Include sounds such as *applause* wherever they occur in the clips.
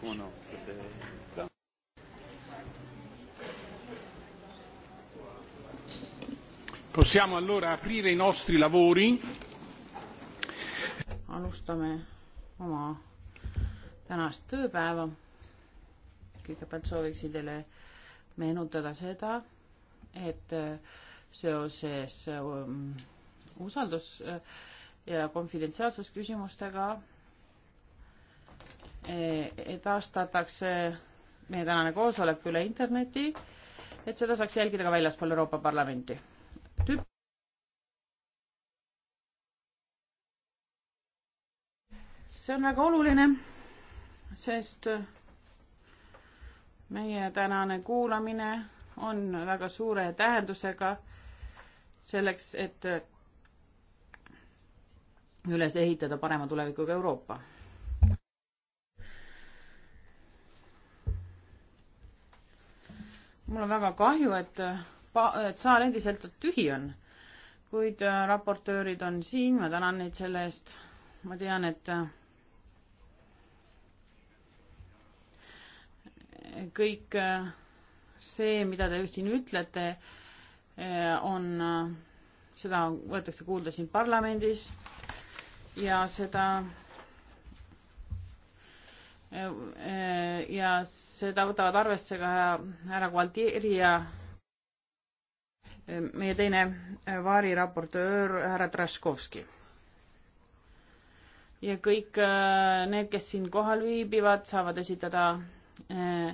Comment non C'était. Possiamo allora aprire i nostri lavori. Alustame oma tänast tööpäeva. Kõigepealt sooviksin teile meenutada seda, et äh, seoses äh, usaldus äh, ja konfidentsiaalsusküsimustega taastatakse eh, meie tänane koosolek üle interneti, et seda saaks jälgida ka väljaspool Euroopa Parlamenti. see on väga oluline, sest meie tänane kuulamine on väga suure tähendusega selleks, et üles ehitada parema tulevikuga Euroopa mul on väga kahju, et pa-, et saal endiselt tühi on, kuid äh, raportöörid on siin, ma tänan neid selle eest, ma tean, et äh, kõik äh, see, mida te siin ütlete, on, seda võetakse kuulda siin parlamendis ja seda ja seda võtavad arvesse ka härra Gualtieri ja meie teine vaariraportöör härra Traškovski. ja kõik äh, need, kes siin kohal viibivad, saavad esitada äh,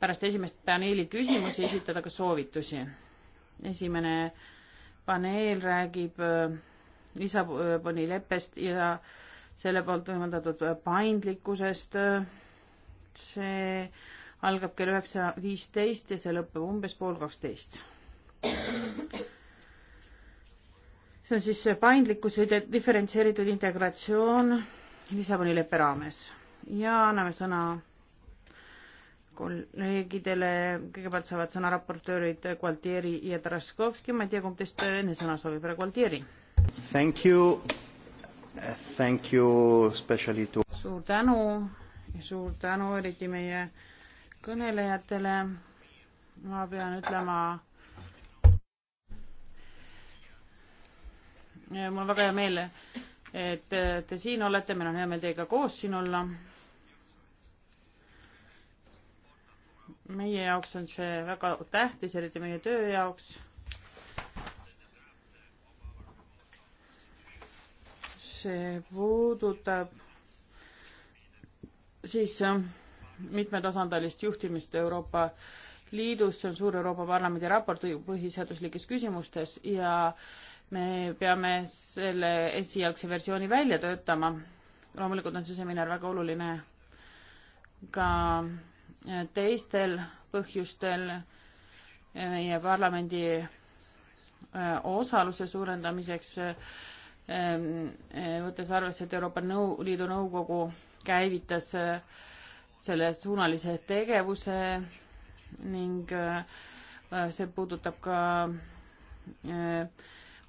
pärast esimest paneeli küsimusi, esitada ka soovitusi. esimene paneel räägib äh, Lissaboni leppest ja selle poolt võimaldatud paindlikkusest. see algab kell üheksa viisteist ja see lõpeb umbes pool kaksteist. see on siis paindlikkus või diferentseeritud integratsioon Lissaboni leppe raames ja anname sõna kolleegidele, kõigepealt saavad sõna raportöörid Gualtieri ja Taraskovski, ma ei tea, kumb teist enne sõna soovib, härra Gualtieri. Thank you Thank you especially to suur tänu ja suur tänu eriti meie kõnelejatele. ma pean ütlema, mul on väga hea meel, et te siin olete, meil on hea meel teiega koos siin olla. meie jaoks on see väga tähtis, eriti meie töö jaoks see puudutab siis äh, mitmetasandilist juhtimist Euroopa Liidus, see on suur Euroopa Parlamendi raport põhiseaduslikes küsimustes ja me peame selle esialgse versiooni välja töötama. loomulikult on see seminar väga oluline ka teistel põhjustel meie parlamendi äh, osaluse suurendamiseks Ehm, eh, võttes arvesse, et Euroopa Nõu-, Liidu Nõukogu käivitas eh, selle suunalise tegevuse ning eh, see puudutab ka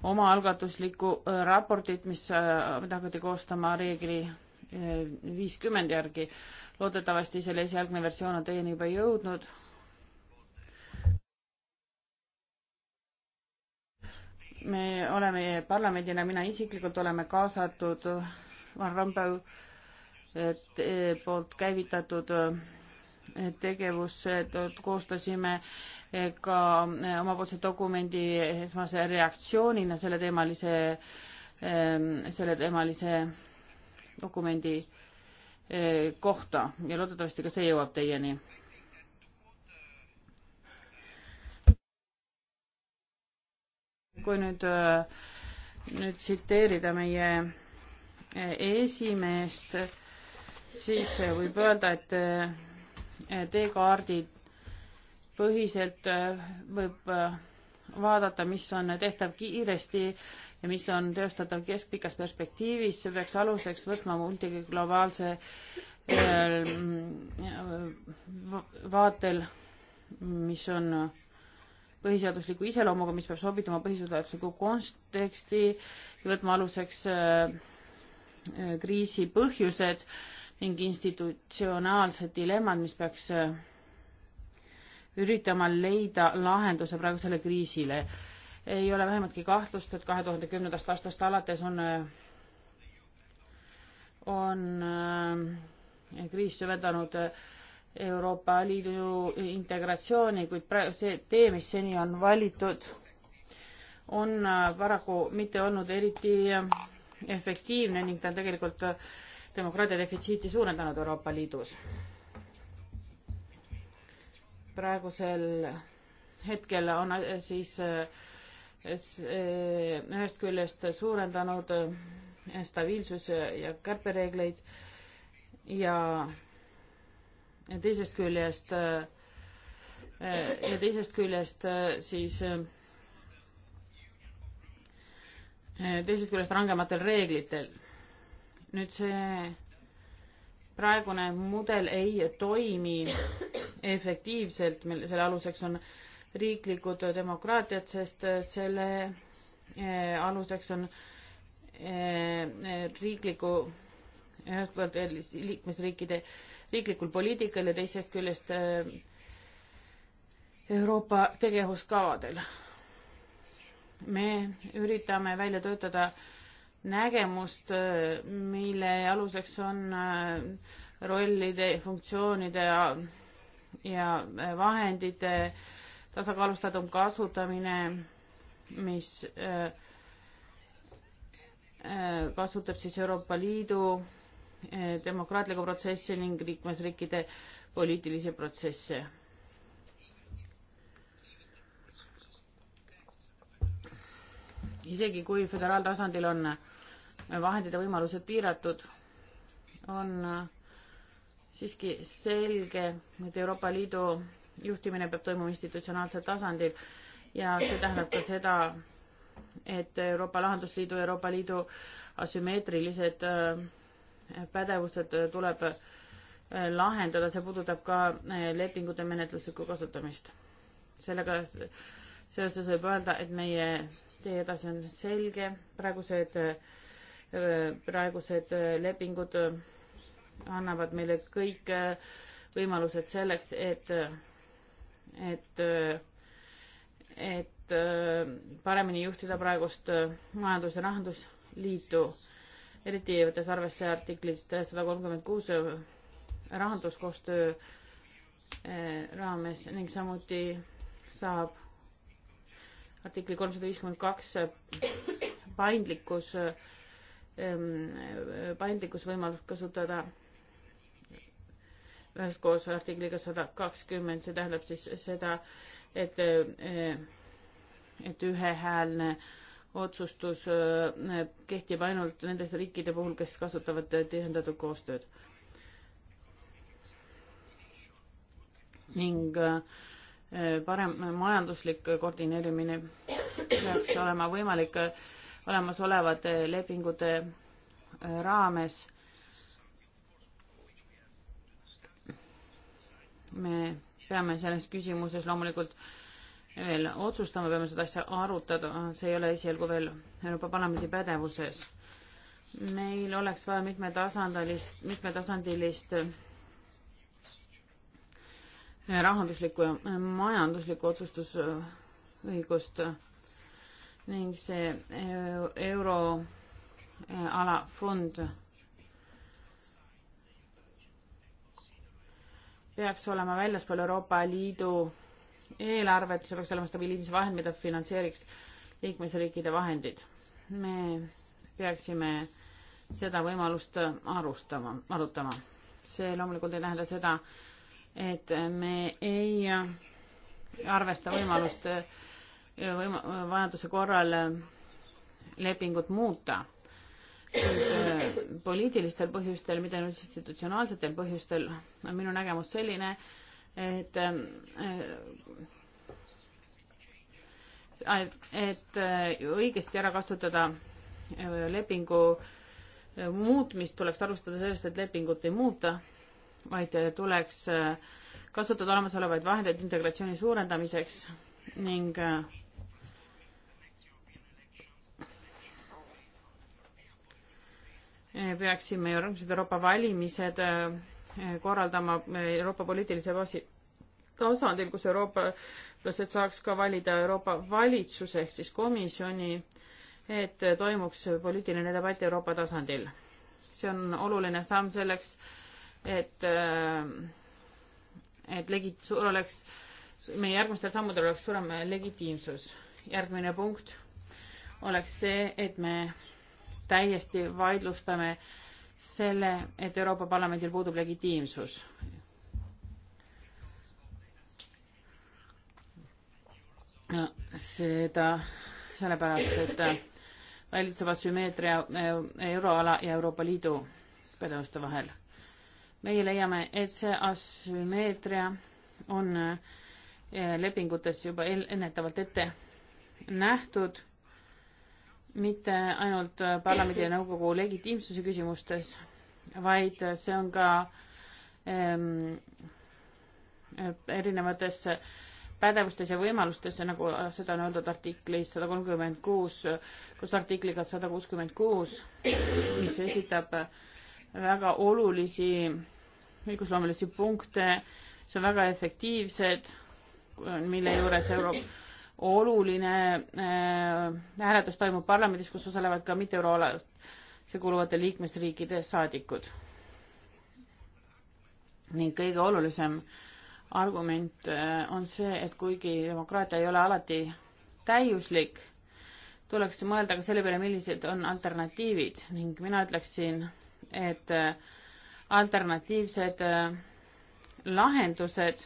omaalgatuslikku raportit, mis, mida hakati koostama reegli viiskümmend järgi. loodetavasti selle esialgne versioon on teieni juba jõudnud me oleme parlamendina, mina isiklikult oleme kaasatud Van Rompuy e, poolt käivitatud e, tegevusse, koostasime e, ka omapoolse dokumendi esmase reaktsioonina selleteemalise, selleteemalise dokumendi kohta ja loodetavasti ka see jõuab teieni kui nüüd, äh, nüüd tsiteerida meie äh, esimeest, siis võib öelda, et äh, teekaardi põhiselt võib vaadata, mis on tehtav kiiresti ja mis on teostatav keskpikas perspektiivis, see peaks aluseks võtma multiglobaalse mm, vaatel, mis on põhiseadusliku iseloomuga, mis peab sobituma põhiseadusliku konteksti ja võtma aluseks äh, äh, kriisi põhjused ning institutsionaalsed dilemmad, mis peaks äh, üritama leida lahenduse praegusele kriisile. ei ole vähematki kahtlust, et kahe tuhande kümnendast aastast alates on, on kriis süvendanud äh, Euroopa Liidu integratsiooni, kuid praegu see tee, mis seni on valitud, on äh, paraku mitte olnud eriti äh, efektiivne ning ta on tegelikult äh, demokraatia defitsiiti suurendanud Euroopa Liidus. praegusel hetkel on siis ühest küljest suurendanud stabiilsus ja kärpereegleid ja teisest küljest ja teisest küljest äh, äh, siis äh, teisest küljest rangematel reeglitel. nüüd see praegune mudel ei toimi efektiivselt, mille, selle aluseks on riiklikud demokraatiad, sest selle aluseks on riikliku ühest poolt liikmesriikide riiklikul poliitikal ja teisest küljest äh, Euroopa tegevuskavadel. me üritame välja töötada nägemust, äh, mille aluseks on äh, rollide, funktsioonide ja vahendite tasakaalustatum kasutamine, mis kasutab siis Euroopa Liidu demokraatlikku protsessi ning liikmesriikide poliitilisi protsesse. isegi kui föderaaltasandil on vahendid ja võimalused piiratud, on siiski selge, et Euroopa Liidu juhtimine peab toimuma institutsionaalsel tasandil ja see tähendab ka seda, et Euroopa Lahendusliidu, Euroopa Liidu asümmeetrilised äh, pädevused tuleb lahendada, see puudutab ka eh, lepingute menetluslikku kasutamist. sellega seoses võib öelda, et meie tee edasi on selge, praegused, eh, praegused eh, lepingud annavad meile kõik võimalused selleks, et, et, et paremini juhtida praegust majandus- ja rahandusliitu eriti võttes arvesse artiklist sada kolmkümmend kuus rahanduskoostöö eh, raames ning samuti saab artikli kolmsada viiskümmend kaks eh, paindlikkus, ehm, paindlikkus võimalust kasutada üheskoos artikliga sada kakskümmend, see tähendab siis seda, et, eh, et ühehäälne äh, otsustus kehtib ainult nendes riikide puhul, kes kasutavad tihendatud koostööd. ning parem majanduslik koordineerimine peaks olema võimalik olemasolevate lepingute raames. me peame selles küsimuses loomulikult äh, veel otsustama, peame seda asja arutada, see ei ole esialgu veel Euroopa Parlamendi pädevuses. meil oleks vaja mitmetasandilist, mitmetasandilist eh, rahanduslikku ja majanduslikku otsustusõigust ning see eh, euroala eh, fond peaks olema väljaspool Euroopa Liidu eelarve, et see peaks olema stabiilse vahend, mida finantseeriks liikmesriikide vahendid. me peaksime seda võimalust arustama, arutama. see loomulikult ei tähenda seda, et me ei arvesta võimalust äh, võima-, vajaduse korral lepingut muuta. kuid äh, poliitilistel põhjustel, mitte ainult institutsionaalsetel põhjustel, on minu nägemus selline, et ähm, äh, et äh, õigesti ära kasutada äh, lepingu muutmist, tuleks alustada sellest, et lepingut ei muuta, vaid tuleks kasutada olemasolevaid vahendeid integratsiooni suurendamiseks ning peaksime järgmised Euroopa valimised korraldama Euroopa poliitilise baasi tasandil, kus eurooplased saaks ka valida Euroopa valitsuse ehk siis komisjoni, et toimuks poliitiline debatt Euroopa tasandil. see on oluline samm selleks, et, et legi-, oleks, meie järgmistel sammudel oleks suurem legitiimsus. järgmine punkt oleks see, et me täiesti vaidlustame äh, selle, et Euroopa Parlamendil puudub legitiimsus. no seda sellepärast, et äh, valitseb asümmeetria äh, euroala ja Euroopa Liidu pädevuste vahel. meie leiame, et see asümmeetria on äh, lepingutes juba ennetavalt ette nähtud mitte ainult äh, parlamendi ja nõukogu legitiimsuse küsimustes, vaid äh, see on ka ähm, erinevates pädevustes ja võimalustes, nagu seda on öeldud artiklis sada kolmkümmend kuus, kus artikliga sada kuuskümmend kuus, mis esitab väga olulisi õigusloomelisi punkte, mis on väga efektiivsed, mille juures Euroopa oluline äh, hääletus toimub parlamendis, kus osalevad ka mitte euroalasse kuuluvate liikmesriikide saadikud. ning kõige olulisem argument äh, on see, et kuigi demokraatia ei ole alati täiuslik, tuleks mõelda ka selle peale, millised on alternatiivid ning mina ütleksin, et äh, alternatiivsed lahendused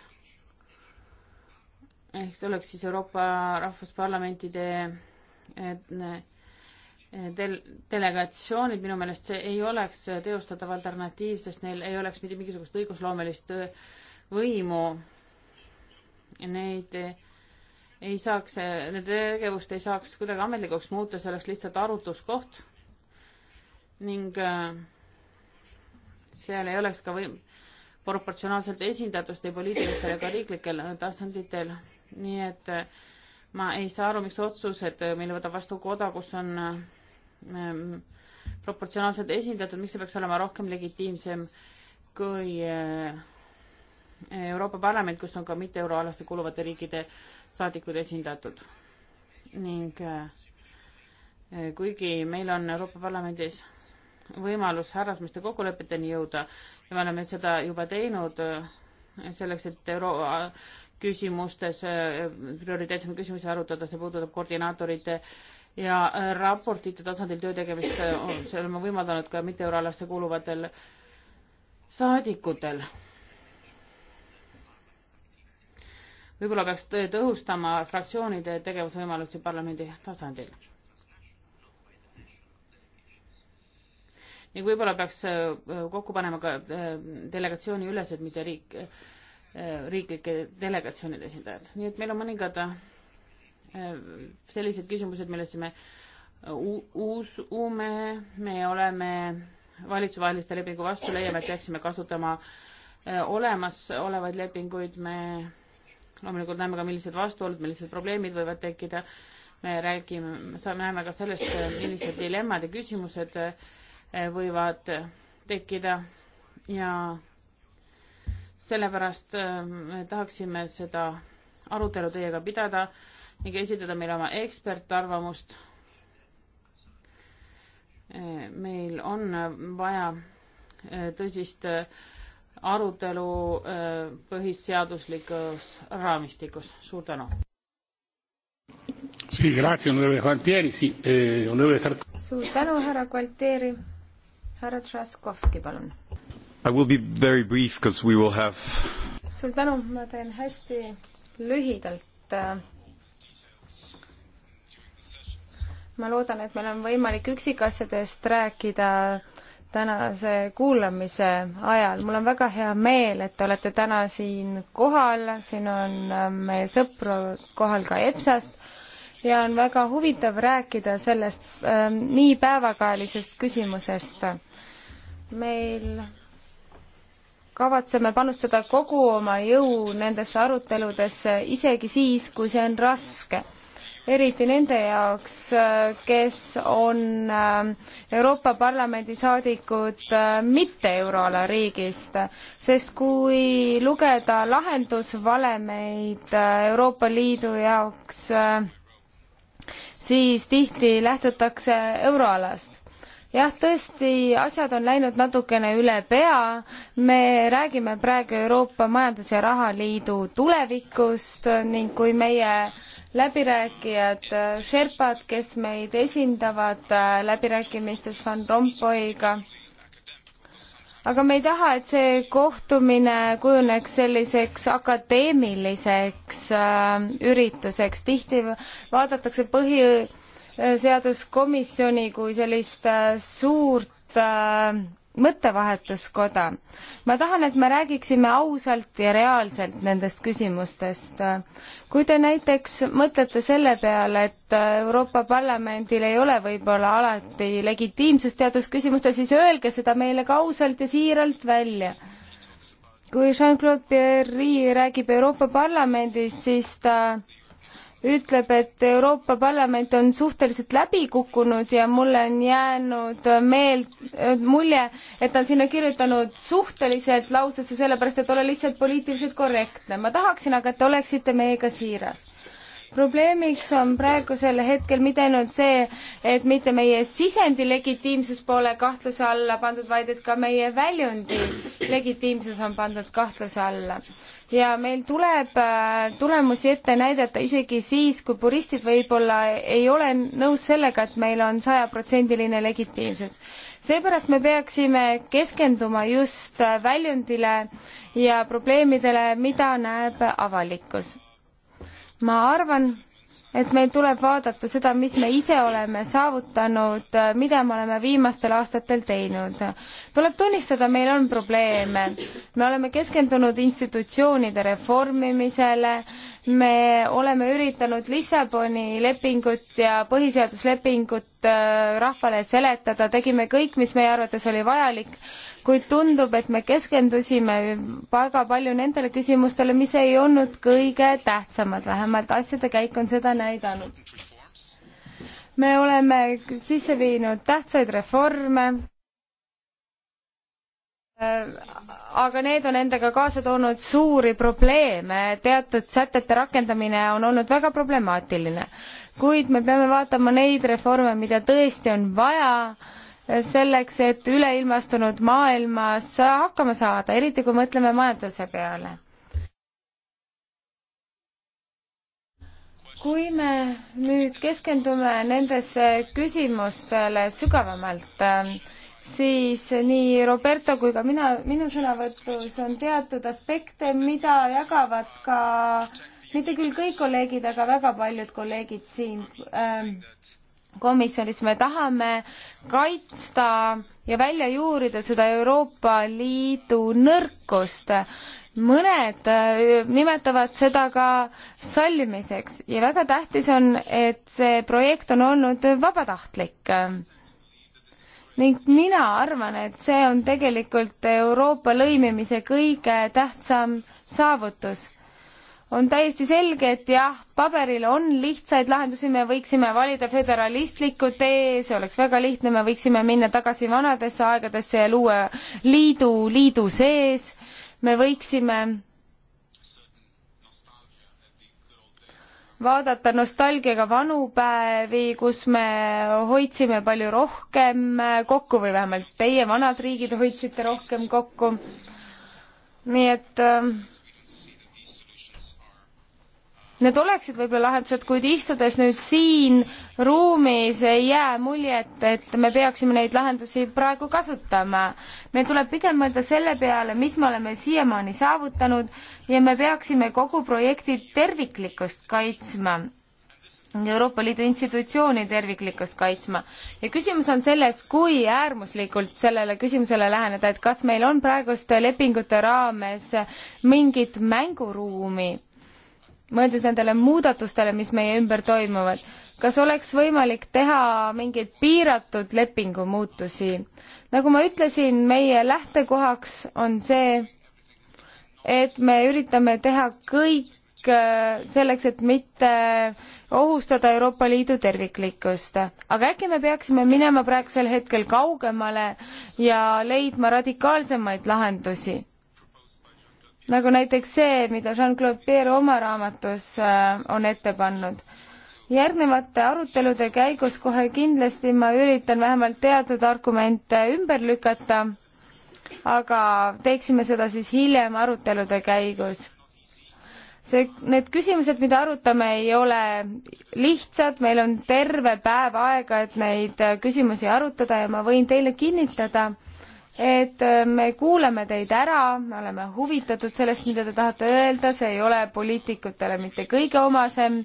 ehk see oleks siis Euroopa Rahvusparlamentide eh, eh, del-, delegatsioonid, minu meelest see ei oleks teostatav alternatiiv, sest neil ei oleks mitte mingisugust õigusloomelist eh, võimu. Neid ei saaks, nende tegevust ei saaks kuidagi ametlikuks muuta, see oleks lihtsalt arutluskoht ning seal ei oleks ka võim-, proportsionaalselt esindatust ei poliitilistel ega riiklikel tasanditel nii et äh, ma ei saa aru, miks otsused, äh, mille võtab vastu koda, kus on äh, ähm, proportsionaalselt esindatud, miks see peaks olema rohkem legitiimsem kui äh, Euroopa Parlament, kus on ka mitte euroalasse kuuluvate riikide saadikud esindatud. ning äh, kuigi meil on Euroopa Parlamendis võimalus härrasmeeste kokkulepeteni jõuda ja me oleme seda juba teinud selleks, et euro-, küsimustes, äh, prioriteetsema küsimusi arutada, see puudutab koordinaatorite ja äh, raportite tasandil töö tegemist, äh, see oleme võimaldanud ka mitteeuroalaste kuuluvatel saadikutel. võib-olla peaks tõhustama fraktsioonide tegevusvõimalusi parlamendi tasandil. ning võib-olla peaks kokku panema ka delegatsiooniülesed, mitte riik, Äh, riiklike delegatsioonide esindajad. nii et meil on mõningad äh, sellised küsimused, millesse me äh, usume, me oleme valitsusevaheliste lepingu vastu, leiame, et peaksime kasutama olemasolevaid lepinguid, me loomulikult näeme ka, millised vastuolud, millised probleemid võivad tekkida, me räägime, saame, näeme ka sellest, millised dilemmad ja küsimused võivad tekkida ja sellepärast ähm, me tahaksime seda arutelu teiega pidada ning esitada meile oma ekspertarvamust. meil on vaja äh, tõsist äh, arutelu äh, põhiseaduslikus raamistikus. suur tänu. Eh, suur tänu, härra Gualtieri. härra Traskovski, palun I will be very brief because we will have suur tänu, ma teen hästi lühidalt. ma loodan, et meil on võimalik üksikasjadest rääkida tänase kuulamise ajal. mul on väga hea meel, et te olete täna siin kohal, siin on äh, meie sõpru kohal ka EPSA-st ja on väga huvitav rääkida sellest äh, nii päevakajalisest küsimusest. meil kavatseme panustada kogu oma jõu nendesse aruteludesse, isegi siis, kui see on raske. eriti nende jaoks, äh, kes on äh, Euroopa Parlamendi saadikud äh, mitte euroala riigist, sest kui lugeda lahendusvalemeid Euroopa Liidu jaoks, siis tihti lähtutakse euroalast jah, tõesti, asjad on läinud natukene üle pea. me räägime praegu Euroopa Majandus- ja Rahaliidu tulevikust ning kui meie läbirääkijad, Sherpad, kes meid esindavad äh, läbirääkimistes Van Rompuyga, aga me ei taha, et see kohtumine kujuneks selliseks akadeemiliseks äh, ürituseks, tihti vaadatakse põhi seaduskomisjoni kui sellist äh, suurt äh, mõttevahetuskoda. ma tahan, et me räägiksime ausalt ja reaalselt nendest küsimustest. kui te näiteks mõtlete selle peale, et äh, Euroopa Parlamendil ei ole võib-olla alati legitiimsust teadusküsimustes, siis öelge seda meile ka ausalt ja siiralt välja. kui Jean-Claude Pierre räägib Euroopa Parlamendis, siis ta äh, ütleb, et Euroopa Parlament on suhteliselt läbi kukkunud ja mulle on jäänud meel, äh, mulje, et ta on sinna kirjutanud suhteliselt lausesse, sellepärast et olla lihtsalt poliitiliselt korrektne. ma tahaksin aga, et oleksite meiega siiras probleemiks on praegusel hetkel mitte ainult see, et mitte meie sisendi legitiimsus pole kahtluse alla pandud, vaid et ka meie väljundi legitiimsus on pandud kahtluse alla. ja meil tuleb äh, tulemusi ette näidata isegi siis, kui puristid võib-olla ei ole nõus sellega, et meil on sajaprotsendiline legitiimsus. seepärast me peaksime keskenduma just väljundile ja probleemidele, mida näeb avalikkus ma arvan, et meil tuleb vaadata seda, mis me ise oleme saavutanud, äh, mida me oleme viimastel aastatel teinud. tuleb tunnistada, meil on probleeme. me oleme keskendunud institutsioonide reformimisele, me oleme üritanud Lissaboni lepingut ja põhiseaduslepingut äh, rahvale seletada, tegime kõik, mis meie arvates oli vajalik, kuid tundub, et me keskendusime väga palju nendele küsimustele, mis ei olnud kõige tähtsamad, vähemalt asjade käik on seda näidanud. me oleme sisse viinud tähtsaid reforme, aga need on endaga kaasa toonud suuri probleeme, teatud sätete rakendamine on olnud väga problemaatiline. kuid me peame vaatama neid reforme, mida tõesti on vaja selleks, et üleilmastunud maailmas hakkama saada, eriti kui mõtleme majanduse peale. kui me nüüd keskendume nendesse küsimustele sügavamalt, siis nii Roberto kui ka mina, minu sõnavõtus on teatud aspekte, mida jagavad ka mitte küll kõik kolleegid, aga väga paljud kolleegid siin ähm, komisjonis, me tahame kaitsta ja välja juurida seda Euroopa Liidu nõrkust. mõned äh, nimetavad seda ka sallimiseks ja väga tähtis on, et see projekt on olnud vabatahtlik. ning mina arvan, et see on tegelikult Euroopa lõimimise kõige tähtsam saavutus on täiesti selge, et jah, paberil on lihtsaid lahendusi, me võiksime valida föderalistliku tee, see oleks väga lihtne, me võiksime minna tagasi vanadesse aegadesse ja luua liidu liidu sees, me võiksime vaadata nostalgiaga vanu päevi, kus me hoidsime palju rohkem kokku või vähemalt teie vanad riigid hoidsite rohkem kokku. nii et äh, need oleksid võib-olla lahendused, kuid istudes nüüd siin ruumis ei jää muljet, et me peaksime neid lahendusi praegu kasutama. meil tuleb pigem mõelda selle peale, mis me oleme siiamaani saavutanud ja me peaksime kogu projekti terviklikkust kaitsma. Euroopa Liidu institutsiooni terviklikkust kaitsma. ja küsimus on selles, kui äärmuslikult sellele küsimusele läheneda, et kas meil on praeguste lepingute raames mingit mänguruumi mõeldes nendele muudatustele, mis meie ümber toimuvad, kas oleks võimalik teha mingeid piiratud lepingu muutusi? nagu ma ütlesin, meie lähtekohaks on see, et me üritame teha kõik äh, selleks, et mitte ohustada Euroopa Liidu terviklikkust. aga äkki me peaksime minema praegusel hetkel kaugemale ja leidma radikaalsemaid lahendusi nagu näiteks see, mida Jean-Claude Pierre oma raamatus äh, on ette pannud. järgnevate arutelude käigus kohe kindlasti ma üritan vähemalt teatud argumente ümber lükata, aga teeksime seda siis hiljem arutelude käigus. see, need küsimused, mida arutame, ei ole lihtsad, meil on terve päev aega, et neid küsimusi arutada ja ma võin teile kinnitada, et äh, me kuulame teid ära, me oleme huvitatud sellest, mida te tahate öelda, see ei ole poliitikutele mitte kõige omasem,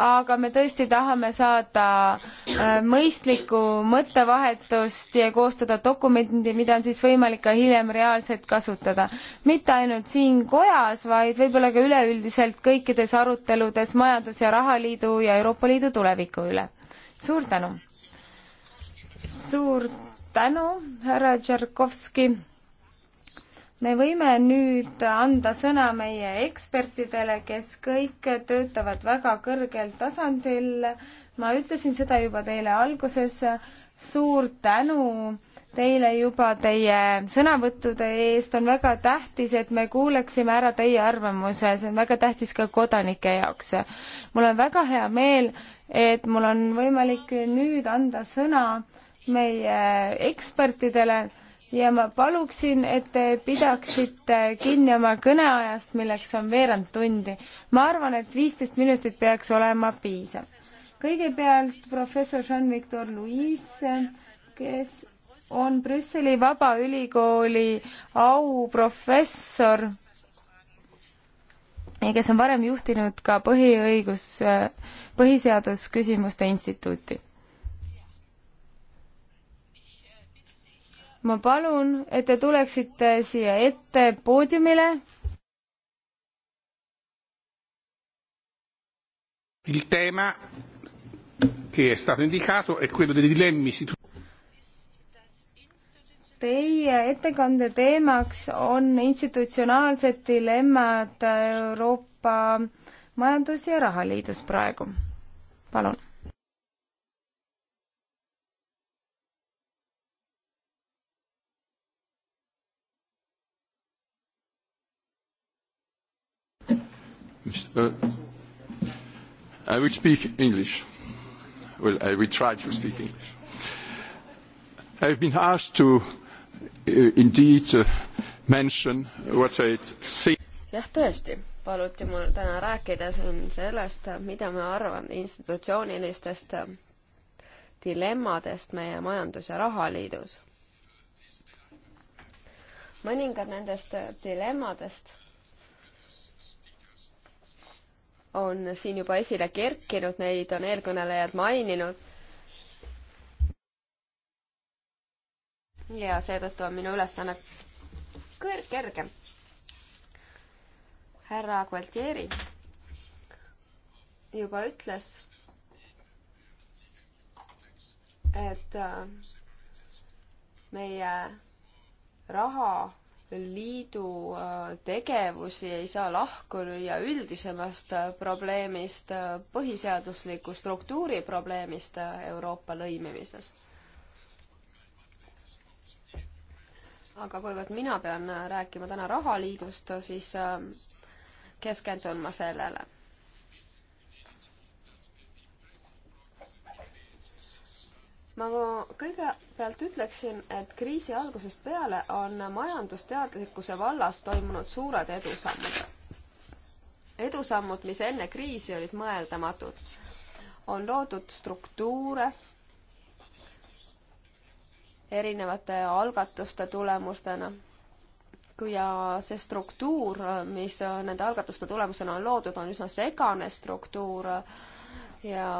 aga me tõesti tahame saada äh, mõistlikku mõttevahetust ja koostada dokumendi, mida on siis võimalik ka hiljem reaalselt kasutada. mitte ainult siin kojas, vaid võib-olla ka üleüldiselt kõikides aruteludes Majandus- ja Rahaliidu ja Euroopa Liidu tuleviku üle. suur tänu! suur tänu, härra Tšerkovski. me võime nüüd anda sõna meie ekspertidele, kes kõik töötavad väga kõrgel tasandil. ma ütlesin seda juba teile alguses. suur tänu teile juba teie sõnavõttude eest. on väga tähtis, et me kuuleksime ära teie arvamuse, see on väga tähtis ka kodanike jaoks. mul on väga hea meel, et mul on võimalik nüüd anda sõna meie ekspertidele ja ma paluksin, et te pidaksite kinni oma kõneajast, milleks on veerand tundi. ma arvan, et viisteist minutit peaks olema piisav. kõigepealt professor Jean-Victor Louis, kes on Brüsseli Vabaülikooli auprofessor ja kes on varem juhtinud ka põhiõigus, põhiseadusküsimuste instituuti ma palun, et te tuleksite siia ette poodiumile. Il tema che è stato indicato è quello dei dilemmi situazionali. Teie ettekande teemaks on institutsionaalsed dilemmad Euroopa Majandus- ja Rahaliidus praegu. palun Mr. Uh, I will speak English. Well, I will try to speak English. I've been asked to uh, indeed uh, mention what I think. jah, tõesti, paluti mul täna rääkida siin sellest, mida ma arvan institutsioonilistest äh, dilemmadest meie majandus- ja rahaliidus mõningad nendest äh, dilemmadest on siin juba esile kerkinud, neid on eelkõnelejad maininud. ja seetõttu on minu ülesanne kõr-, kergem. härra Gualtieri juba ütles, et äh, meie raha liidu äh, tegevusi ei saa lahku lüüa üldisemast äh, probleemist, äh, põhiseadusliku struktuuri probleemist Euroopa lõimimises. aga kuivõrd mina pean rääkima täna rahaliidust, siis keskendun ma sellele ma kõigepealt ütleksin, et kriisi algusest peale on majandusteadlikkuse vallas toimunud suured edusammud. edusammud, mis enne kriisi olid mõeldamatud. on loodud struktuure erinevate algatuste tulemustena ja see struktuur, mis nende algatuste tulemusena on loodud, on üsna segane struktuur ja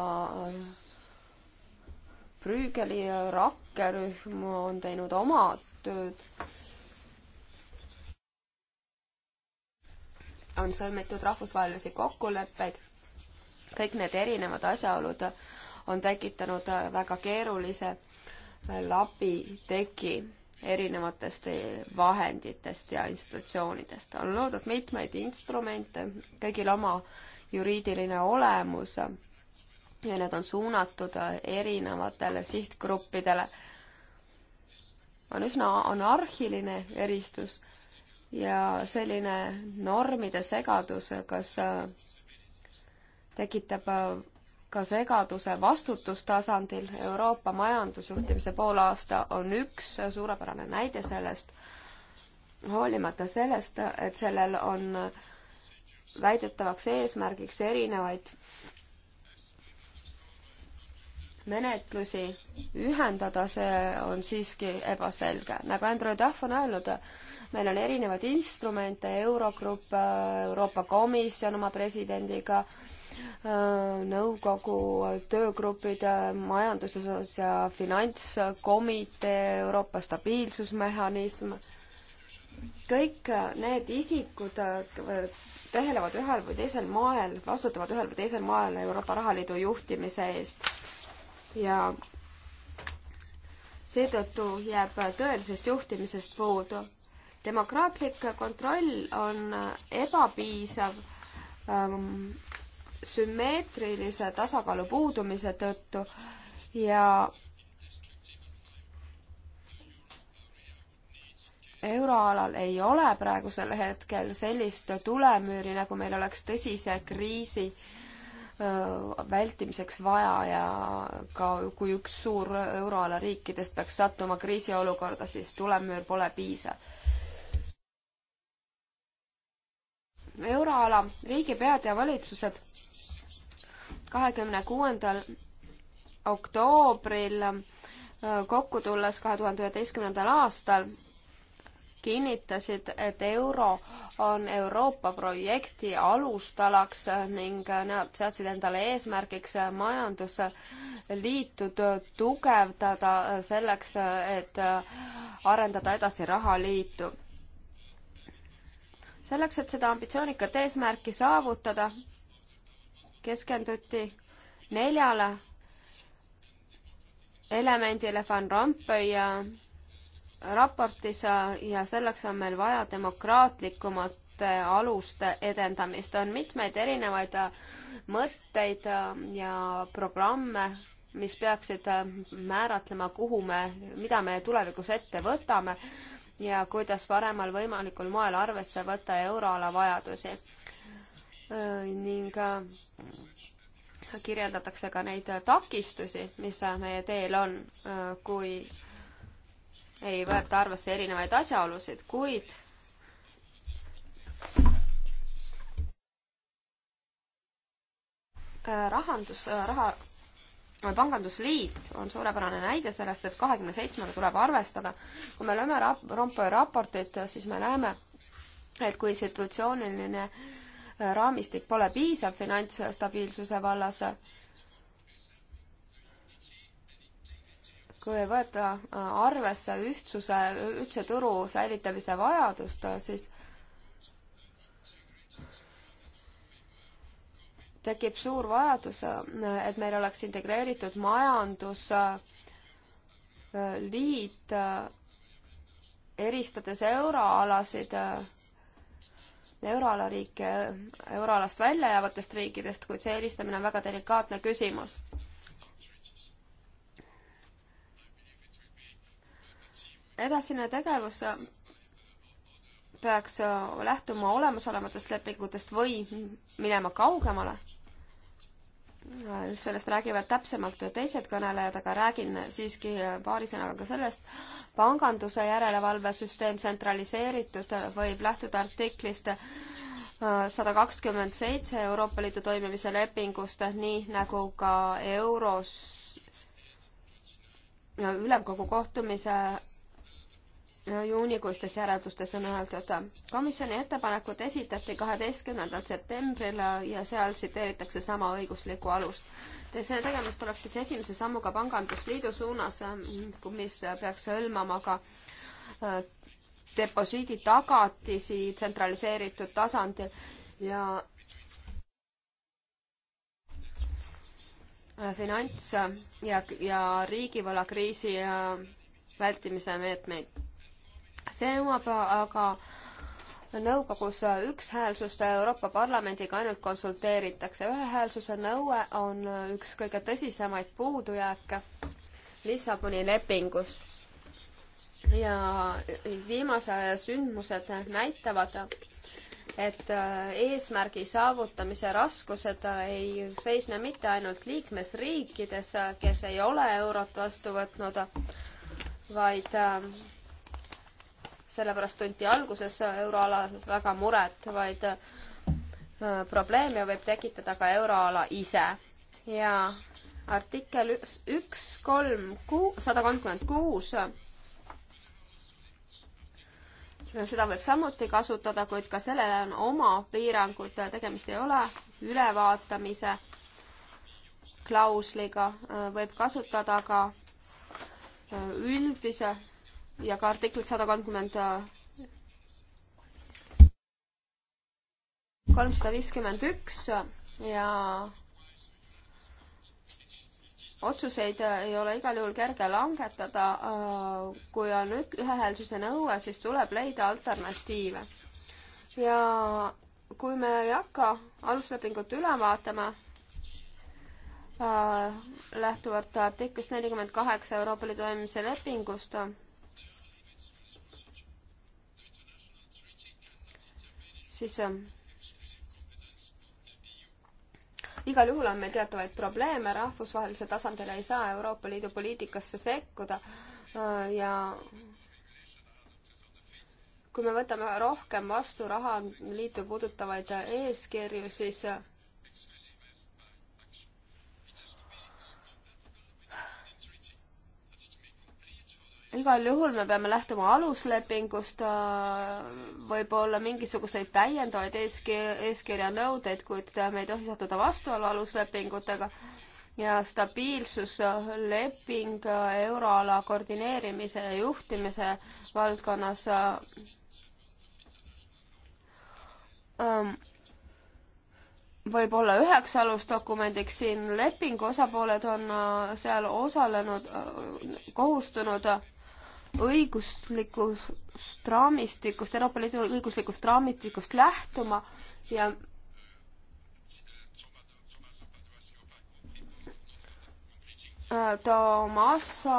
Brügeli rakkerühm on teinud oma tööd. on sõlmitud rahvusvahelisi kokkuleppeid. kõik need erinevad asjaolud on tekitanud väga keerulise lapiteki erinevatest vahenditest ja institutsioonidest. on loodud mitmeid instrumente, kõigil oma juriidiline olemus ja need on suunatud äh, erinevatele sihtgruppidele. on üsna anarhiline eristus ja selline normide segadus, kas äh, tekitab äh, ka segaduse vastutustasandil. Euroopa majandusjuhtimise poolaasta on üks suurepärane näide sellest, hoolimata sellest, et sellel on väidetavaks eesmärgiks erinevaid menetlusi ühendada, see on siiski ebaselge. nagu Andrew Duff on öelnud, meil on erinevaid instrumente, Eurogrupp, Euroopa Komisjon oma presidendiga, nõukogu töögrupid, majanduses ja finantskomitee, Euroopa stabiilsusmehhanism, kõik need isikud äh, tegelevad ühel või teisel moel, vastutavad ühel või teisel moel Euroopa Rahaliidu juhtimise eest ja seetõttu jääb tõelisest juhtimisest puudu. demokraatlik kontroll on ebapiisav ähm, sümmeetrilise tasakaalu puudumise tõttu ja euroalal ei ole praegusel hetkel sellist tulemüüri, nagu meil oleks tõsise kriisi äh, vältimiseks vaja ja ka kui üks suur euroala riikidest peaks sattuma kriisiolukorda, siis tulemüür pole piisav. euroala riigipead ja valitsused kahekümne kuuendal oktoobril kokku tulles kahe tuhande üheteistkümnendal aastal kinnitasid, et euro on Euroopa projekti alustalaks ning nad seadsid endale eesmärgiks majandusliitu tugevdada selleks, et arendada edasi rahaliitu. selleks, et seda ambitsioonikat eesmärki saavutada, keskenduti neljale elemendile Van Rompuy ja raportis ja selleks on meil vaja demokraatlikumate aluste edendamist. on mitmeid erinevaid äh, mõtteid äh, ja programme, mis peaksid äh, määratlema, kuhu me, mida me tulevikus ette võtame ja kuidas paremal võimalikul moel arvesse võtta euroala vajadusi. ning kirjeldatakse ka neid takistusi, mis meie teel on, kui ei võeta arvesse erinevaid asjaolusid, kuid äh, rahandus, äh, raha, pangandusliit on suurepärane näide sellest, et kahekümne seitsmega tuleb arvestada. kui me loeme rap-, Rompuy raportit, siis me näeme, et kui institutsiooniline äh, raamistik pole piisav finantsstabiilsuse vallas, kui ei võeta äh, arvesse ühtsuse, ühtse turu säilitamise vajadust, äh, siis tekib suur vajadus, äh, et meil oleks integreeritud majandusliit, eristades euroalasid, euroala riike euroalast välja jäävatest riikidest, kuid see eristamine on väga delikaatne küsimus edasine tegevus peaks lähtuma olemasolevatest lepingutest või minema kaugemale. sellest räägivad täpsemalt teised kõnelejad, aga räägin siiski paari sõnaga ka sellest. panganduse järelevalvesüsteem tsentraliseeritud võib lähtuda artiklist äh, sada kakskümmend seitse Euroopa Liidu toimimise lepingust, nii nagu ka euros ülemkogu kohtumise juunikuistes järeldustes on öeldud, komisjoni ettepanekud esitati kaheteistkümnendal septembril ja seal tsiteeritakse sama õiguslikku alust. see tegemist oleks siis esimese sammuga Pangandusliidu suunas, mis peaks hõlmama ka äh, deposiidi tagatisi tsentraliseeritud tasandil ja äh, finants ja, ja riigivõlakriisi äh, vältimise meetmeid see nõuab aga nõukogus ükshäälsust Euroopa Parlamendiga ainult konsulteeritakse. ühehäälsuse nõue on üks kõige tõsisemaid puudujääke Lissaboni lepingus. ja viimase aja sündmused näitavad, et eesmärgi saavutamise raskused ei seisne mitte ainult liikmesriikides, kes ei ole eurot vastu võtnud, vaid sellepärast tunti alguses euroalal väga muret, vaid äh, probleeme võib tekitada ka euroala ise. ja artikkel üks, üks, kolm, kuu-, sada kolmkümmend kuus äh, seda võib samuti kasutada, kuid ka sellele on oma piirangud, äh, tegemist ei ole ülevaatamise klausliga, võib kasutada ka üldise ja ka artiklit sada kolmkümmend äh, kolmsada viiskümmend üks äh, ja otsuseid äh, ei ole igal juhul kerge langetada. kui on ühehäälsuse nõue, siis tuleb leida alternatiive. ja kui me ei hakka aluslepingut üle vaatama, lähtuvalt artiklist nelikümmend kaheksa Euroopa Liidu toimimise lepingust, siis äh, igal juhul on meil teatavaid probleeme, rahvusvahelisel tasandil ei saa Euroopa Liidu poliitikasse sekkuda äh, ja kui me võtame rohkem vastu rahaliitu puudutavaid eeskirju, siis äh, igal juhul me peame lähtuma aluslepingust, äh, võib-olla mingisuguseid täiendavaid eeskirja, eeskirja nõudeid, kuid me ei tohi sattuda vastuollu aluslepingutega ja stabiilsusleping äh, euroala koordineerimise ja juhtimise valdkonnas äh, ähm, võib olla üheks alusdokumendiks, siin lepingu osapooled on seal osalenud, kohustunud õiguslikust raamistikust, Euroopa Liidu õiguslikust raamistikust lähtuma ja Tomasa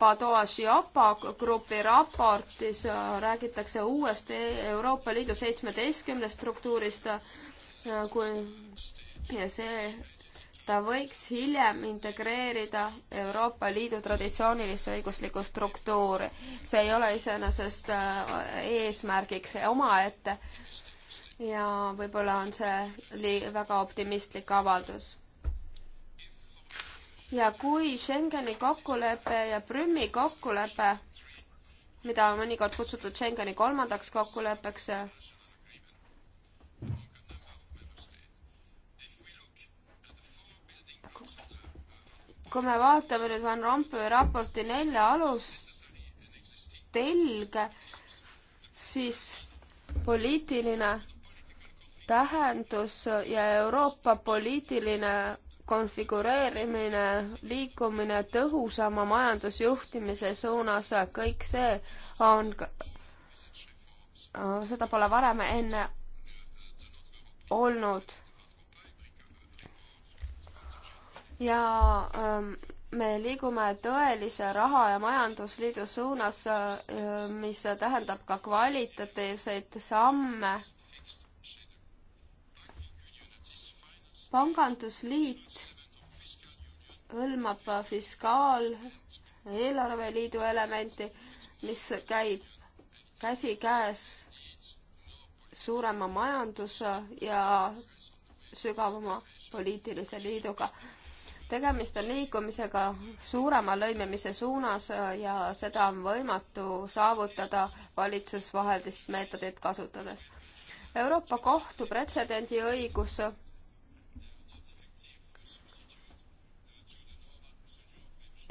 Padoa-Shiopa grupi raportis räägitakse uuest Euroopa Liidu seitsmeteistkümnest struktuurist, kui ja see ta võiks hiljem integreerida Euroopa Liidu traditsioonilisse õiguslikku struktuuri. see ei ole iseenesest äh, eesmärgiks omaette ja võib-olla on see väga optimistlik avaldus ja kui Schengeni kokkulepe ja Prümi kokkulepe, mida mõnikord kutsutud Schengeni kolmandaks kokkuleppeks, kui me vaatame nüüd Van Rompuy raporti nelja alustelge, siis poliitiline tähendus ja Euroopa poliitiline konfigureerimine, liikumine tõhusama majandusjuhtimise suunas, kõik see on, seda pole varem enne olnud ja ähm, me liigume tõelise raha- ja majandusliidu suunas, äh, mis tähendab ka kvalitatiivseid samme. pangandusliit hõlmab fiskaal, eelarveliidu elementi, mis käib käsikäes suurema majanduse ja sügavama poliitilise liiduga tegemist on liikumisega suurema lõimimise suunas ja seda on võimatu saavutada valitsusvahelist meetodit kasutades. Euroopa Kohtu pretsedendiõigus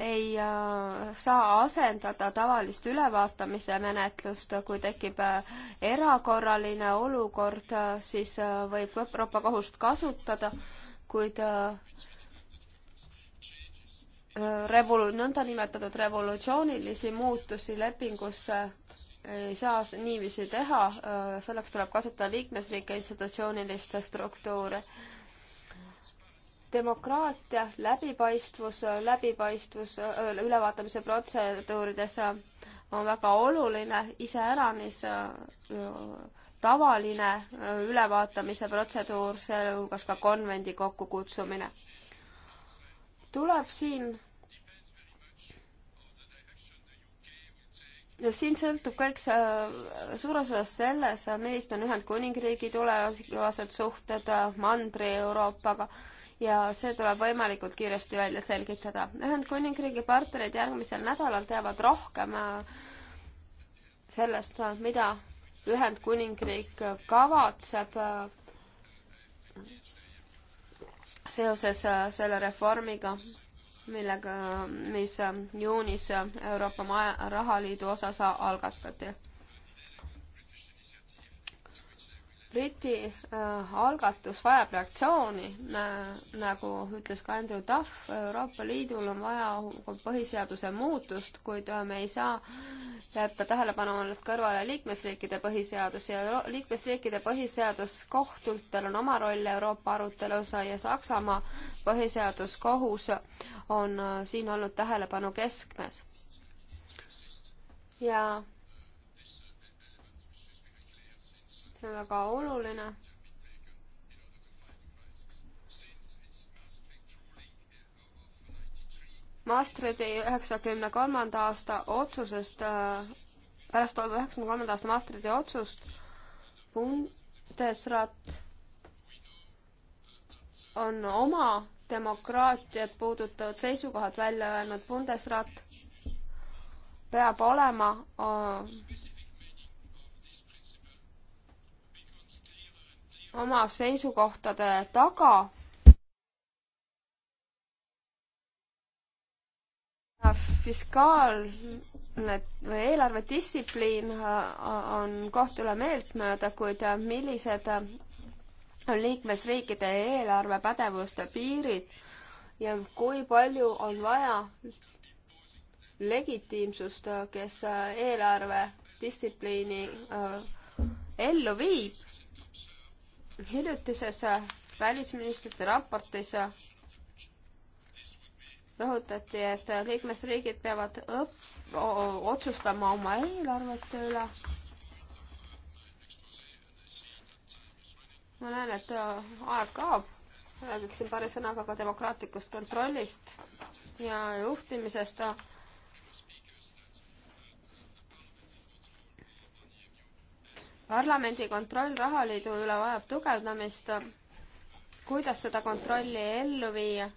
ei äh, saa asendada tavalist ülevaatamise menetlust, kui tekib äh, erakorraline olukord, äh, siis võib Euroopa Kohust kasutada, kuid revolu-, nõndanimetatud revolutsioonilisi muutusi lepingusse ei saa niiviisi teha, selleks tuleb kasutada liikmesriike institutsiooniliste struktuure. demokraatia, läbipaistvus, läbipaistvus ülevaatamise protseduurides on väga oluline, iseäranis tavaline ülevaatamise protseduur, sealhulgas ka konvendi kokkukutsumine. tuleb siin ja siin sõltub kõik see äh, suures osas selles, millised on Ühendkuningriigi tulevased suhted äh, Mandri-Euroopaga ja see tuleb võimalikult kiiresti välja selgitada. Ühendkuningriigi partnerid järgmisel nädalal teavad rohkem äh, sellest, mida Ühendkuningriik kavatseb seoses selle reformiga millega, mis juunis Euroopa Maja, Rahaliidu osas algatati Briti äh, algatus vajab reaktsiooni Nä,, nagu ütles ka Andrew Duff, Euroopa Liidul on vaja põhiseaduse muutust, kuid äh, me ei saa jätta tähelepanu alt kõrvale liikmesriikide põhiseadus ja Euro liikmesriikide põhiseaduskohtutel on oma roll Euroopa arutelus ja Saksamaa põhiseaduskohus on äh, siin olnud tähelepanu keskmes. ja see on väga oluline. Maastredi üheksakümne kolmanda aasta otsusest, äh, pärast üheksakümne kolmanda aasta Maastredi otsust Bundesrat on oma demokraatiat puudutavad seisukohad välja öelnud Bundesrat peab olema öö, äh, oma seisukohtade taga. fiskaalne või eelarvedistsipliin äh, on koht üle meeltmööda, kuid äh, millised on liikmesriikide eelarvepädevuste piirid ja kui palju on vaja legitiimsust, äh, kes eelarvedistsipliini ellu viib hiljutises äh, välisministrite raportis äh, rõhutati, et äh, liikmesriigid peavad õpp-, otsustama oma eelarvete üle. ma näen, et aeg kaob, räägiksin paari sõnaga ka demokraatlikust kontrollist ja juhtimisest parlamendi kontroll rahaliidu üle vajab tugevdamist. kuidas seda kontrolli ellu viia?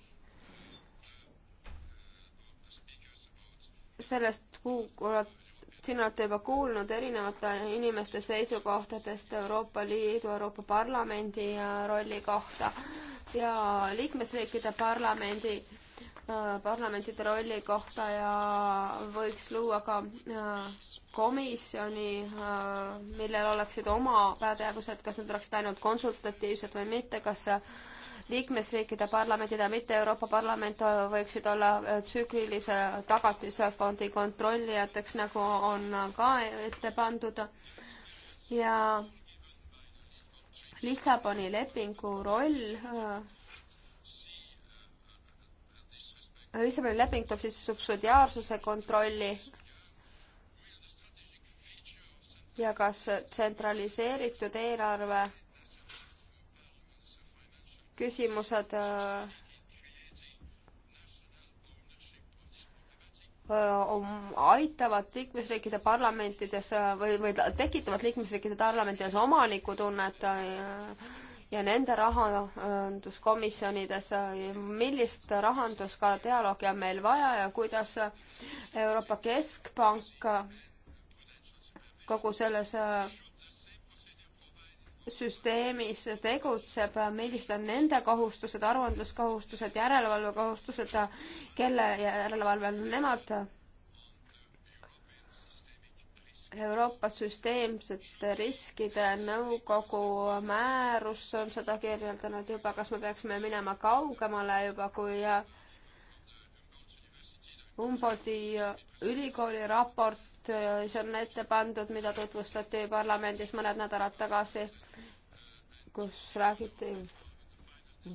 sellest kuulab, siin olete juba kuulnud erinevate inimeste seisukohtadest Euroopa Liidu, Euroopa Parlamendi rolli kohta ja liikmesriikide parlamendi Äh, parlamentide rolli kohta ja võiks luua ka äh, komisjoni, äh, millel oleksid oma pädevused, kas need oleksid ainult konsultatiivsed või mitte, kas liikmesriikide parlamendid ja mitte Euroopa Parlament võiksid olla tsüklilise tagatisfondi kontrollijateks, nagu on ka ette pandud. ja Lissaboni lepingu roll Lissaboni leping toob siis subsidiaarsuse kontrolli ja kas tsentraliseeritud eelarve küsimused äh, aitavad liikmesriikide parlamentides äh, või, või tekitavad liikmesriikide parlamentides omanikutunnet äh, ja nende rahanduskomisjonides, millist rahandus ka dialoogi on meil vaja ja kuidas Euroopa Keskpank kogu selles äh, süsteemis tegutseb, millised on nende kohustused, aruandluskohustused, järelevalvekohustused, kelle järelevalvel nemad Euroopa süsteemsete riskide nõukogu määrus on seda kirjeldanud juba, kas me peaksime minema kaugemale juba, kui äh, Humboldti äh, ülikooli raport, äh, see on ette pandud, mida tutvustati parlamendis mõned nädalad tagasi, kus räägiti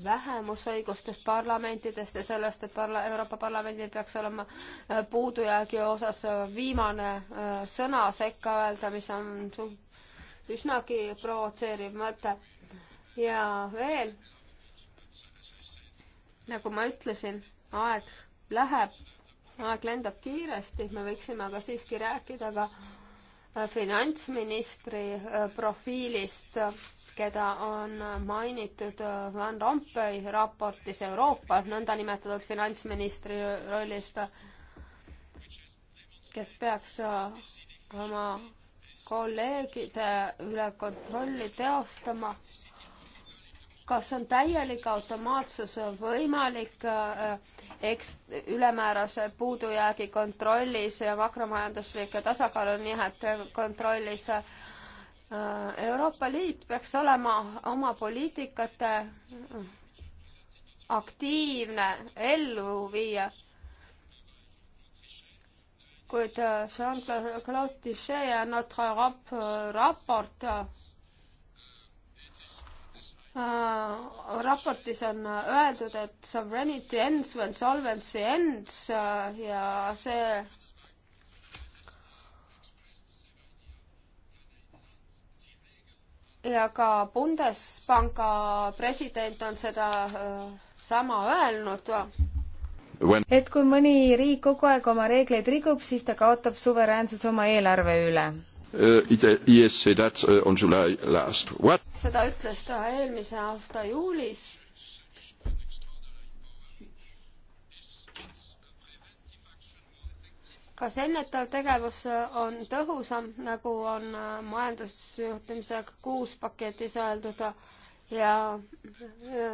vähemusõigustest parlamentidest ja sellest, et parla-, Euroopa Parlamendil peaks olema äh, puudujäägi osas äh, viimane äh, sõna sekka öelda, mis on üsnagi provotseeriv mõte. ja veel, nagu ma ütlesin, aeg läheb, aeg lendab kiiresti, me võiksime aga siiski rääkida ka finantsministri profiilist keda on mainitud Van Rompuy raportis Euroopa nõndanimetatud finantsministri rollist, kes peaks äh, oma kolleegide üle kontrolli teostama. kas on täielik automaatsus võimalik äh, eks ülemäärase puudujäägi kontrollis ja makromajanduslike tasakaalunihete kontrollis äh, Äh, Euroopa Liit peaks olema oma poliitikate aktiivne elluviija kuid äh, Jean-Claude Tichet ja notre rap-, äh, raport äh,, raportis on öeldud, et sovereignty ends when solvency ends ja see ja ka Bundespanga president on seda äh, sama öelnud. et kui mõni riik kogu aeg oma reegleid rikub, siis ta kaotab suveräänsuse oma eelarve üle uh,. Äh, yes, that äh, on July last. seda ütles ta eelmise aasta juulis kas ennetav tegevus äh, on tõhusam, nagu on äh, majandusjuhtimise kuus paketis öeldud äh, ja, ja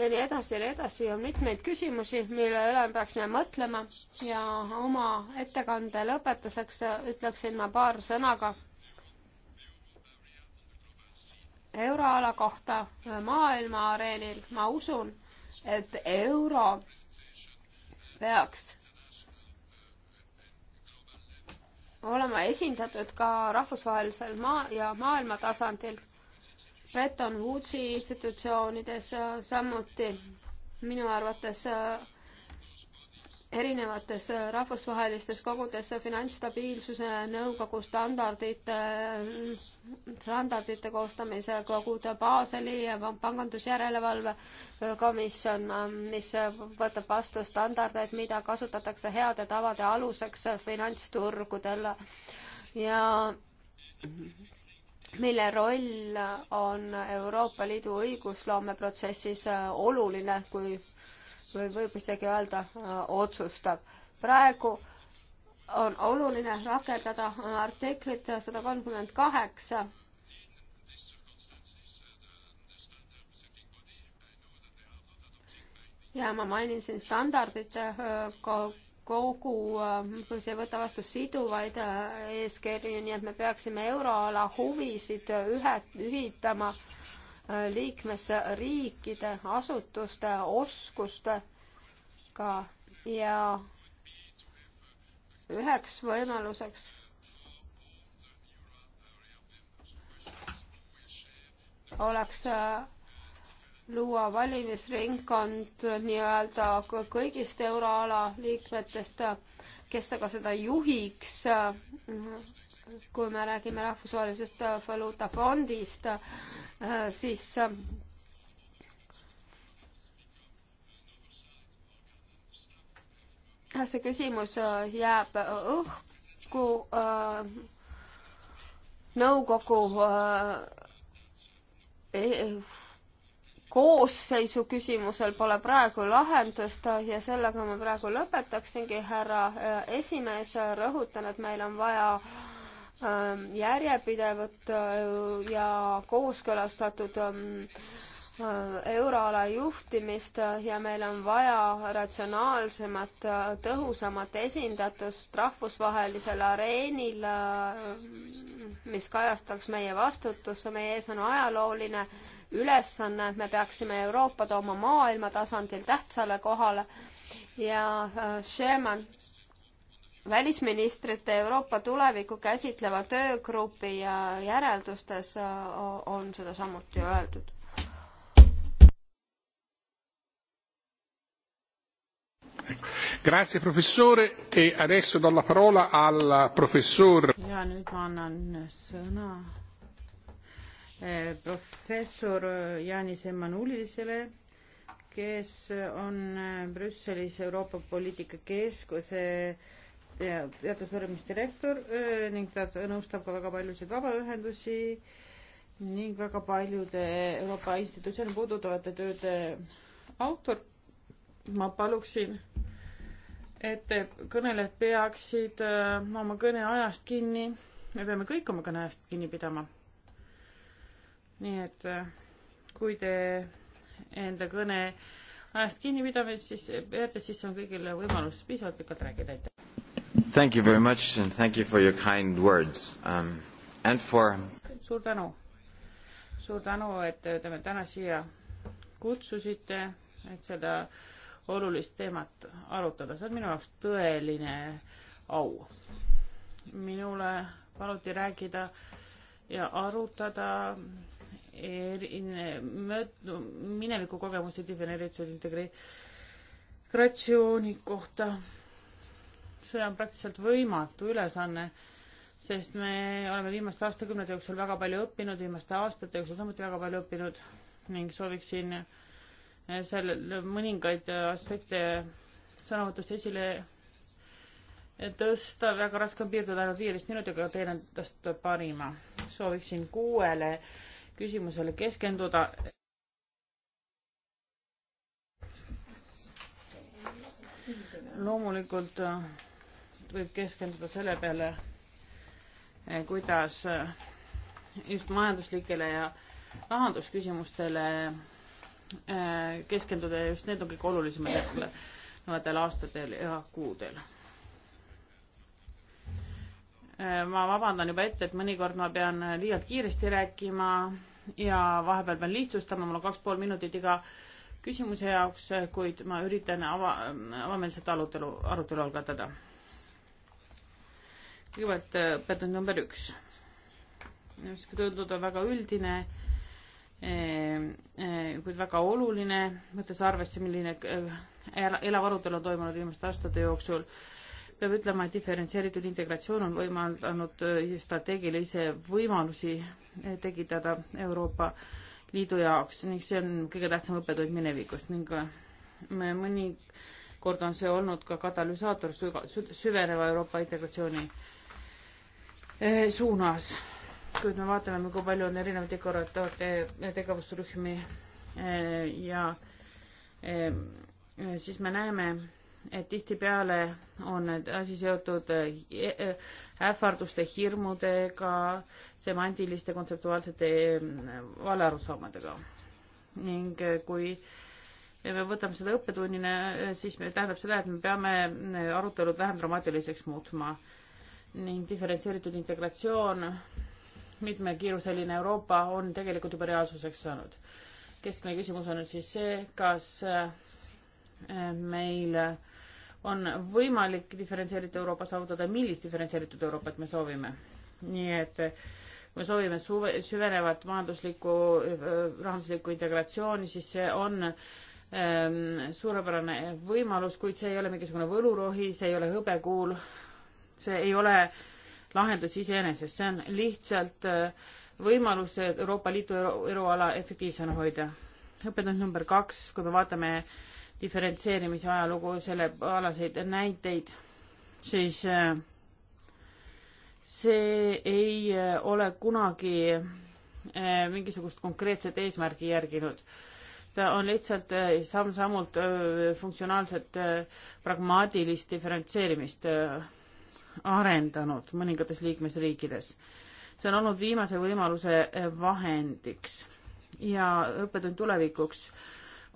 ja nii edasi ja nii edasi, on mitmeid küsimusi, mille üle me peaksime mõtlema ja oma ettekande lõpetuseks ütleksin ma paar sõna ka euroala kohta maailma areenil. ma usun, et euro peaks olema esindatud ka rahvusvahelisel maa- ja maailmatasandil, Bretton Woodsi institutsioonides äh, samuti minu arvates äh, erinevates äh, rahvusvahelistes kogudes finantsstabiilsuse nõukogu standardite, äh, standardite koostamise kogude Baseli ja pangandusjärelevalve äh, komisjon, mis võtab vastu standardeid, mida kasutatakse heade tavade aluseks finantsturgudel ja mille roll on Euroopa Liidu õigusloomeprotsessis oluline, kui või võib isegi öelda, äh, otsustab. praegu on oluline rakendada äh, artiklit sada kolmkümmend kaheksa ja ma mainin siin standardite äh, kogu, kui see ei võta vastu siduvaid eeskirju, nii et me peaksime euroala huvisid ühe, ühitama äh, liikmesriikide asutuste oskustega ja üheks võimaluseks oleks äh, luua valimisringkond nii-öelda kõigist euroala liikmetest äh, kes aga seda juhiks, kui me räägime Rahvusvahelisest Valuutafondist, siis äh, see küsimus äh, jääb õhku äh, nõukogu e-, koosseisu küsimusel pole praegu lahendust ja sellega ma praegu lõpetaksingi, härra äh, esimees, rõhutan, et meil on vaja ähm, järjepidevat äh, ja kooskõlastatud ähm, äh, euroala juhtimist ja meil on vaja ratsionaalsemat, tõhusamat esindatust rahvusvahelisel areenil, mis kajastaks meie vastutusse, meie ees on ajalooline ülesanne, me peaksime Euroopa tooma maailma tasandil tähtsale kohale ja äh, Sherman välisministrite Euroopa tulevikku käsitleva töögrupi järeldustes äh, on seda samuti öeldud. Grazie professore e adesso do la parola al professor. ja nüüd ma annan sõna Eh, professor eh, Janis Emmanulisele, kes on eh, Brüsselis Euroopa Poliitika Keskuse teadus-uurimiste direktor ning ta nõustab ka väga paljusid vabaühendusi ning väga paljude Euroopa institutsioone puudutavate tööde autor. ma paluksin, et kõnelejad peaksid oma kõne ajast kinni, me peame kõik oma kõne ajast kinni pidama nii et äh, kui te enda kõne ajast kinni pidame, siis peate, siis on kõigil võimalus piisavalt pikalt rääkida, aitäh. Thank you very much and thank you for your kind words um, and for suur tänu, suur tänu, et te meid täna siia kutsusite, et seda olulist teemat arutada, see on minu jaoks tõeline au. minule paluti rääkida ja arutada minevikukogemusi defineeritud integratsiooni kohta. see on praktiliselt võimatu ülesanne, sest me oleme viimaste aastakümnete jooksul väga palju õppinud, viimaste aastate jooksul samuti väga palju õppinud ning sooviksin seal mõningaid aspekte sõnavõtust esile tõsta, väga raske on piirduda ainult viieteist minutiga, teen endast parima. sooviksin kuuele äh, küsimusele keskenduda. loomulikult äh, võib keskenduda selle peale, äh, kuidas äh, just majanduslikele ja rahandusküsimustele keskenduda ja just need on kõige olulisemad järgnevatel aastatel ja kuudel ma vabandan juba ette, et mõnikord ma pean liialt kiiresti rääkima, ja vahepeal pean lihtsustama, mul on kaks pool minutit iga küsimuse jaoks, kuid ma üritan ava, avameelset arutelu, arutelu algatada. kõigepealt õppetöö äh, number üks. minu arust tundub väga üldine ehm, ehm, kuid väga oluline, võttes arvesse, milline äh, elav arutelu on toimunud viimaste aastate jooksul peab ütlema, et diferentseeritud integratsioon on võimaldanud eh, strateegilisi võimalusi eh, tekitada Euroopa Liidu jaoks ning see on kõige tähtsam õppetund minevikust ning eh, me mõnikord on see olnud ka katalüsaator süveneva Euroopa integratsiooni suunas. kuid me vaatame, kui palju on erinevaid dekoratiivte tegevusrühmi ja siis me näeme, et tihtipeale on asi seotud eh, eh, ähvarduste, hirmudega, semantiliste kontseptuaalsete eh, valearusaamadega. ning kui me võtame seda õppetunnina, siis me, tähendab seda, et me peame arutelud vähem dramaatiliseks muutma ning diferentseeritud integratsioon, mitmekiiruseline Euroopa on tegelikult juba reaalsuseks saanud. keskne küsimus on nüüd siis see, kas meil äh, on võimalik diferentseeritud Euroopa saavutada, millist diferentseeritud Euroopat me soovime. nii et kui me soovime suve, süvenevat majanduslikku, rahanduslikku integratsiooni, siis see on ähm, suurepärane võimalus, kuid see ei ole mingisugune võlurohi, see ei ole hõbekuul, see ei ole lahendus iseenesest, see on lihtsalt äh, võimalus Euroopa Liidu eruala efektiivsena hoida. õppetund number kaks, kui me vaatame äh, diferentseerimise ajalugu, selle alaseid näiteid, siis äh, see ei äh, ole kunagi äh, mingisugust konkreetset eesmärgi järginud. ta on lihtsalt samm-sammult funktsionaalset pragmaatilist diferentseerimist arendanud mõningates liikmesriikides. see on olnud viimase võimaluse vahendiks ja õppetund tulevikuks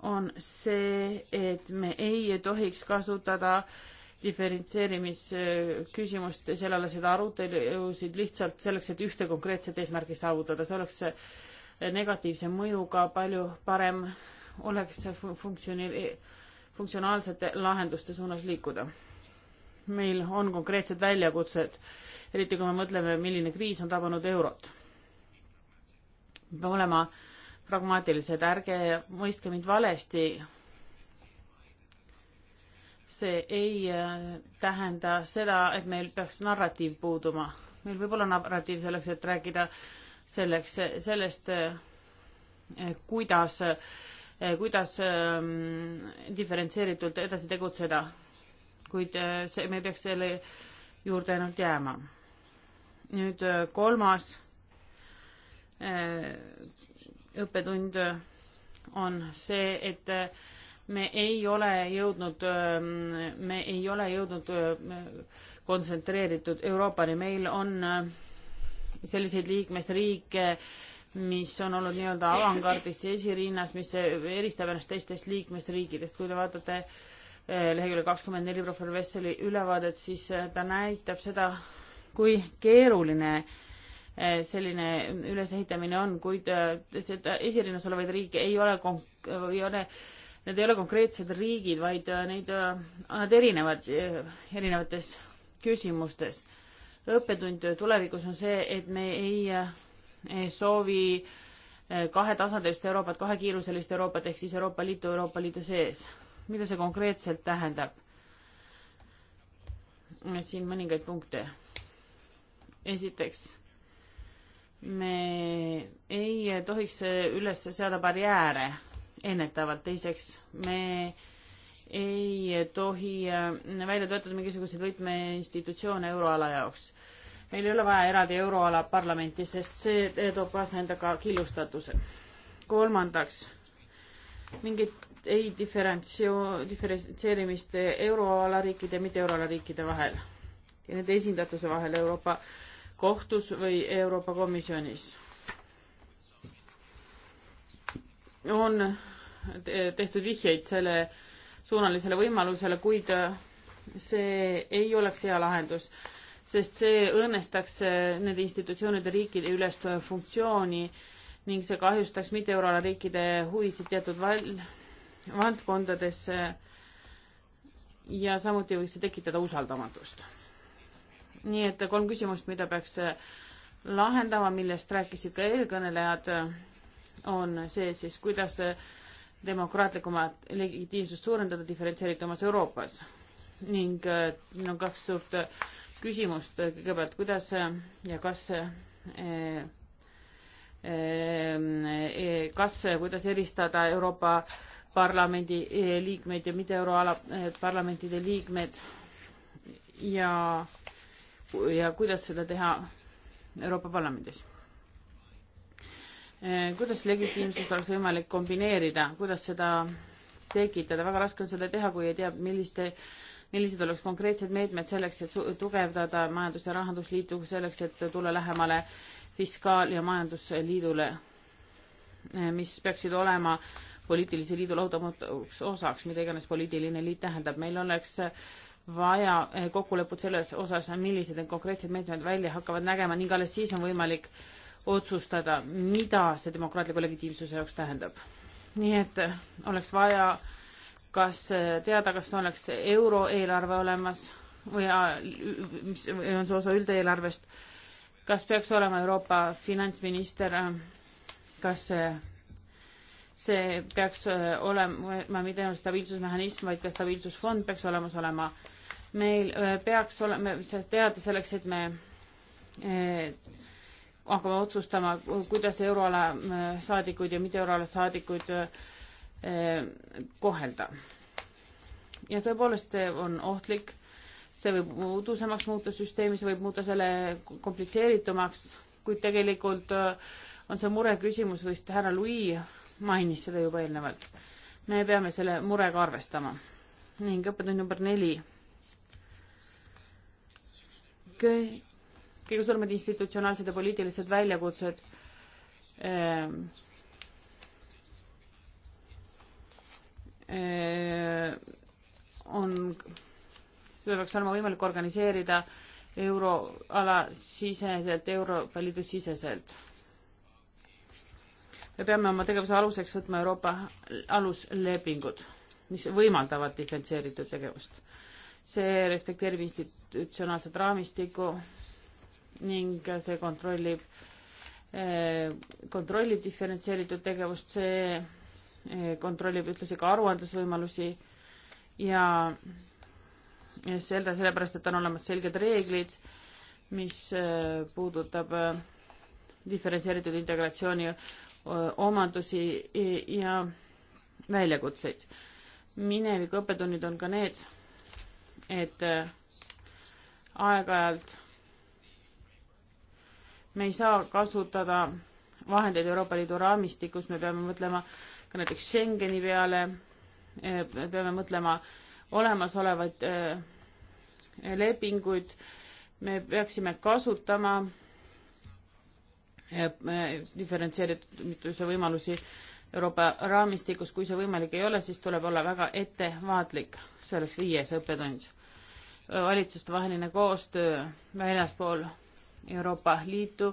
on see, et me ei tohiks kasutada diferentseerimisküsimust, sellealaseid arutelusid lihtsalt selleks, et ühte konkreetset eesmärki saavutada, see oleks negatiivse mõjuga palju parem oleks funktsiooni, funktsionaalsete lahenduste suunas liikuda. meil on konkreetsed väljakutsed, eriti kui me mõtleme, milline kriis on tabanud eurot. me peame olema äh, pragmaatilised, ärge mõistke mind valesti. see ei äh, tähenda seda, et meil peaks narratiiv puuduma. meil võib olla narratiiv selleks, et rääkida selleks, sellest, äh, kuidas, äh, kuidas ähm, diferentseeritult edasi tegutseda. kuid see, me ei peaks selle juurde ainult jääma. nüüd kolmas õppetund on see, et me ei ole jõudnud, me ei ole jõudnud kontsentreeritud Euroopani, meil on selliseid liikmesriike, mis on olnud nii-öelda avangardis ja esirinnas, mis eristab ennast teistest liikmesriikidest. kui te vaatate eh, lehekülje kakskümmend neli professor Vesseli ülevaadet, siis ta näitab seda, kui keeruline äh, Eh, selline ülesehitamine on, kuid eh, seda esirinnas olevaid riike ei ole konk-, ei ole, need ei ole konkreetsed riigid, vaid eh, neid, nad erinevad erinevates küsimustes. õppetund tulevikus on see, et me ei, ei soovi kahetasandilist Euroopat, kahekiiruselist Euroopat ehk siis Euroopa Liitu Euroopa Liidu sees. mida see konkreetselt tähendab? siin mõningaid punkte. esiteks me ei tohiks üles seada barjääre ennetavalt, teiseks me ei tohi äh, välja töötada mingisuguseid võtmeinstitutsioone euroala jaoks. meil ei ole vaja eraldi euroala parlamenti, sest see toob kaasa endaga killustatuse. kolmandaks, mingit ei diferentsio-, diferentseerimist euroala riikide ja mitte euroala riikide vahel ja nende esindatuse vahel Euroopa äh, kohtus või Euroopa Komisjonis. on tehtud vihjeid selle suunalisele võimalusele, kuid see ei oleks hea lahendus, sest see õõnestaks nende institutsioonide riikide ülest funktsiooni ning see kahjustaks mitte euroala riikide huvisid teatud val-, valdkondades ja samuti võiks see tekitada usaldamatust nii et kolm küsimust, mida peaks äh, lahendama, millest rääkisid ka eelkõnelejad, äh, on see siis, kuidas äh, demokraatlikumat legitiimsust suurendada diferentseeritumas Euroopas. ning no kaks suurt küsimust kõigepealt, kuidas ja kas kas, kuidas eristada Euroopa Parlamendi liikmeid ja mitte euroala parlamentide liikmed ja äh, ja kuidas seda teha Euroopa Parlamendis. Eh, kuidas legitiimsust oleks võimalik kombineerida, kuidas seda tekitada, väga raske on seda teha, kui ei tea, milliste millised oleks konkreetsed meetmed selleks, et tugevdada Majandus- ja Rahandusliitu, selleks, et tulla lähemale fiskaal- ja majandusliidule, eh, mis peaksid olema poliitilise liidu laudamatuks osaks, mida iganes poliitiline liit tähendab. meil oleks äh, vaja eh, kokkulepet selles osas, millised need konkreetsed meetmed välja hakkavad nägema ning alles siis on võimalik otsustada, mida see demokraatliku legitiimsuse jaoks tähendab. nii et eh, oleks vaja kas eh, teada, kas oleks euroeelarve olemas või ah, mis on see osa üldeelarvest, kas peaks olema Euroopa finantsminister, kas see see peaks olema mitte ainult stabiilsusmehhanism, vaid ka stabiilsusfond peaks olemas olema, olema meil äh, peaks olema teada selleks, et me äh, hakkame otsustama, kuidas euroala äh, saadikuid ja mitte euroala saadikuid kohelda. ja tõepoolest, see on ohtlik, see võib udusemaks muuta süsteemi, see võib muuta selle komplitseeritumaks, kuid tegelikult on see mureküsimus, vist härra Louis mainis seda juba eelnevalt. me peame selle murega arvestama. ning õppetund number neli kõige suuremad institutsionaalsed ja poliitilised väljakutsed ähm, ähm, on, seda peaks olema võimalik organiseerida euroala siseselt, Euroopa Liidu siseselt. me peame oma tegevuse aluseks võtma Euroopa aluslepingud, mis võimaldavad diferentseeritud tegevust see respekteerib institutsionaalset raamistikku ning see kontrollib, eh, kontrollib diferentseeritud tegevust, see eh, kontrollib ühtlasi ka aruandlusvõimalusi ja selle, sellepärast, et on olemas selged reeglid, mis eh, puudutab diferentseeritud integratsiooni omadusi ja väljakutseid. mineviku õppetunnid on ka need, et äh, aeg-ajalt me ei saa kasutada vahendeid Euroopa Liidu raamistikus, me peame mõtlema ka näiteks Schengeni peale, me äh, peame mõtlema olemasolevaid äh, lepinguid, me peaksime kasutama diferentseeritud võimalusi Euroopa raamistikus, kui see võimalik ei ole, siis tuleb olla väga ettevaatlik. see oleks viies õppetund. valitsustevaheline koostöö väljaspool Euroopa Liitu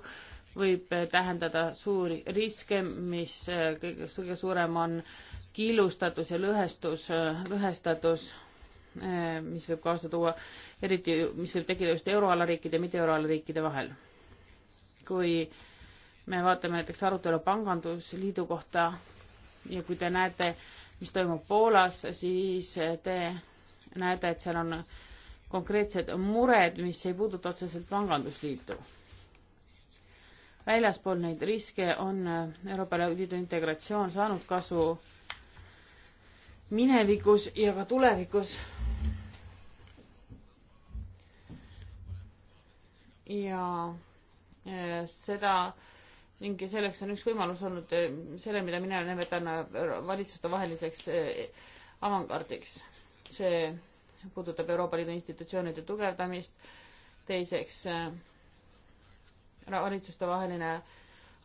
võib tähendada suuri riske, mis kõige, kõige suurem on killustatus ja lõhestus, lõhestatus, mis võib kaasa tuua eriti, mis võib tekkida just euroala riikide ja mitte euroala riikide vahel. kui äh, me vaatame näiteks arutelu Pangandusliidu kohta ja kui te näete, mis toimub Poolas, siis te näete, et seal on konkreetsed mured, mis ei puuduta otseselt Pangandusliitu. väljaspool neid riske on Euroopa Liidu integratsioon saanud kasu minevikus ja ka tulevikus. ja eh, seda äh, ning selleks on üks võimalus olnud eh, selle, mida mina nimetan valitsustevaheliseks eh, avangardiks. see puudutab Euroopa Liidu institutsioonide tugevdamist, teiseks eh, valitsustevaheline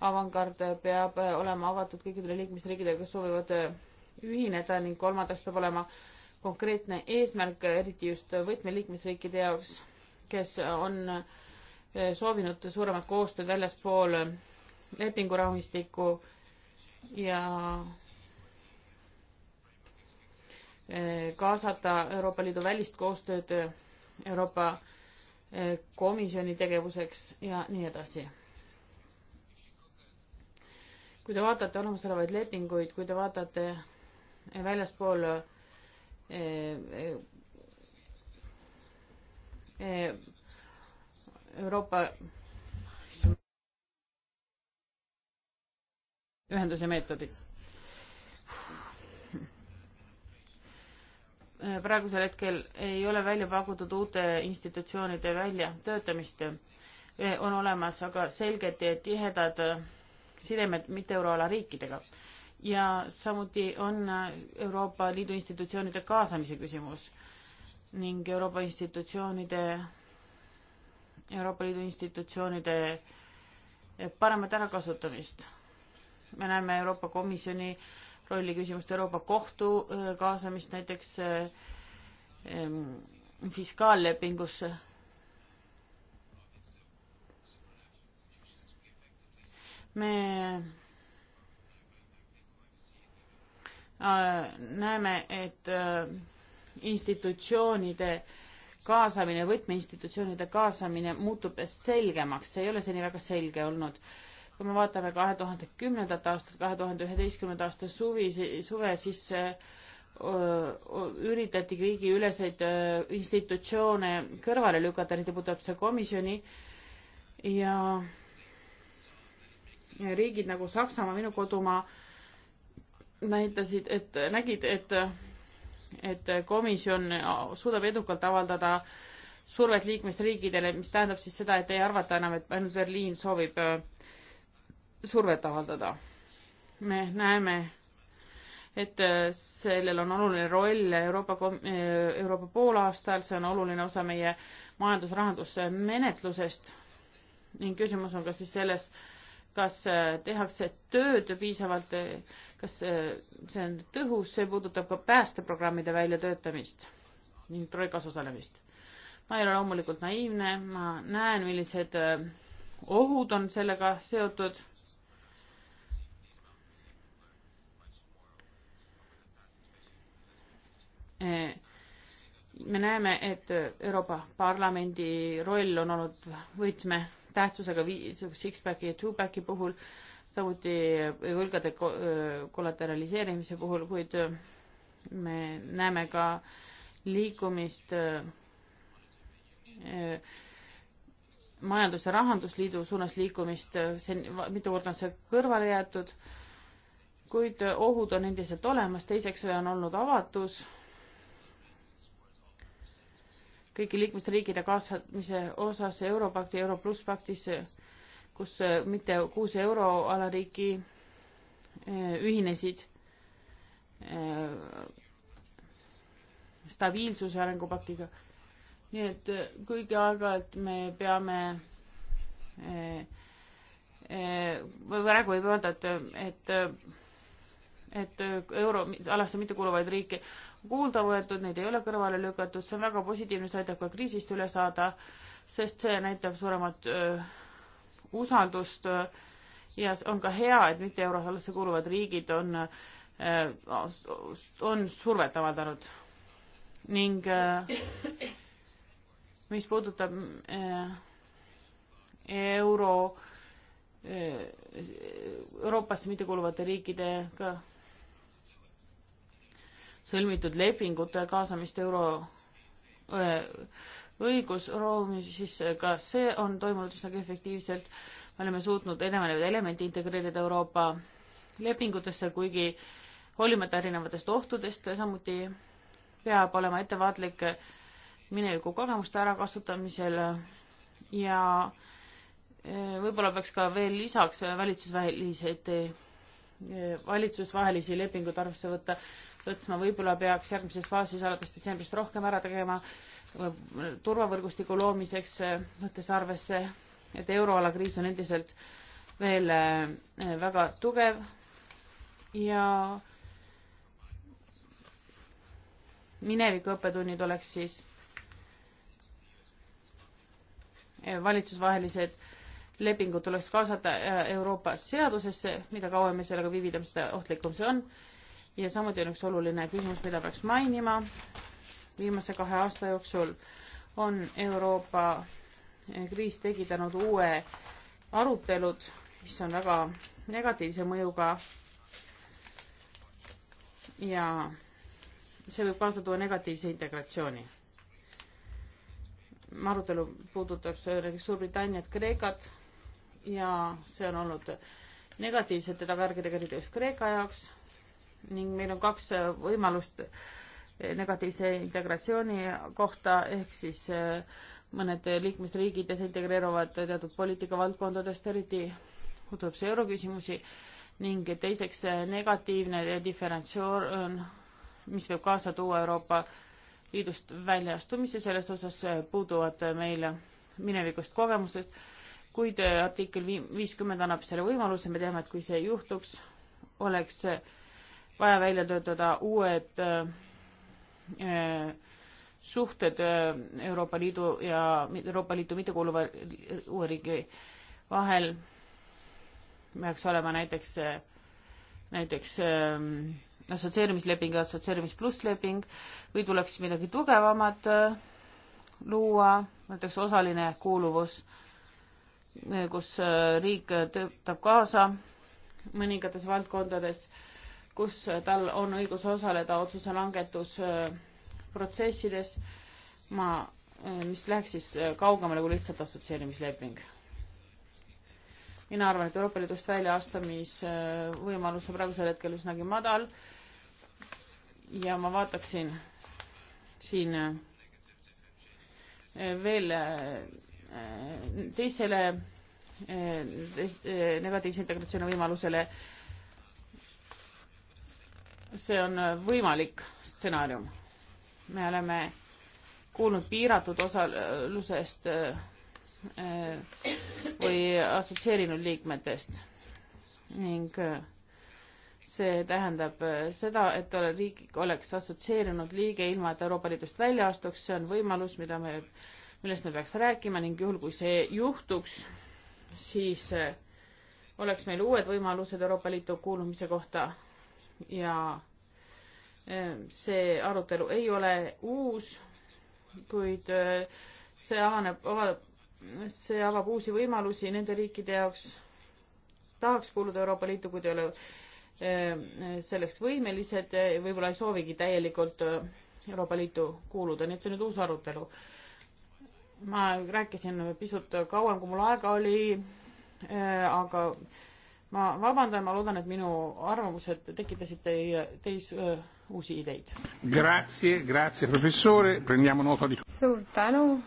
avangard peab olema avatud kõikidele liikmesriikidele, kes soovivad ühineda ning kolmandaks peab olema konkreetne eesmärk, eriti just võtmeliikmesriikide jaoks, kes on soovinud suuremat koostööd väljaspool lepinguraamistikku ja eh, kaasata Euroopa Liidu välist koostööd eh, Euroopa eh, Komisjoni tegevuseks ja nii edasi. kui te vaatate olemasolevaid lepinguid, kui te vaatate väljaspool Euroopa ühenduse meetodid. praegusel hetkel ei ole välja pakutud uute institutsioonide väljatöötamist, on olemas aga selged ja tihedad sidemed mitte euroala riikidega. ja samuti on Euroopa Liidu institutsioonide kaasamise küsimus ning Euroopa institutsioonide, Euroopa Liidu institutsioonide paremat ärakasutamist me näeme Euroopa Komisjoni rolli küsimust, Euroopa Kohtu äh, kaasamist näiteks äh, fiskaallepingusse. me äh, näeme, et institutsioonide kaasamine, võtmeinstitutsioonide kaasamine muutub selgemaks, see ei ole seni väga selge olnud kui me vaatame kahe tuhande kümnendat aastat, kahe tuhande üheteistkümnenda aasta suvi, suve, siis üritati riigiüleseid institutsioone kõrvale lükata, eriti puudutab see komisjoni ja riigid nagu Saksamaa, minu kodumaa, näitasid, et nägid, et, et komisjon suudab edukalt avaldada survet liikmesriikidele, mis tähendab siis seda, et ei arvata enam, et ainult Berliin soovib äh, survet avaldada. me näeme, et äh, sellel on oluline roll Euroopa, äh, Euroopa poolaastal, see on oluline osa meie majandus-rahandusmenetlusest ning küsimus on ka siis selles, kas äh, tehakse tööd piisavalt, kas see on tõhus, see puudutab ka päästeprogrammide väljatöötamist ning troikas osalemist. ma ei ole loomulikult naiivne, ma näen, millised ohud on sellega seotud Eh, me näeme, et Euroopa Parlamendi roll on olnud võtmetähtsusega six-packi ja two-packi puhul, samuti võlgade eh, kollateraliseerimise puhul, kuid eh, me näeme ka liikumist majandus- ja rahandusliidu suunas liikumist, see on, mitu korda on see kõrvale jäetud, kuid ohud on endiselt olemas, teiseks on olnud avatus kõigi liikmesriikide kaasamise osas Europakti, Euro pluss paktis, kus äh, mitte kuus euroala riiki äh, ühinesid äh, stabiilsuse arengupaktiga. nii et kuigi aeg-ajalt me peame praegu võib öelda, et, et, et euroalasse mittekuuluvaid riike kuulda võetud, neid ei ole kõrvale lükatud, see on väga positiivne, see aitab ka kriisist üle saada, sest see näitab suuremat öö, usaldust öö, ja on ka hea, et mitte eurosalasse kuuluvad riigid on, on survet avaldanud. ning öö, mis puudutab euro Euroopasse mittekuuluvate riikidega sõlmitud lepingute kaasamist euro õigusruumi, siis ka see on toimunud üsnagi efektiivselt. me oleme suutnud erinevaid elemente integreerida Euroopa lepingutesse, kuigi hoolimata erinevatest ohtudest samuti peab olema ettevaatlik mineviku kogemuste ärakasutamisel ja e, võib-olla peaks ka veel lisaks valitsusväliseid, e, valitsusvahelisi lepinguid arvesse võtta, võtma, võib-olla peaks järgmises faasis alates detsembrist rohkem ära tegema äh, turvavõrgustiku loomiseks, äh, võttes arvesse, et euroala kriis on endiselt veel äh, väga tugev ja mineviku õppetunnid oleks siis valitsusvahelised lepingud tuleks kaasata Euroopa seadusesse, mida kauem me sellega viivitame, seda ohtlikum see on ja samuti on üks oluline küsimus, mida peaks mainima viimase kahe aasta jooksul, on Euroopa kriis tekitanud uue arutelud, mis on väga negatiivse mõjuga ja see võib kaasa tuua negatiivse integratsiooni. arutelu puudutab näiteks Suurbritanniat, Kreekat ja see on olnud negatiivsete tagajärgedega just Kreeka jaoks ning meil on kaks äh, võimalust äh, negatiivse integratsiooni kohta ehk siis äh, mõned liikmesriigid desintegreeruvad teatud poliitikavaldkondadest, eriti puudutab see euroküsimusi ning teiseks negatiivne diferentsioon, mis võib kaasa tuua Euroopa Liidust väljaastumise, selles osas puuduvad meil minevikust kogemused, kuid artikkel viiskümmend annab selle võimaluse, me teame, et kui see juhtuks, oleks vaja välja töötada uued äh, äh suhted äh, Euroopa Liidu ja Euroopa Liitu mittekuuluva uue riigi vahel. peaks olema näiteks, äh, näiteks äh, assotsieerimisleping ja assotsieerimis pluss leping või tuleks midagi tugevamat äh, luua, näiteks osaline kuuluvus, kus riik töötab kaasa mõningates valdkondades äh, kus äh, tal on õigus osaleda otsuse langetusprotsessides, äh, ma, äh, mis läheks siis kaugemale kui lihtsalt assotsieerimisleping. mina arvan, et Euroopa Liidust väljaastumisvõimalus on praegusel hetkel üsnagi madal ja ma vaataksin siin veel teisele negatiivse integratsiooni võimalusele see on äh, võimalik stsenaarium. me oleme kuulnud piiratud osalusest äh, äh, või assotsieerinud liikmetest ning see tähendab seda, et riik oleks assotsieerinud liige ilma, et Euroopa Liidust välja astuks, see on võimalus, mida me, millest me peaks rääkima ning juhul, kui see juhtuks, siis oleks meil uued võimalused Euroopa Liitu kuulumise kohta ja ehm, see arutelu ei ole uus, kuid ehm, see ahaneb, see avab uusi võimalusi nende riikide jaoks, tahaks kuuluda Euroopa Liitu, kuid ei ole ehm, selleks võimelised, eh, võib-olla ei soovigi täielikult eh, Euroopa Liitu kuuluda, nii et see on nüüd uus arutelu. ma rääkisin pisut kauem, kui mul aega oli, eh, aga ma vabandan, ma loodan, et minu arvamused tekitasid teie, teis öö, uusi ideid. Grazie, grazie professore, prendiamo nota di. suur tänu,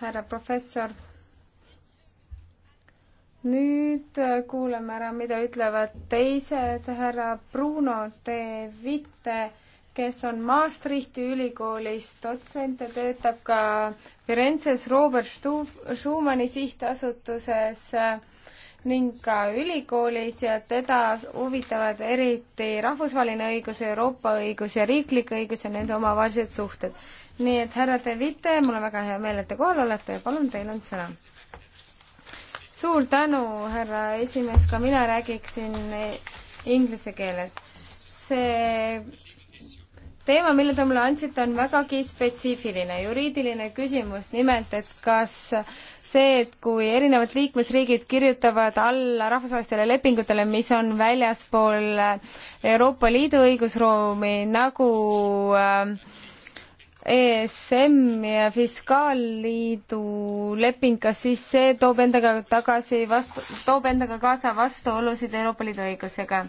härra professor. nüüd äh, kuulame ära, mida ütlevad teised, härra Bruno de Vitte, kes on Maastrichti ülikoolis dotsent ja töötab ka Firenzes Robert Schumanni sihtasutuses äh, ning ka ülikoolis ja teda huvitavad eriti rahvusvaheline õigus, Euroopa õigus ja riiklik õigus ja nende omavahelised suhted. nii et härra De Vite, mul on väga hea meel, et te kohal olete ja palun, teil on sõna. suur tänu, härra esimees, ka mina räägiksin inglise keeles. see teema, mille te mulle andsite, on vägagi spetsiifiline juriidiline küsimus, nimelt et kas see, et kui erinevad liikmesriigid kirjutavad alla rahvusvahelistele lepingutele, mis on väljaspool Euroopa Liidu õigusruumi nagu äh, ESM ja Fiskaalliidu leping, kas siis see toob endaga tagasi vastu, toob endaga kaasa vastuolusid Euroopa Liidu õigusega?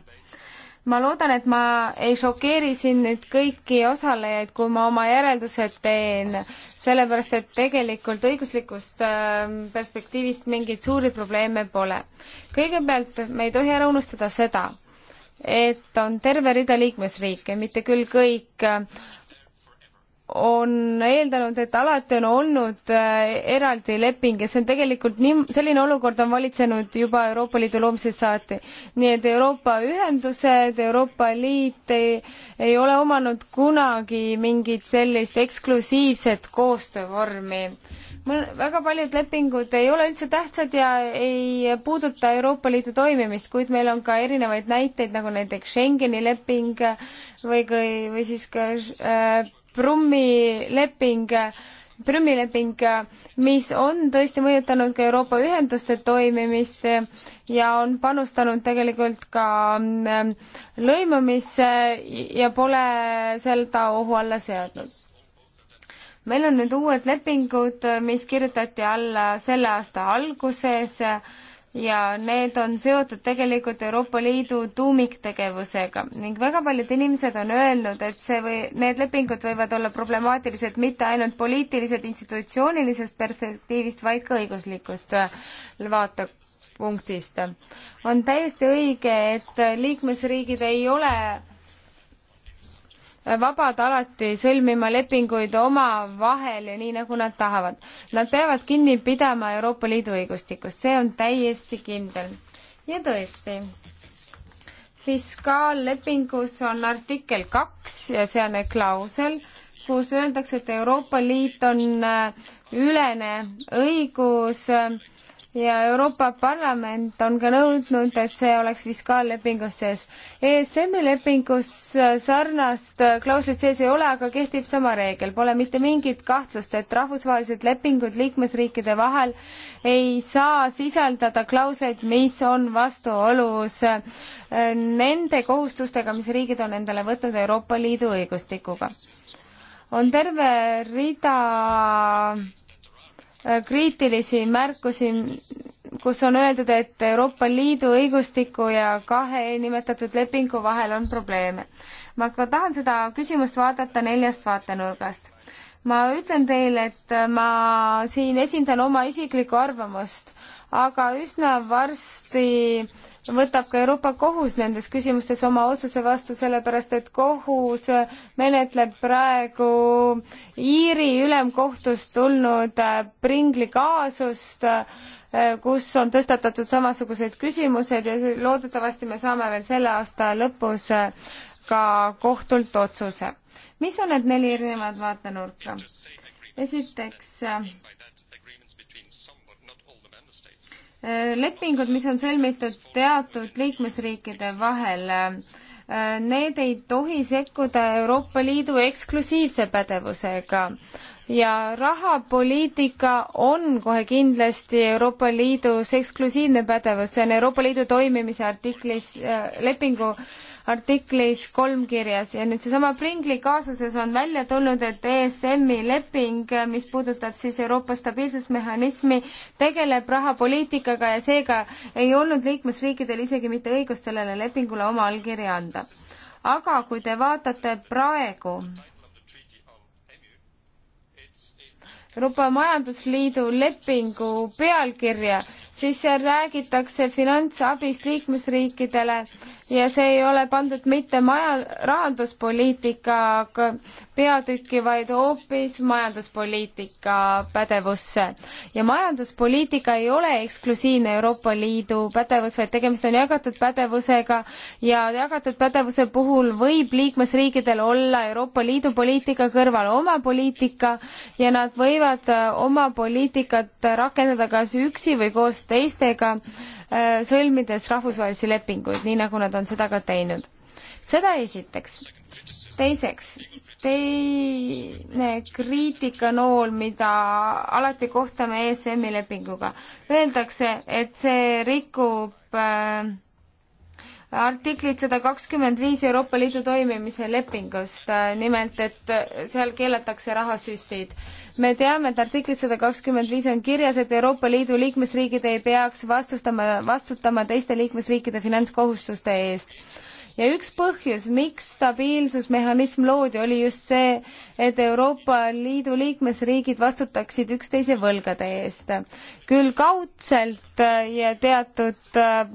ma loodan, et ma ei šokeeri siin nüüd kõiki osalejaid, kui ma oma järeldused teen, sellepärast et tegelikult õiguslikust ähm, perspektiivist mingeid suuri probleeme pole. kõigepealt me ei tohi ära unustada seda, et on terve rida liikmesriike, mitte küll kõik, on eeldanud, et alati on olnud äh, eraldi leping ja see on tegelikult nii, selline olukord on valitsenud juba Euroopa Liidu loomisest saati. nii et Euroopa ühendused, Euroopa Liit ei, ei ole omanud kunagi mingit sellist eksklusiivset koostöövormi. väga paljud lepingud ei ole üldse tähtsad ja ei puuduta Euroopa Liidu toimimist, kuid meil on ka erinevaid näiteid, nagu näiteks Schengeni leping või, või siis ka äh, Brummi leping, Brümmi leping, mis on tõesti mõjutanud ka Euroopa ühenduste toimimist ja on panustanud tegelikult ka mm, lõimumisse ja pole seda ohu alla seadnud meil on nüüd uued lepingud, mis kirjutati alla selle aasta alguses ja need on seotud tegelikult Euroopa Liidu tuumiktegevusega ning väga paljud inimesed on öelnud, et see või need lepingud võivad olla problemaatilised mitte ainult poliitiliselt, institutsioonilisest perspektiivist, vaid ka õiguslikust äh, vaatepunktist. on täiesti õige, et liikmesriigid ei ole vabad alati sõlmima lepinguid omavahel ja nii, nagu nad tahavad. Nad peavad kinni pidama Euroopa Liidu õigustikust, see on täiesti kindel. ja tõesti, fiskaallepingus on artikkel kaks ja seal on klausel, kus öeldakse, et Euroopa Liit on äh, ülene õigus äh, ja Euroopa Parlament on ka nõudnud, et see oleks fiskaallepingus sees. ESM-i lepingus äh, sarnast äh, klauslit sees ei ole, aga kehtib sama reegel. Pole mitte mingit kahtlust, et rahvusvahelised lepingud liikmesriikide vahel ei saa sisaldada klausleid, mis on vastuolus äh, nende kohustustega, mis riigid on endale võtnud Euroopa Liidu õigustikuga. on terve rida kriitilisi märkusi, kus on öeldud, et Euroopa Liidu õigustiku ja kahe eelnimetatud lepingu vahel on probleeme. ma ka tahan seda küsimust vaadata neljast vaatenurgast. ma ütlen teile, et ma siin esindan oma isiklikku arvamust, aga üsna varsti võtab ka Euroopa Kohus nendes küsimustes oma otsuse vastu, sellepärast et kohus menetleb praegu Iiri ülemkohtust tulnud äh, Pringli kaasust, äh, kus on tõstatatud samasugused küsimused ja loodetavasti me saame veel selle aasta lõpus äh, ka kohtult otsuse. mis on need neli erinevat vaatenurka? esiteks lepingud, mis on sõlmitud teatud liikmesriikide vahel, need ei tohi sekkuda Euroopa Liidu eksklusiivse pädevusega ja rahapoliitika on kohe kindlasti Euroopa Liidus eksklusiivne pädevus, see on Euroopa Liidu toimimise artiklis äh,, lepingu äh, artiklis kolm kirjas ja nüüd seesama Pringli kaasuses on välja tulnud, et ESM-i leping, mis puudutab siis Euroopa stabiilsusmehhanismi, tegeleb rahapoliitikaga ja seega ei olnud liikmesriikidel isegi mitte õigust sellele lepingule oma allkirja anda. aga kui te vaatate praegu Euroopa Majandusliidu lepingu pealkirja, siis seal räägitakse finantsabist liikmesriikidele ja see ei ole pandud mitte maja, rahanduspoliitika peatükki, vaid hoopis majanduspoliitika pädevusse. ja majanduspoliitika ei ole eksklusiivne Euroopa Liidu pädevus, vaid tegemist on jagatud pädevusega ja jagatud pädevuse puhul võib liikmesriikidel olla Euroopa Liidu poliitika kõrval oma poliitika ja nad võivad äh, oma poliitikat rakendada kas üksi või koos teistega, äh, sõlmides rahvusvahelisi lepinguid, nii nagu nad on seda ka teinud. seda esiteks. teiseks, teine kriitikanool, mida alati kohtame ESM-i lepinguga. Öeldakse, et see rikub äh, artiklit sada kakskümmend viis Euroopa Liidu toimimise lepingust, nimelt et seal keelatakse rahasüstid. me teame, et artiklis sada kakskümmend viis on kirjas, et Euroopa Liidu liikmesriigid ei peaks vastustama, vastutama teiste liikmesriikide finantskohustuste eest. ja üks põhjus, miks stabiilsusmehhanism loodi, oli just see, et Euroopa Liidu liikmesriigid vastutaksid üksteise võlgade eest. küll kaudselt äh, ja teatud äh,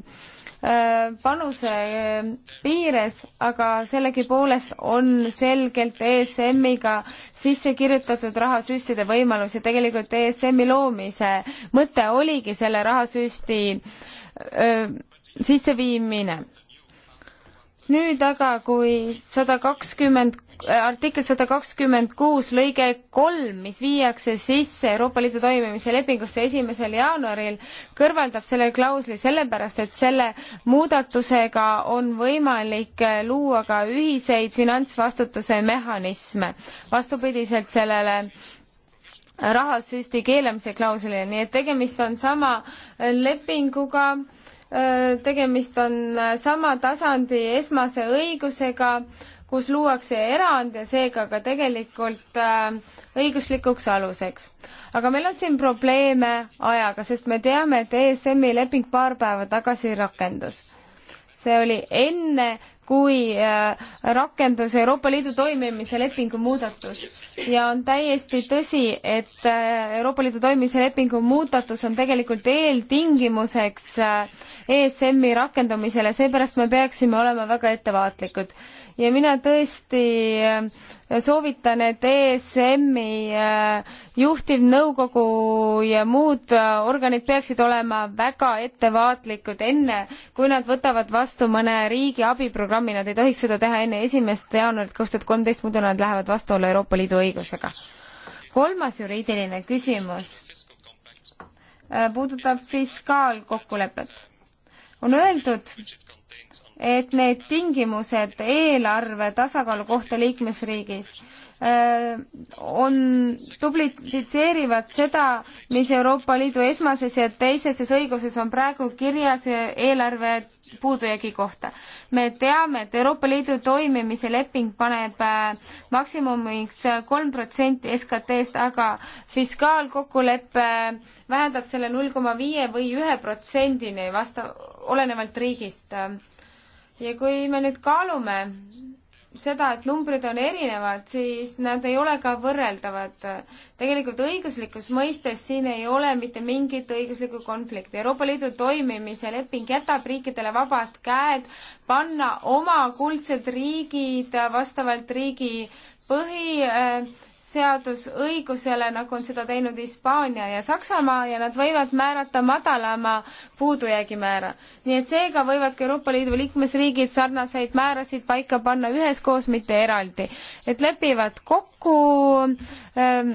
Äh, panuse äh, piires, aga sellegipoolest on selgelt ESM-iga sisse kirjutatud rahasüstide võimalus ja tegelikult ESM-i loomise mõte oligi selle rahasüsti äh, sisseviimine nüüd aga, kui sada kakskümmend, äh, artikkel sada kakskümmend kuus lõige kolm, mis viiakse sisse Euroopa Liidu toimimise lepingusse esimesel jaanuaril, kõrvaldab selle klausli sellepärast, et selle muudatusega on võimalik äh, luua ka ühiseid finantsvastutuse mehhanisme, vastupidiselt sellele rahasüsti keelamise klauslile, nii et tegemist on sama lepinguga, Äh, tegemist on äh, sama tasandi esmase õigusega, kus luuakse erand ja seega ka tegelikult äh, õiguslikuks aluseks. aga meil on siin probleeme ajaga, sest me teame, et ESM-i leping paar päeva tagasi rakendus. see oli enne kui äh, rakendus Euroopa Liidu toimimise lepingu muudatus. ja on täiesti tõsi, et äh, Euroopa Liidu toimimise lepingu muudatus on tegelikult eeltingimuseks äh, ESM-i rakendamisele, seepärast me peaksime olema väga ettevaatlikud ja mina tõesti äh, soovitan, et ESM-i äh, juhtivnõukogu ja muud äh, organid peaksid olema väga ettevaatlikud enne, kui nad võtavad vastu mõne riigi abiprogrammi, nad ei tohiks seda teha enne esimest jaanuarit kaks tuhat kolmteist, muidu nad lähevad vastuollu Euroopa Liidu õigusega. kolmas juriidiline küsimus puudutab fiskaalkokkulepet. on öeldud, et need tingimused eelarve tasakaalu kohta liikmesriigis äh, on, duplitseerivad seda, mis Euroopa Liidu esmases ja teiseses õiguses on praegu kirjas eelarve puudujäägi kohta. me teame, et Euroopa Liidu toimimise leping paneb äh, maksimumiks äh, kolm protsenti SKT-st, aga fiskaalkokkulepe vähendab selle null koma viie või ühe protsendini vasta-, olenevalt riigist ja kui me nüüd kaalume seda, et numbrid on erinevad, siis nad ei ole ka võrreldavad. tegelikult õiguslikus mõistes siin ei ole mitte mingit õiguslikku konflikti. Euroopa Liidu toimimise leping jätab riikidele vabad käed panna oma kuldsed riigid vastavalt riigi põhi äh, seadusõigusele, nagu on seda teinud Hispaania ja Saksamaa ja nad võivad määrata madalama puudujäägi määra. nii et seega võivad ka Euroopa Liidu liikmesriigid sarnaseid määrasid paika panna üheskoos, mitte eraldi. et lepivad kokku ähm,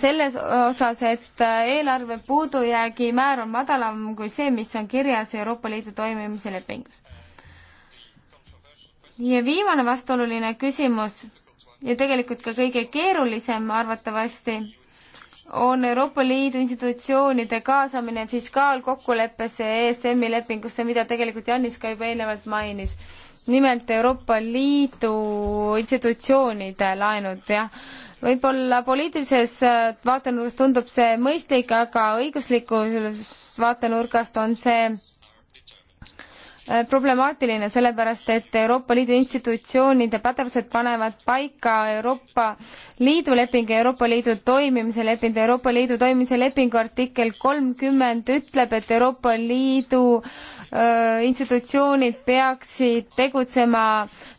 selles osas, et äh, eelarve puudujäägi määr on madalam kui see, mis on kirjas Euroopa Liidu toimimise lepingus. ja viimane vastuoluline küsimus ja tegelikult ka kõige keerulisem arvatavasti, on Euroopa Liidu institutsioonide kaasamine fiskaalkokkuleppesse ja ESM-i lepingusse, mida tegelikult Janis ka juba eelnevalt mainis. nimelt Euroopa Liidu institutsioonide laenud, jah. võib-olla poliitilises vaatenurgas tundub see mõistlik, aga õiguslikus vaatenurgast on see Äh, problemaatiline, sellepärast et Euroopa Liidu institutsioonide pädevused panevad paika Euroopa Liidu leping ja Euroopa Liidu toimimise leping. Euroopa Liidu toimimise lepingu artikkel kolmkümmend ütleb, et Euroopa Liidu öö, äh, institutsioonid peaksid tegutsema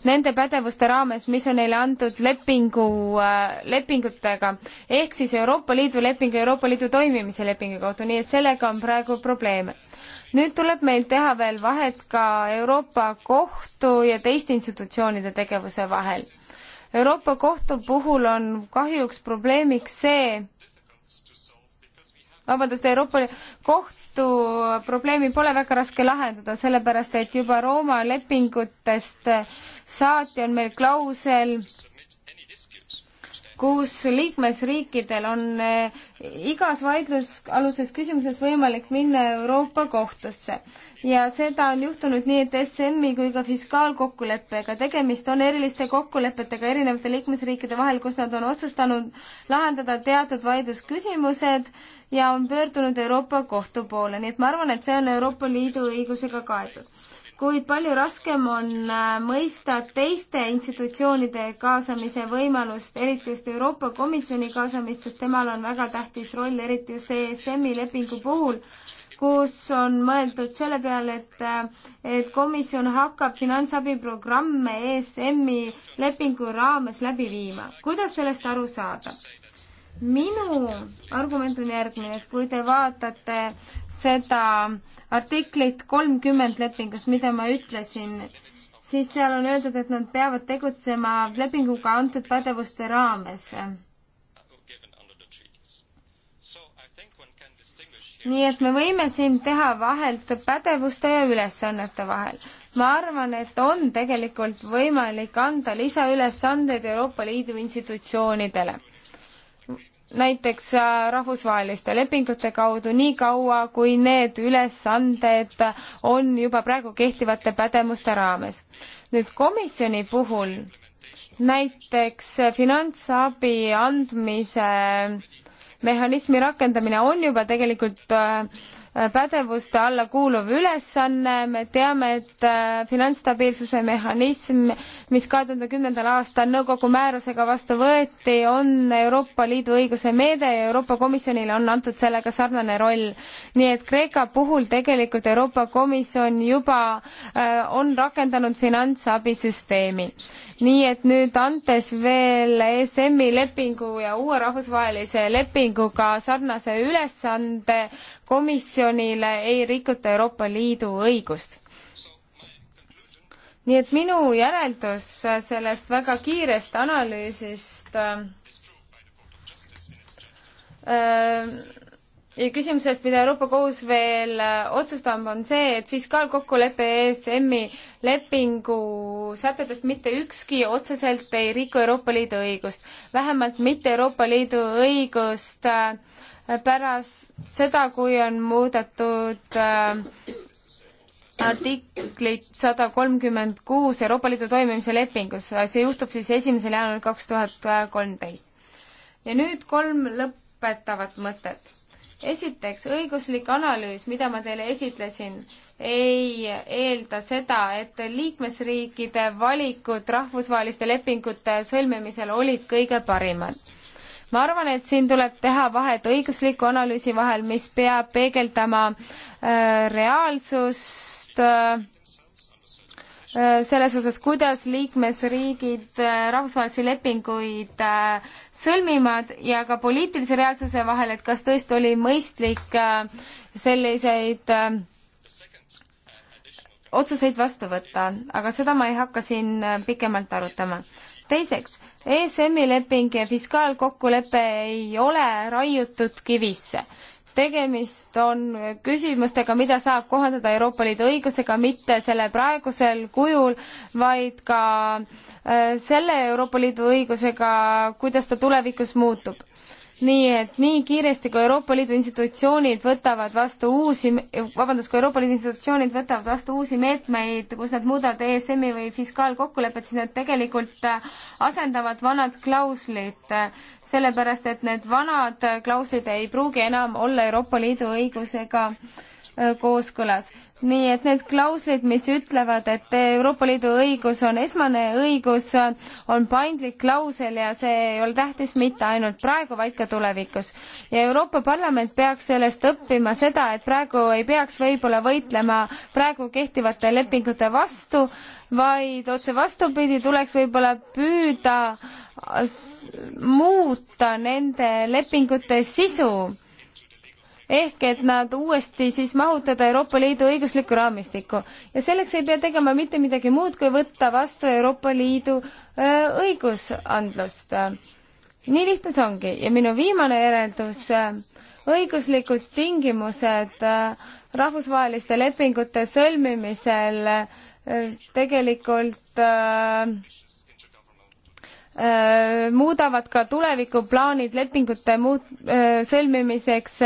nende pädevuste raames, mis on neile antud lepingu, äh, lepingutega. ehk siis Euroopa Liidu leping ja Euroopa Liidu toimimise lepingu kohta, nii et sellega on praegu probleeme nüüd tuleb meil teha veel vahet ka Euroopa Kohtu ja teiste institutsioonide tegevuse vahel. Euroopa Kohtu puhul on kahjuks probleemiks see, vabandust, Euroopa Kohtu probleemi pole väga raske lahendada, sellepärast et juba Rooma lepingutest saati on meil klausel, kus liikmesriikidel on eh, igas vaidlusaluses küsimuses võimalik minna Euroopa kohtusse. ja seda on juhtunud nii, et SM-i kui ka fiskaalkokkuleppega, tegemist on eriliste kokkulepetega erinevate liikmesriikide vahel, kus nad on otsustanud lahendada teatud vaidlusküsimused ja on pöördunud Euroopa Kohtu poole, nii et ma arvan, et see on Euroopa Liidu õigusega kaetud kuid palju raskem on äh, mõista teiste institutsioonide kaasamise võimalust, eriti just Euroopa Komisjoni kaasamist, sest temal on väga tähtis roll, eriti just ESM-i lepingu puhul kus on mõeldud selle peale, et, äh, et komisjon hakkab finantsabiprogramme ESM-i lepingu raames läbi viima. kuidas sellest aru saada? minu argument on järgmine, et kui te vaatate seda artiklit kolmkümmend lepingus, mida ma ütlesin, siis seal on öeldud, et nad peavad tegutsema lepinguga antud pädevuste raames. nii et me võime siin teha vahelt pädevuste ja ülesannete vahel. ma arvan, et on tegelikult võimalik anda lisaülesandeid Euroopa Liidu institutsioonidele näiteks äh, rahvusvaheliste lepingute kaudu nii kaua, kui need ülesanded on juba praegu kehtivate pädevuste raames. nüüd komisjoni puhul näiteks finantsabi andmise mehhanismi rakendamine on juba tegelikult äh, Äh, pädevuste alla kuuluv ülesanne, me teame, et äh, finantsstabiilsuse mehhanism, mis kahe tuhande kümnendal aastal nõukogu määrusega vastu võeti, on Euroopa Liidu õiguse meede ja Euroopa Komisjonile on antud sellega sarnane roll. nii et Kreeka puhul tegelikult Euroopa Komisjon juba äh, on rakendanud finantsabisüsteemi. nii et nüüd andes veel ESM-i lepingu ja uue rahvusvahelise lepinguga sarnase ülesande komisjonile ei rikuta Euroopa Liidu õigust. nii et minu järeldus sellest väga kiirest analüüsist äh, ja küsimusest, mida Euroopa Kohus veel äh, otsustab, on see, et fiskaalkokkuleppe ESM-i lepingu sätetest mitte ükski otseselt ei riku Euroopa Liidu õigust, vähemalt mitte Euroopa Liidu õigust äh, pärast seda, kui on muudetud äh, artiklit sada kolmkümmend kuus Euroopa Liidu toimimise lepingus, see juhtub siis esimesel jaanuaril kaks tuhat kolmteist. ja nüüd kolm lõpetavat mõtet. esiteks, õiguslik analüüs, mida ma teile esitlesin, ei eelda seda, et liikmesriikide valikud rahvusvaheliste lepingute sõlmimisel olid kõige parimad ma arvan, et siin tuleb teha vahet õigusliku analüüsi vahel, mis peab peegeldama äh, reaalsust äh, selles osas, kuidas liikmesriigid äh, rahvusvahelisi lepinguid äh, sõlmivad ja ka poliitilise reaalsuse vahel, et kas tõesti oli mõistlik äh, selliseid otsuseid vastu võtta, aga seda ma ei hakka siin pikemalt arutama teiseks, ESM-i leping ja fiskaalkokkulepe ei ole raiutud kivisse. tegemist on küsimustega, mida saab kohandada Euroopa Liidu õigusega, mitte selle praegusel kujul, vaid ka äh, selle Euroopa Liidu õigusega, kuidas ta tulevikus muutub nii et nii kiiresti, kui Euroopa Liidu institutsioonid võtavad vastu uusi, vabandust, kui Euroopa Liidu institutsioonid võtavad vastu uusi meetmeid, kus nad muudavad ESM-i või fiskaalkokkulepet, siis nad tegelikult äh, asendavad vanad klauslid, äh, sellepärast et need vanad klauslid ei pruugi enam olla Euroopa Liidu õigusega äh, Äh, kooskõlas. nii et need klauslid, mis ütlevad, et Euroopa Liidu õigus on esmane õigus, on paindlik klausel ja see ei ole tähtis mitte ainult praegu, vaid ka tulevikus. ja Euroopa Parlament peaks sellest õppima seda, et praegu ei peaks võib-olla võitlema praegu kehtivate lepingute vastu, vaid otse vastupidi, tuleks võib-olla püüda muuta nende lepingute sisu ehk et nad uuesti siis mahutada Euroopa Liidu õiguslikku raamistikku. ja selleks ei pea tegema mitte midagi muud, kui võtta vastu Euroopa Liidu õigusandlust. nii lihtne see ongi ja minu viimane järeldus, õiguslikud tingimused rahvusvaheliste lepingute sõlmimisel tegelikult äh, Äh, muudavad ka tulevikuplaanid lepingute muut-, äh, sõlmimiseks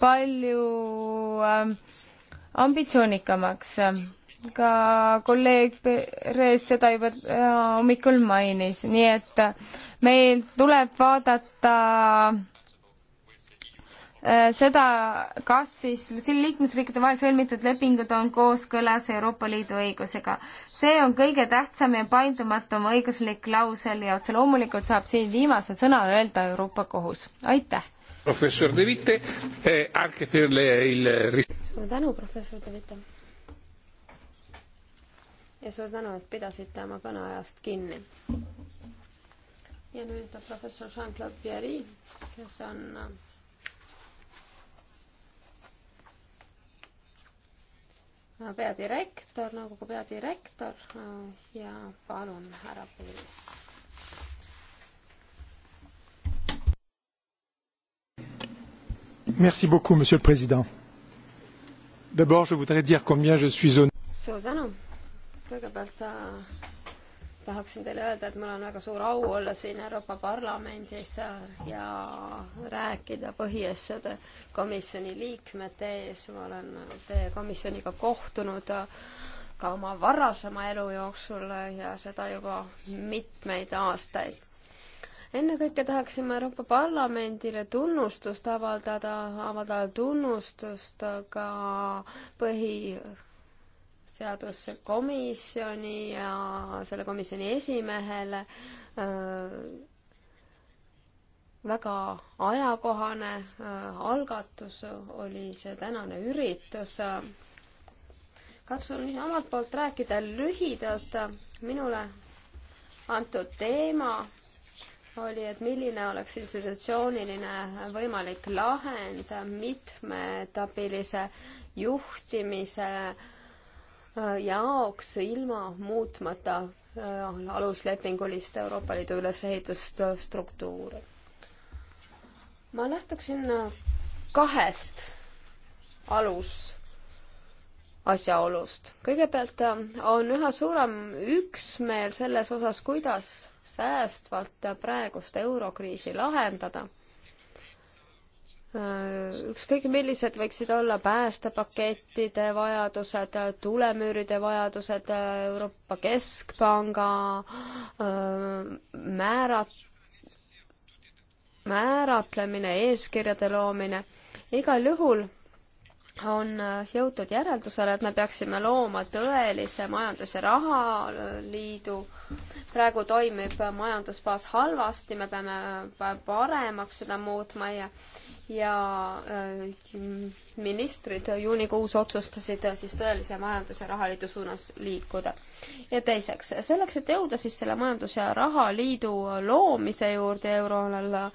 palju äh, ambitsioonikamaks. ka kolleeg Perez seda juba hommikul mainis, nii et meil tuleb vaadata Äh, seda, kas siis siin liikmesriikide vahel sõlmitud lepingud on kooskõlas Euroopa Liidu õigusega. see on kõige tähtsam ja paindumatum õiguslik klausel ja otse loomulikult saab siin viimase sõna öelda Euroopa Kohus. aitäh! professor De Vitte eh, anche per le, il... suur tänu, professor De Vitte! ja suur tänu, et pidasite oma kõneajast kinni! ja nüüd professor Jean-Claude Pierre, kes on peadirektor, nõukogu peadirektor äh, ja palun, härra Piilis. Merci beaucoup, monsieur le président. D'abord, je voudrais dire combien je suis honoré. suur tänu. kõigepealt äh, tahaksin teile öelda, et mul on väga suur au olla siin Euroopa Parlamendis ja rääkida põhiasjade komisjoni liikmete ees. ma olen teie komisjoniga kohtunud ka oma varasema elu jooksul ja seda juba mitmeid aastaid. ennekõike tahaksime Euroopa Parlamendile tunnustust avaldada, avaldada tunnustust ka põhi seaduskomisjoni ja selle komisjoni esimehele äh, väga ajakohane äh, algatus oli see tänane üritus. katsun omalt poolt rääkida lühidalt minule antud teema oli, et milline oleks institutsiooniline võimalik lahend mitmeetapilise juhtimise äh, Äh, jaoks ilma muutmata äh, aluslepingulist Euroopa Liidu ülesehitust äh, struktuuri. ma lähtuksin kahest alusasjaolust. kõigepealt on üha suurem üksmeel selles osas, kuidas säästvalt praegust eurokriisi lahendada ükskõik millised võiksid olla päästepakettide vajadused, tulemüüride vajadused, Euroopa Keskpanga määrad, määratlemine, eeskirjade loomine, igal juhul on äh, jõutud järeldusele, et me peaksime looma tõelise majandus- ja rahaliidu. praegu toimib majandusbaas halvasti, me peame äh, paremaks seda muutma ja ja äh, ministrid juunikuus otsustasid siis tõelise majandus- ja rahaliidu suunas liikuda. ja teiseks, selleks, et jõuda siis selle majandus- ja rahaliidu loomise juurde euroalal,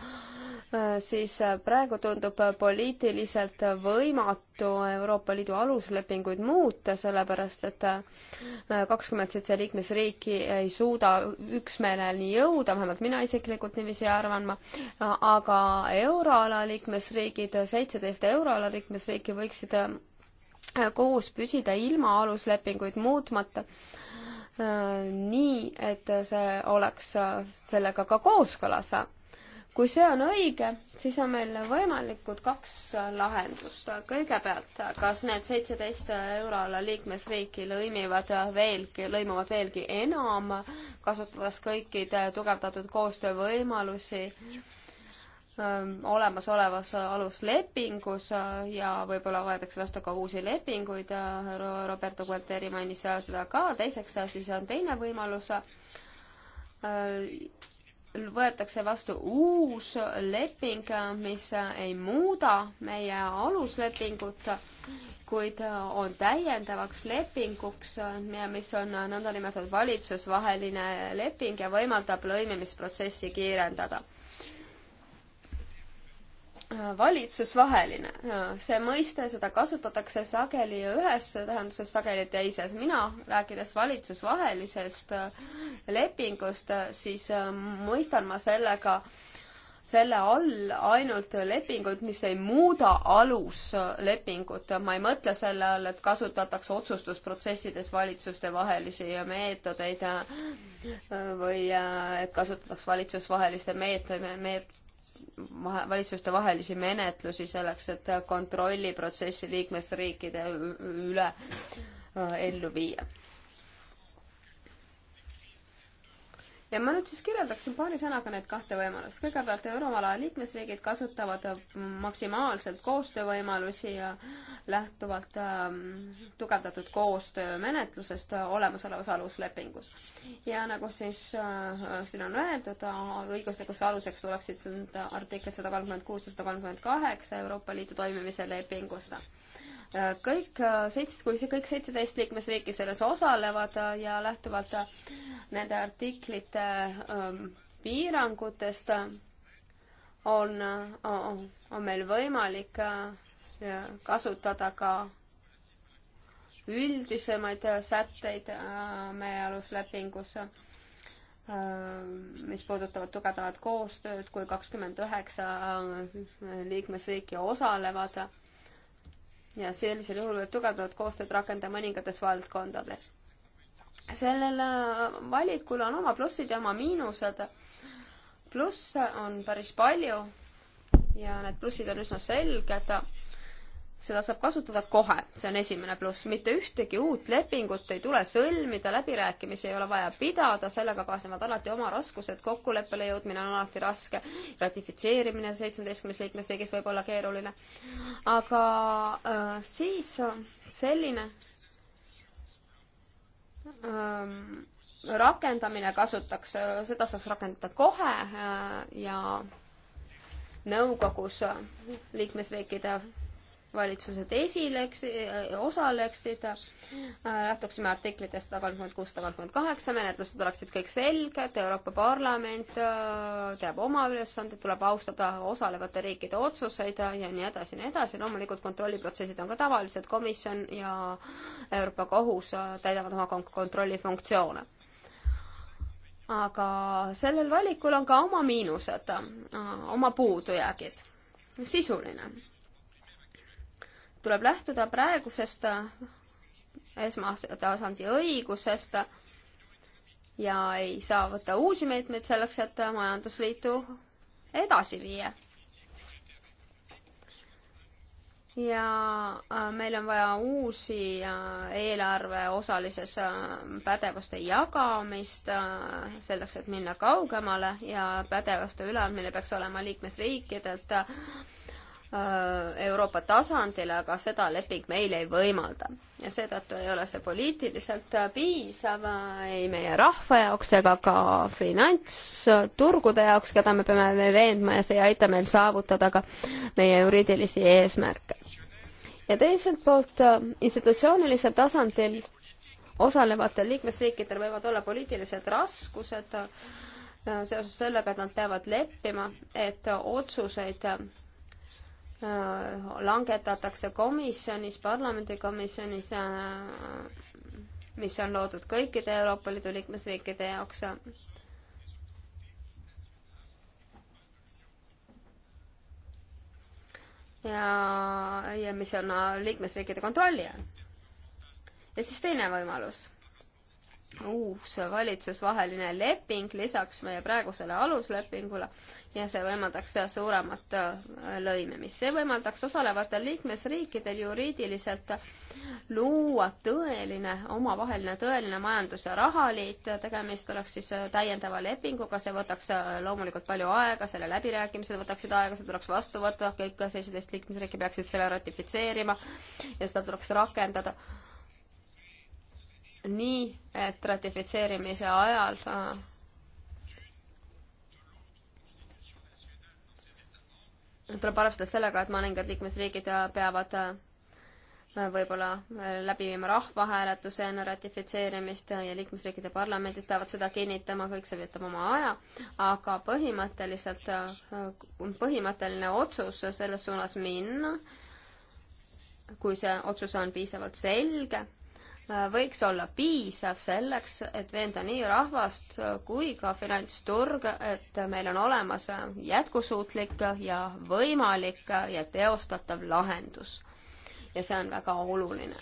Äh, siis äh, praegu tundub äh, poliitiliselt võimatu Euroopa Liidu aluslepinguid muuta, sellepärast et kakskümmend seitse liikmesriiki ei suuda üksmeeleni jõuda, vähemalt mina isiklikult niiviisi arvan ma, aga euroala liikmesriigid, seitseteist euroala liikmesriiki võiksid koos püsida ilma aluslepinguid muutmata nii, et see oleks sellega ka kooskõlas kui see on õige, siis on meil võimalikud kaks lahendust. kõigepealt, kas need seitseteist euroala liikmesriiki lõimivad veelgi, lõimuvad veelgi enam, kasutades kõikide tugevdatud koostöövõimalusi ähm, olemasolevas aluslepingus äh, ja võib-olla võetakse vastu ka uusi lepinguid, äh, Roberto Gualteri mainis seda ka, teiseks äh, siis on teine võimalus võetakse vastu uus leping, mis ei muuda meie aluslepingut, kuid on täiendavaks lepinguks, mis on nõndanimetatud valitsusvaheline leping ja võimaldab lõimimisprotsessi kiirendada valitsusvaheline, see mõiste, seda kasutatakse sageli ühes tähenduses, sageli teises. mina, rääkides valitsusvahelisest lepingust, siis äh, mõistan ma sellega selle all ainult lepinguid, mis ei muuda aluslepingut. ma ei mõtle selle all, et kasutatakse otsustusprotsessides valitsustevahelisi meetodeid äh, või äh, et kasutatakse valitsusvaheliste meet-, meet-, valitsuste vahelisi menetlusi selleks, et kontrolliprotsessi liikmesriikide üle äh, ellu viia ja ma nüüd siis kirjeldaksin paari sõnaga need kahte võimalust. kõigepealt euroala liikmesriigid kasutavad äh, maksimaalselt koostöövõimalusi ja lähtuvalt ähm, tugevdatud koostöömenetlusest olemasolevas aluslepingus. ja nagu siis äh, äh siin on öeldud, äh, õiguslikuks aluseks tuleksid artiklid sada kolmkümmend kuus ja sada kolmkümmend kaheksa Euroopa Liidu toimimise lepingust kõik äh, seitse, kui see kõik seitseteist liikmesriiki selles osalevad äh, ja lähtuvalt äh, nende artiklite ähm, piirangutest on, on meil võimalik kasutada ka üldisemaid sätteid meie aluslepingus, mis puudutavad tugevat koostööd, kui kakskümmend üheksa liikmesriiki osalevad ja sellisel juhul võib tugevdavat koostööd rakendada mõningates valdkondades. sellel äh, valikul on oma plussid ja oma miinused. plusse on päris palju ja need plussid on üsna selged seda saab kasutada kohe, see on esimene pluss, mitte ühtegi uut lepingut ei tule sõlmida, läbirääkimisi ei ole vaja pidada, sellega kaasnevad alati oma raskused, kokkuleppele jõudmine on alati raske, ratifitseerimine seitsmeteistkümnes liikmesriigis võib olla keeruline. aga äh, siis selline äh, rakendamine kasutaks, seda saaks rakendada kohe äh, ja nõukogus äh, liikmesriikide valitsused esileks, eh, osaleksid, äh, lähtuksime artiklitest sada kolmkümmend kuus, sada kolmkümmend kaheksa, menetlused oleksid kõik selged, Euroopa Parlament äh, teab oma ülesanded, tuleb austada osalevate riikide otsuseid ja nii edasi ja nii edasi, loomulikult kontrolliprotsessid on ka tavalised, komisjon ja Euroopa Kohus äh, täidavad oma kontrollifunktsioone aga sellel valikul on ka oma miinused, oma puudujäägid. sisuline tuleb lähtuda praegusest äh, esmase tasandi õigusest ja ei saa võtta uusi meetmeid selleks, et majandusliitu edasi viia. ja äh, meil on vaja uusi äh, eelarve osalises pädevuste jagamist selleks, et minna kaugemale ja pädevuste üleandmine peaks olema liikmesriikidelt Äh, Euroopa tasandile, aga seda leping meile ei võimalda. ja seetõttu ei ole see poliitiliselt äh, piisav äh, ei meie rahva jaoks ega ka finantsturgude jaoks, keda me peame veendma ja see ei aita meil saavutada ka meie juriidilisi eesmärke. ja teiselt poolt institutsioonilisel tasandil osalevatel liikmesriikidel võivad olla poliitilised raskused seoses sellega, et nad peavad leppima, et otsuseid Äh, langetatakse komisjonis, parlamendikomisjonis, äh, mis on loodud kõikide Euroopa Liidu liikmesriikide jaoks. ja, ja mis on äh, liikmesriikide kontrolli all. ja siis teine võimalus uus valitsusvaheline leping lisaks meie praegusele aluslepingule ja see võimaldaks suuremat äh, lõimimist. see võimaldaks osalevatel liikmesriikidel juriidiliselt luua tõeline, omavaheline tõeline majandus- ja rahaliit, tegemist oleks siis äh, täiendava lepinguga, see võtaks äh, loomulikult palju aega, selle läbirääkimised võtaksid aega, see tuleks vastu võtta, kõik seitseteist liikmesriiki peaksid selle ratifitseerima ja seda tuleks rakendada nii, et ratifitseerimise ajal äh, tuleb arvestada sellega, et mõningad liikmesriigid peavad äh, võib-olla äh, läbi viima rahvahääletuse enne ratifitseerimist ja liikmesriikide parlamendid peavad seda kinnitama, kõik see võtab oma aja, aga põhimõtteliselt, põhimõtteline otsus selles suunas minna, kui see otsus on piisavalt selge võiks olla piisav selleks, et veenda nii rahvast kui ka finantsturge, et meil on olemas jätkusuutlik ja võimalik ja teostatav lahendus. ja see on väga oluline.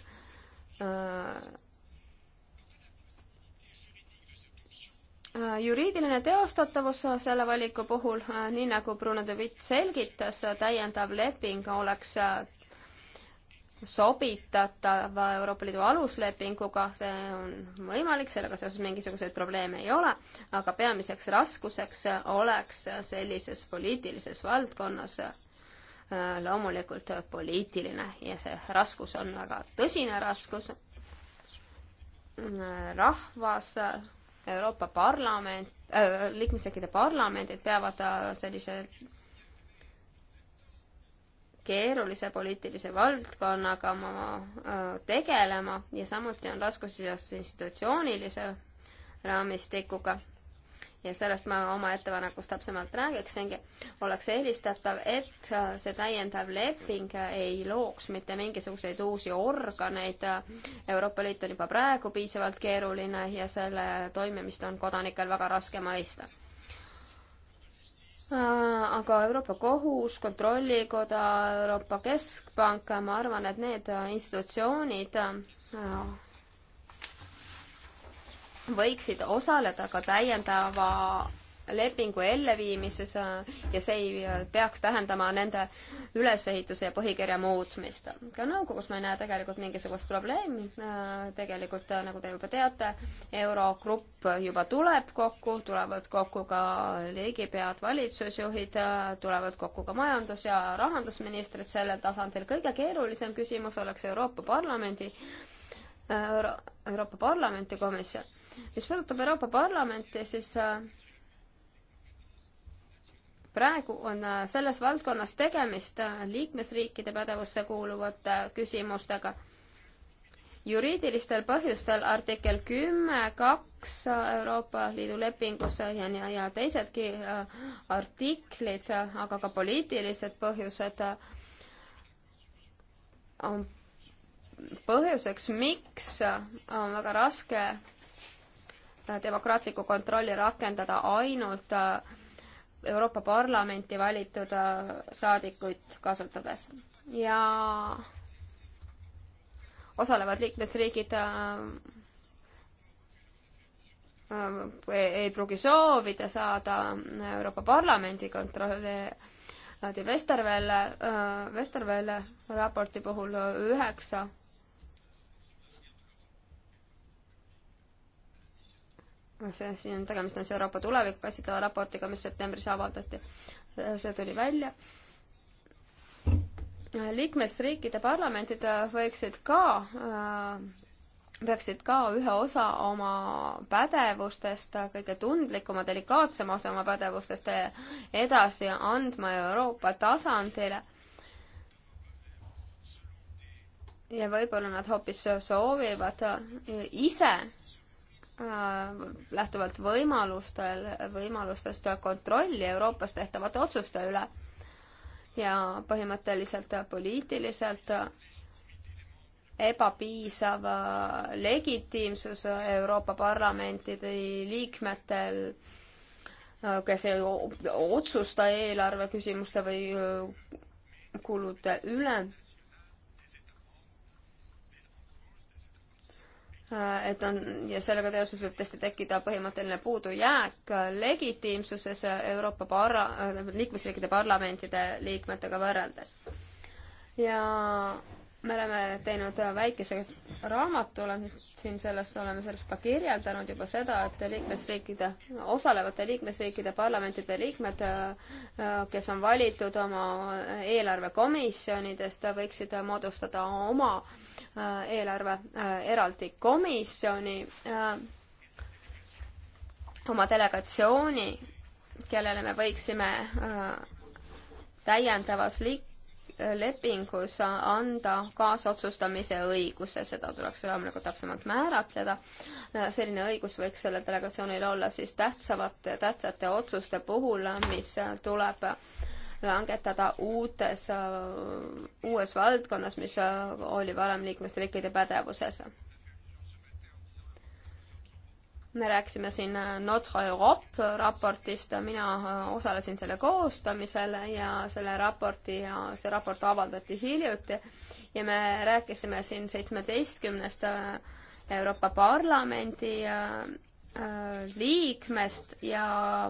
juriidiline teostatavus selle valiku puhul, nii nagu Bruno de Witt selgitas, täiendav leping oleks sobitatava Euroopa Liidu aluslepinguga, see on võimalik, sellega seoses mingisuguseid probleeme ei ole, aga peamiseks raskuseks oleks sellises poliitilises valdkonnas äh, loomulikult poliitiline ja see raskus on väga tõsine raskus. rahvas, Euroopa Parlament äh,, liikmesriikide parlamendid peavad äh, sellise keerulise poliitilise valdkonnaga äh, tegelema ja samuti on raskusi seoses institutsioonilise raamistikuga. ja sellest ma oma ettepanekust täpsemalt räägiksingi. oleks eelistatav, et äh, see täiendav leping äh, ei looks mitte mingisuguseid uusi organeid. Euroopa Liit on juba praegu piisavalt keeruline ja selle toimimist on kodanikel väga raske mõista Äh, aga Euroopa Kohus, Kontrollikoda, Euroopa Keskpank, ma arvan, et need äh, institutsioonid äh, võiksid osaleda ka täiendava lepingu elleviimises äh, ja see ei äh, peaks tähendama nende ülesehituse ja põhikirja muutmist. ka nõukogus ma ei näe tegelikult mingisugust probleemi. Äh, tegelikult, nagu te juba teate, Eurogrupp juba tuleb kokku, tulevad kokku ka riigipead, valitsusjuhid, tulevad kokku ka majandus- ja rahandusministrid sellel tasandil. kõige keerulisem küsimus oleks Euroopa Parlamendi Euro Euroopa Parlamenti komisjon. mis puudutab Euroopa Parlamenti, siis äh, praegu on äh, selles valdkonnas tegemist äh, liikmesriikide pädevusse kuuluvate küsimustega. juriidilistel põhjustel artikkel kümme kaks äh, Euroopa Liidu lepingus ja, ja, ja teisedki artiklid, aga ka poliitilised põhjused on põhjuseks, miks on väga raske demokraatlikku kontrolli rakendada ainult äh, Euroopa Parlamenti valitud äh, saadikuid kasutades ja osalevad liikmesriigid äh, äh, ei pruugi soovida saada Euroopa Parlamendi kontrolli Vestervelle, Vestervelle raporti puhul üheksa see siin on, tegemist on see Euroopa tulevikku käsitleva raportiga, mis septembris avaldati. see tuli välja. liikmesriikide parlamendid võiksid ka äh, peaksid ka ühe osa oma pädevustest, kõige tundlikuma, delikaatsema osa oma pädevustest edasi andma Euroopa tasandile. ja võib-olla nad hoopis soovivad ise Äh, lähtuvalt võimalustel, võimalustest kontrolli Euroopas tehtavate otsuste üle ja põhimõtteliselt poliitiliselt ebapiisav äh, legitiimsus Euroopa Parlamentide liikmetel, äh, kes ei otsusta eelarve küsimuste või kulude üle Äh, et on ja sellega seoses võib tõesti tekkida põhimõtteline puudujääk legitiimsuses Euroopa parla-, äh, liikmesriikide parlamentide liikmetega võrreldes. ja me oleme teinud väikese raamatu, olen siin selles, oleme selles ka kirjeldanud juba seda, et liikmesriikide, osalevate liikmesriikide parlamentide liikmed, äh, kes on valitud oma eelarvekomisjonidest, võiksid moodustada oma äh, Äh, eelarve äh, eraldi komisjoni äh, oma delegatsiooni, kellele me võiksime täiendavas liik-, lepingus anda kaasotsustamise õiguse, seda tuleks loomulikult täpsemalt määratleda. selline õigus võiks sellel delegatsioonil olla siis tähtsamate, tähtsate otsuste puhul, mis tuleb äh, langetada uutes, äh, uues valdkonnas, mis äh, oli varem liikmesriikide pädevuses. me rääkisime siin äh, Notre Europe raportist, mina osalesin selle koostamisel ja selle raporti ja see raport avaldati hiljuti ja me rääkisime siin seitsmeteistkümnest Euroopa Parlamendi Äh, liikmest ja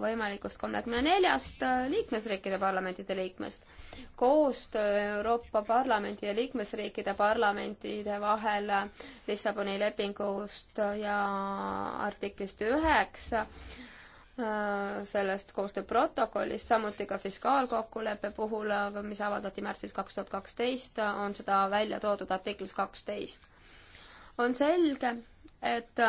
võimalikust kolmekümne neljast äh, liikmesriikide parlamentide liikmest. koostöö Euroopa Parlamendi ja liikmesriikide parlamentide vahel Lissaboni lepingust ja artiklist üheksa äh, sellest koostööprotokollist, samuti ka fiskaalkokkuleppe puhul, mis avaldati märtsis kaks tuhat kaksteist, on seda välja toodud artiklis kaksteist. on selge, et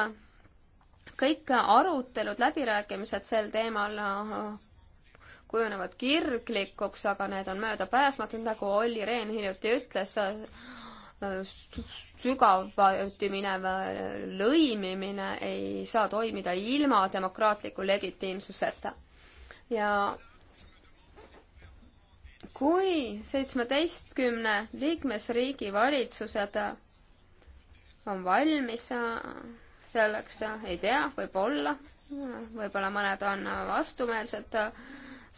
kõik arutelud, läbirääkimised sel teemal äh, kujunevad kirglikuks, aga need on möödapääsmatud, nagu Olli Rehn hiljuti ütles, äh, sügavati minev lõimimine ei saa toimida ilma demokraatliku legitiimsuseta. ja kui seitsmeteistkümne liikmesriigi valitsused on valmis äh, selleks, äh, ei tea, võib-olla, võib-olla mõned on vastumeelsed äh,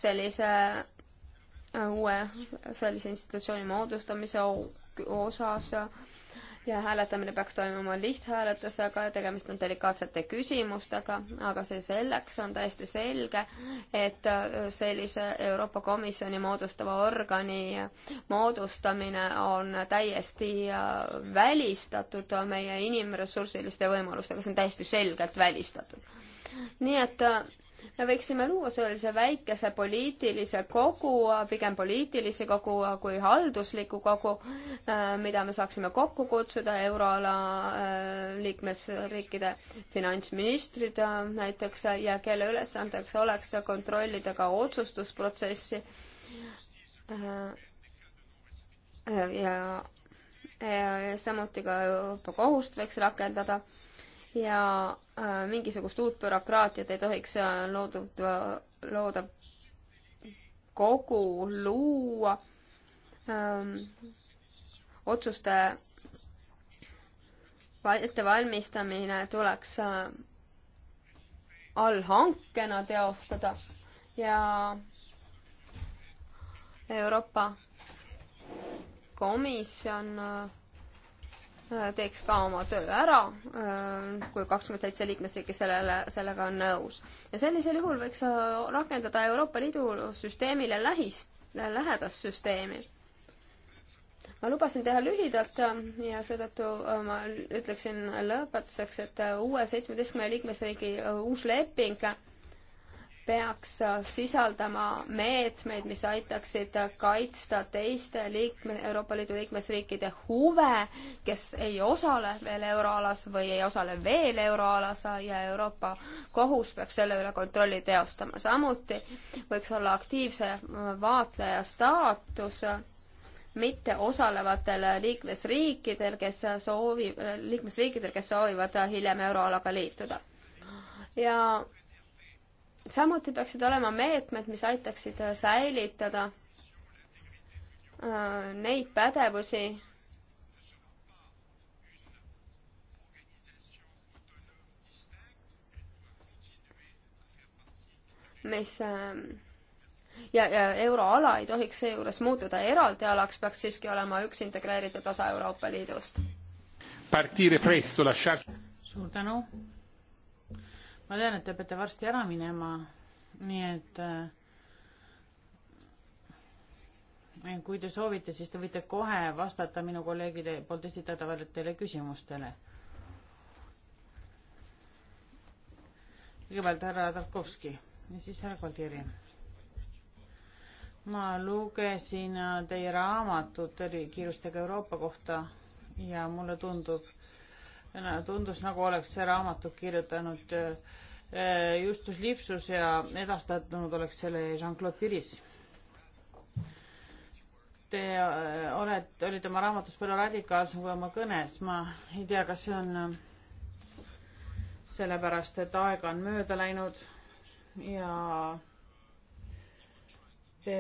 sellise äh, uue, sellise institutsiooni moodustamise osas ja hääletamine peaks toimuma lihthääletusega ja tegemist on delikaatsete küsimustega, aga see selleks on täiesti selge, et sellise Euroopa Komisjoni moodustava organi moodustamine on täiesti äh, välistatud meie inimressursiliste võimalustega, see on täiesti selgelt välistatud. nii et äh, me võiksime luua sellise väikese poliitilise kogu, pigem poliitilise kogu kui haldusliku kogu, äh, mida me saaksime kokku kutsuda euroala äh, liikmesriikide finantsministrid äh, näiteks ja kelle ülesandeks oleks kontrollida ka otsustusprotsessi ja, ja samuti ka Euroopa Kohust võiks rakendada ja äh, mingisugust uut bürokraatiat ei tohiks äh, loodud, äh, loodav kogu luua ähm, otsuste ettevalmistamine tuleks äh, allhankena teostada ja Euroopa Komisjon äh, Äh, teeks ka oma töö ära, äh, kui kakskümmend seitse liikmesriiki sellele, sellega on nõus. ja sellisel juhul võiks äh, rakendada Euroopa Liidu süsteemile lähist, lähedast süsteemi. ma lubasin teha lühidalt ja seetõttu ma ütleksin lõpetuseks, et uue seitsmeteistkümne liikmesriigi uus leping peaks äh, sisaldama meetmeid, mis aitaksid äh, kaitsta teiste liikme, Euroopa Liidu liikmesriikide huve, kes ei osale veel euroalas või ei osale veel euroalas äh, ja Euroopa Kohus peaks selle üle kontrolli teostama. samuti võiks olla aktiivse vaatleja staatus mitte osalevatel liikmesriikidel, kes soovib, liikmesriikidel, kes soovivad hiljem euroalaga liituda. ja samuti peaksid olema meetmed, mis aitaksid äh, säilitada äh, neid pädevusi, mis ähm, ja, ja euroala ei tohiks seejuures muutuda eraldi alaks, peaks siiski olema üks integreeritud osa Euroopa Liidust. suur tänu ma tean, et te peate varsti ära minema, nii et äh, kui te soovite, siis te võite kohe vastata minu kolleegide poolt esitatavatele küsimustele. kõigepealt härra Tarkovski ja siis härra Kvaldieri. ma lugesin äh, teie raamatut Kiirustega Euroopa kohta ja mulle tundub, tundus, nagu oleks see raamatu kirjutanud äh, äh, Justus Lipsus ja edastanud oleks selle Jean-Claude Piris. Te äh, olete, olite oma raamatus palju radikaalsem kui oma kõnes, ma ei tea, kas see on sellepärast, et aega on mööda läinud ja te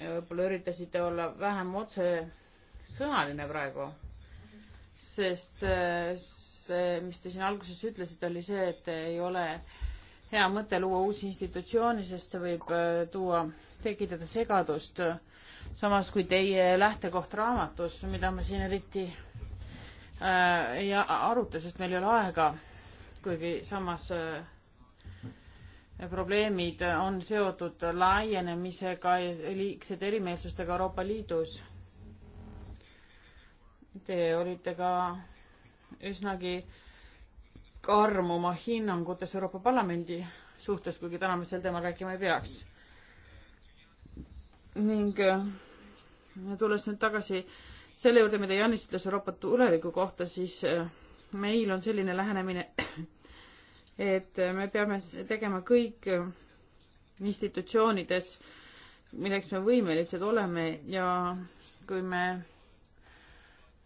võib-olla üritasite olla vähem otse sõnaline praegu, sest äh, see, mis te siin alguses ütlesite, oli see, et ei ole hea mõte luua uusi institutsioone, sest see võib äh, tuua, tekitada segadust. samas kui teie lähtekoht raamatus, mida ma siin eriti äh, ei aruta, sest meil ei ole aega, kuigi samas äh, probleemid on seotud laienemisega ja liigsete erimeelsustega Euroopa Liidus Te olite ka üsnagi karm oma hinnangutes Euroopa Parlamendi suhtes, kuigi täna me sel teemal rääkima ei peaks. ning äh, tulles nüüd tagasi selle juurde, mida Janis ütles Euroopa tuleviku kohta, siis äh, meil on selline lähenemine, *clears throat* et me peame tegema kõik äh, institutsioonides, milleks me võimelised oleme ja kui me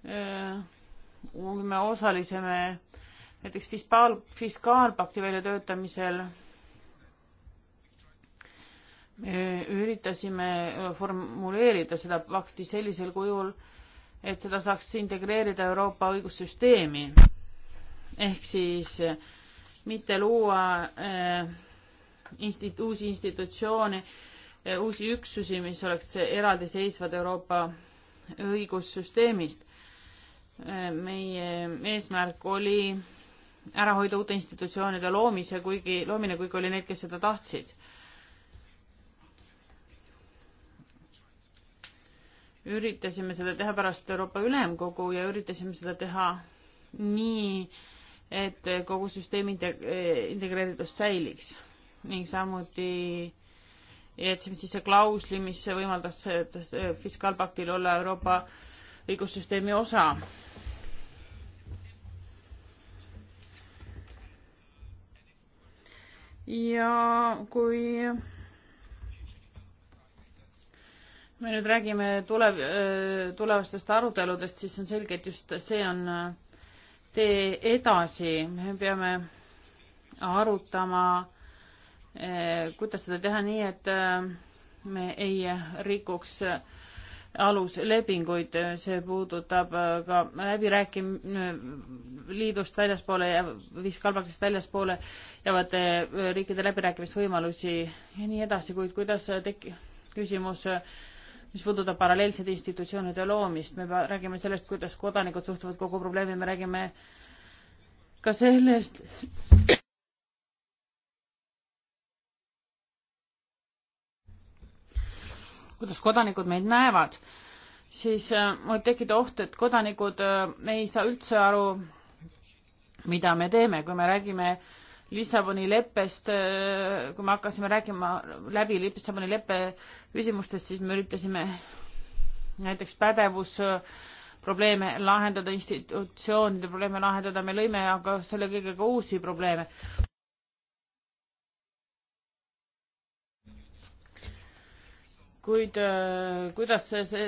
kui me osalesime näiteks fiskaal, fiskaalpakti väljatöötamisel, me üritasime formuleerida seda pakti sellisel kujul, et seda saaks integreerida Euroopa õigussüsteemi. ehk siis mitte luua äh, instit-, uusi institutsioone äh,, uusi üksusi, mis oleks eraldiseisvad Euroopa õigussüsteemist meie eesmärk oli ära hoida uute institutsioonide loomise, kuigi, loomine, kuigi oli neid, kes seda tahtsid. üritasime seda teha pärast Euroopa Ülemkogu ja üritasime seda teha nii, et kogu süsteem integreeritus säiliks ning samuti jätsime sisse klausli, mis võimaldas fiskaalpaktil olla Euroopa äh, õigussüsteemi osa. ja kui me nüüd räägime tulev, tulevastest aruteludest, siis on selge, et just see on tee edasi, me peame arutama, eh, kuidas seda teha nii, et eh, me ei rikuks äh, aluslepinguid, see puudutab äh, ka läbirääkim-, äh, liidust väljaspoole ja Viskalbaksist väljaspoole jäävate äh, riikide läbirääkimisvõimalusi ja nii edasi, kuid kuidas tek-, küsimus mis puudutab paralleelsete institutsioonide loomist, me räägime sellest, kuidas kodanikud suhtuvad kogu probleemi, me räägime ka sellest, kuidas kodanikud meid näevad, siis äh, võib tekkida oht, et kodanikud äh, ei saa üldse aru, mida me teeme, kui me räägime Lissaboni leppest, äh, kui me hakkasime rääkima läbi Lissaboni leppe küsimustest, siis me üritasime näiteks pädevusprobleeme lahendada, institutsioonide probleeme lahendada, me lõime aga selle kõigega uusi probleeme. kuid äh, kuidas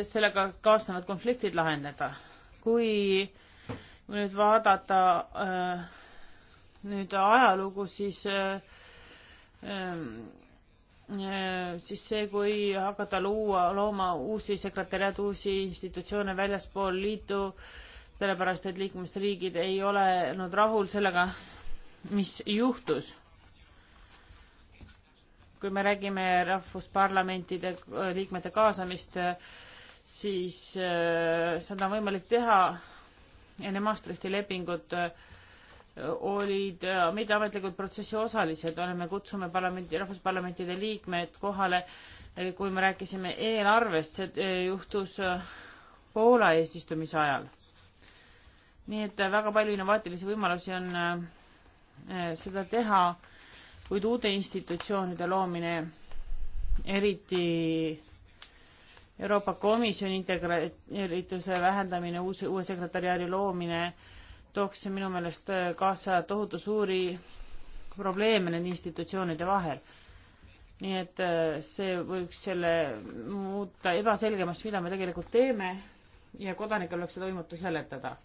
sellega kaasnevad konfliktid lahendada? kui nüüd vaadata äh, nüüd ajalugu, siis äh, siis see, kui hakata luua, looma uusi sekretäriad, uusi institutsioone väljaspool liitu, sellepärast et liikmesriigid ei ole olnud rahul sellega, mis juhtus kui me räägime rahvusparlamentide äh, liikmete kaasamist, äh, siis äh, seda on võimalik teha enne Maastrichti lepingut olid mitteametlikud protsessi osalised, oleme, kutsume parlamendi, rahvusparlamentide liikmed kohale, kui me rääkisime eelarvest, see juhtus Poola eesistumise ajal. nii et väga palju innovaatilisi võimalusi on seda teha kuid uute institutsioonide loomine, eriti Euroopa Komisjoni integreerituse vähendamine, uus, uue sekretäriaadi loomine, tooks minu meelest kaasa tohutu suuri probleeme nende institutsioonide vahel. nii et äh, see võiks selle muuta ebaselgemaks, mida me tegelikult teeme ja kodanikel oleks seda võimatu seletada.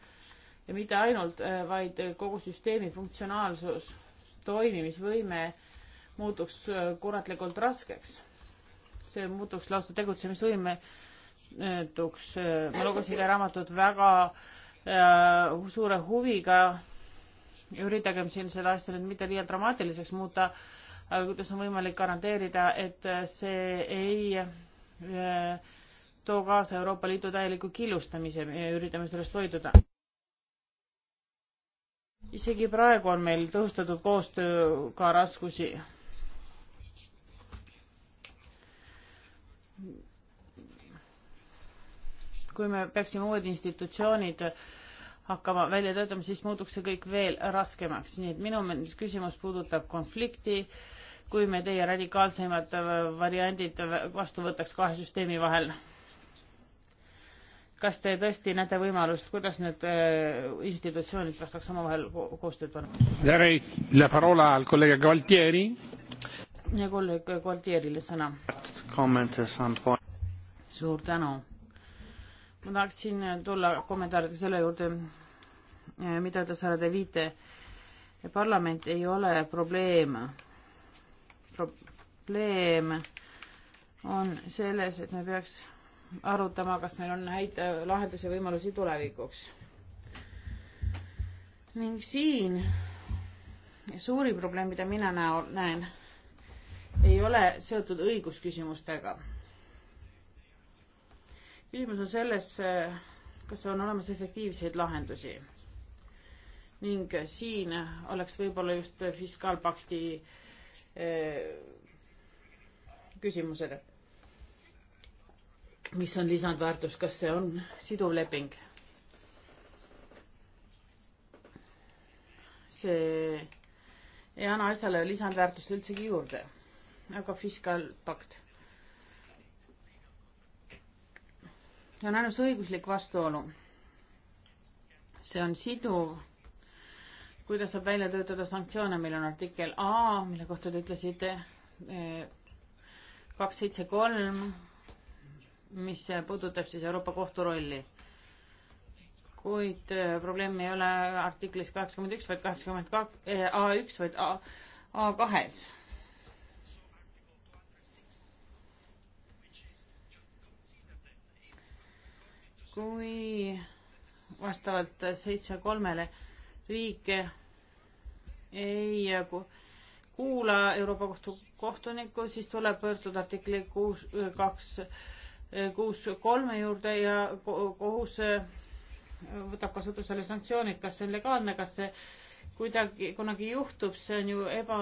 ja mitte ainult, äh, vaid kogu süsteemi funktsionaalsus toimimisvõime muutuks äh, kuratlikult raskeks. see muutuks lausa tegutsemisvõimetuks. Äh, äh, ma lugesin seda raamatut väga äh, suure huviga. üritagem siin seda asja nüüd mitte liialt dramaatiliseks muuta, aga kuidas on võimalik garanteerida, et see ei äh, too kaasa Euroopa Liidu täieliku killustamise, me üritame sellest hoiduda isegi praegu on meil tõhustatud koostööga raskusi. kui me peaksime uued institutsioonid hakkama välja töötama, siis muutuks see kõik veel raskemaks, nii et minu meelest küsimus puudutab konflikti, kui me teie radikaalsemad variandid vastu võtaks kahe süsteemi vahel kas te tõesti näete võimalust, kuidas need äh, institutsioonid vastaks omavahel koostööd panema? ja kolleeg Gualtierile sõna. suur tänu. ma tahaksin äh, tulla kommentaaridega selle juurde, äh, mida te, Sara, te viite. parlament ei ole probleem. probleem on selles, et me peaks arutama, kas meil on häid äh, lahendusi, võimalusi tulevikuks. ning siin suurim probleem, mida mina näo, näen, ei ole seotud õigusküsimustega. küsimus on selles, äh, kas on olemas efektiivseid lahendusi. ning siin oleks võib-olla just fiskaalpakti äh, küsimusele mis on lisandväärtus, kas see on siduv leping? see ei anna asjale lisandväärtust üldsegi juurde, aga fiskaalpakt. see on ainus õiguslik vastuolu. see on siduv. kuidas saab välja töötada sanktsioone, meil on artikkel A, mille kohta te ütlesite eh, kaks, seitse, kolm mis puudutab siis Euroopa Kohtu rolli. kuid äh, probleem ei ole artiklis kaheksakümmend üks, vaid kaheksakümmend kaks, eh, A üks, vaid A, A kahes. kui vastavalt seitse kolmele riik ei kuula Euroopa Kohtu kohtunikku, siis tuleb pöörduda artikli kuus, kaks kuus kolme juurde ja kohus äh, võtab kasutusele sanktsioonid, kas see on legaalne, kas see kuidagi kunagi juhtub, see on ju eba,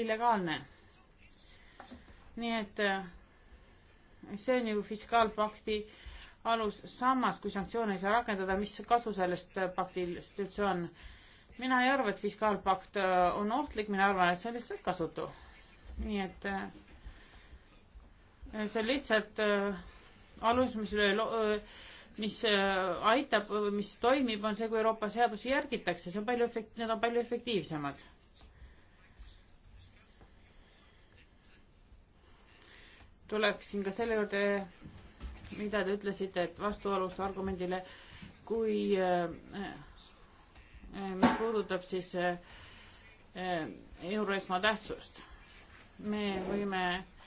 illegaalne. nii et äh, see on ju fiskaalpakti alus sammas, kui sanktsioone ei saa rakendada, mis kasu sellest äh, paktist üldse on? mina ei arva, et fiskaalpakt on ohtlik, mina arvan, et see on lihtsalt kasutu. nii et äh, see on lihtsalt äh, alus, mis äh, äh, mis aitab, mis toimib, on see, kui Euroopa seadusi järgitakse, see on palju efekt-, need on palju efektiivsemad. tuleksin ka selle juurde, mida te ütlesite, et vastuolus argumendile, kui mis puudutab siis euroesma tähtsust. me võime äh,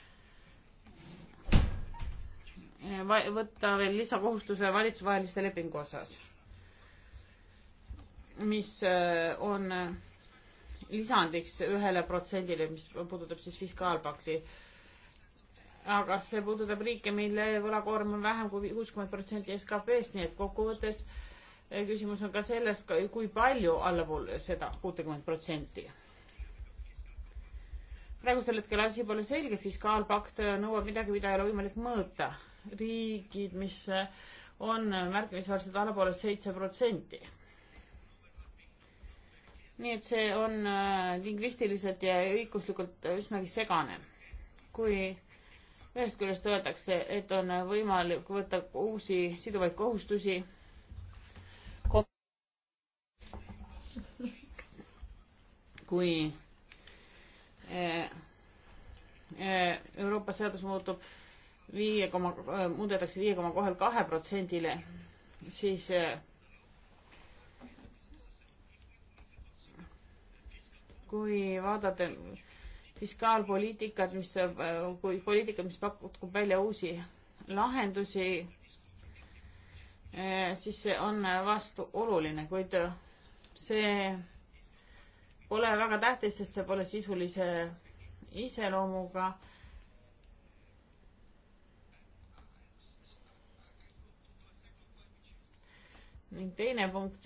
võtta veel lisakohustuse valitsusvaheliste lepingu osas, mis äh, on äh, lisandiks ühele protsendile, mis puudutab siis fiskaalpakti. aga see puudutab riike, mille võlakoorm on vähem kui kuuskümmend protsenti SKP-st, nii et kokkuvõttes äh, küsimus on ka selles, kui palju allapool seda kuutekümmet protsenti. praegusel hetkel asi pole selge, fiskaalpakt nõuab midagi, mida ei ole võimalik mõõta riigid, mis on märkimisväärselt allapoole seitse protsenti. nii et see on äh, lingvistiliselt ja õiguslikult üsnagi segane. kui ühest küljest öeldakse, et on võimalik võtta uusi siduvaid kohustusi, kui äh, äh, Euroopa seadus muutub viie koma, äh, muudetakse viie koma kahel kahe protsendile, siis äh, kui vaadata fiskaalpoliitikat, mis, äh, kui poliitikat, mis pakub välja uusi lahendusi, siis see on vastuoluline, kuid see pole väga tähtis, sest see pole sisulise iseloomuga ning teine punkt,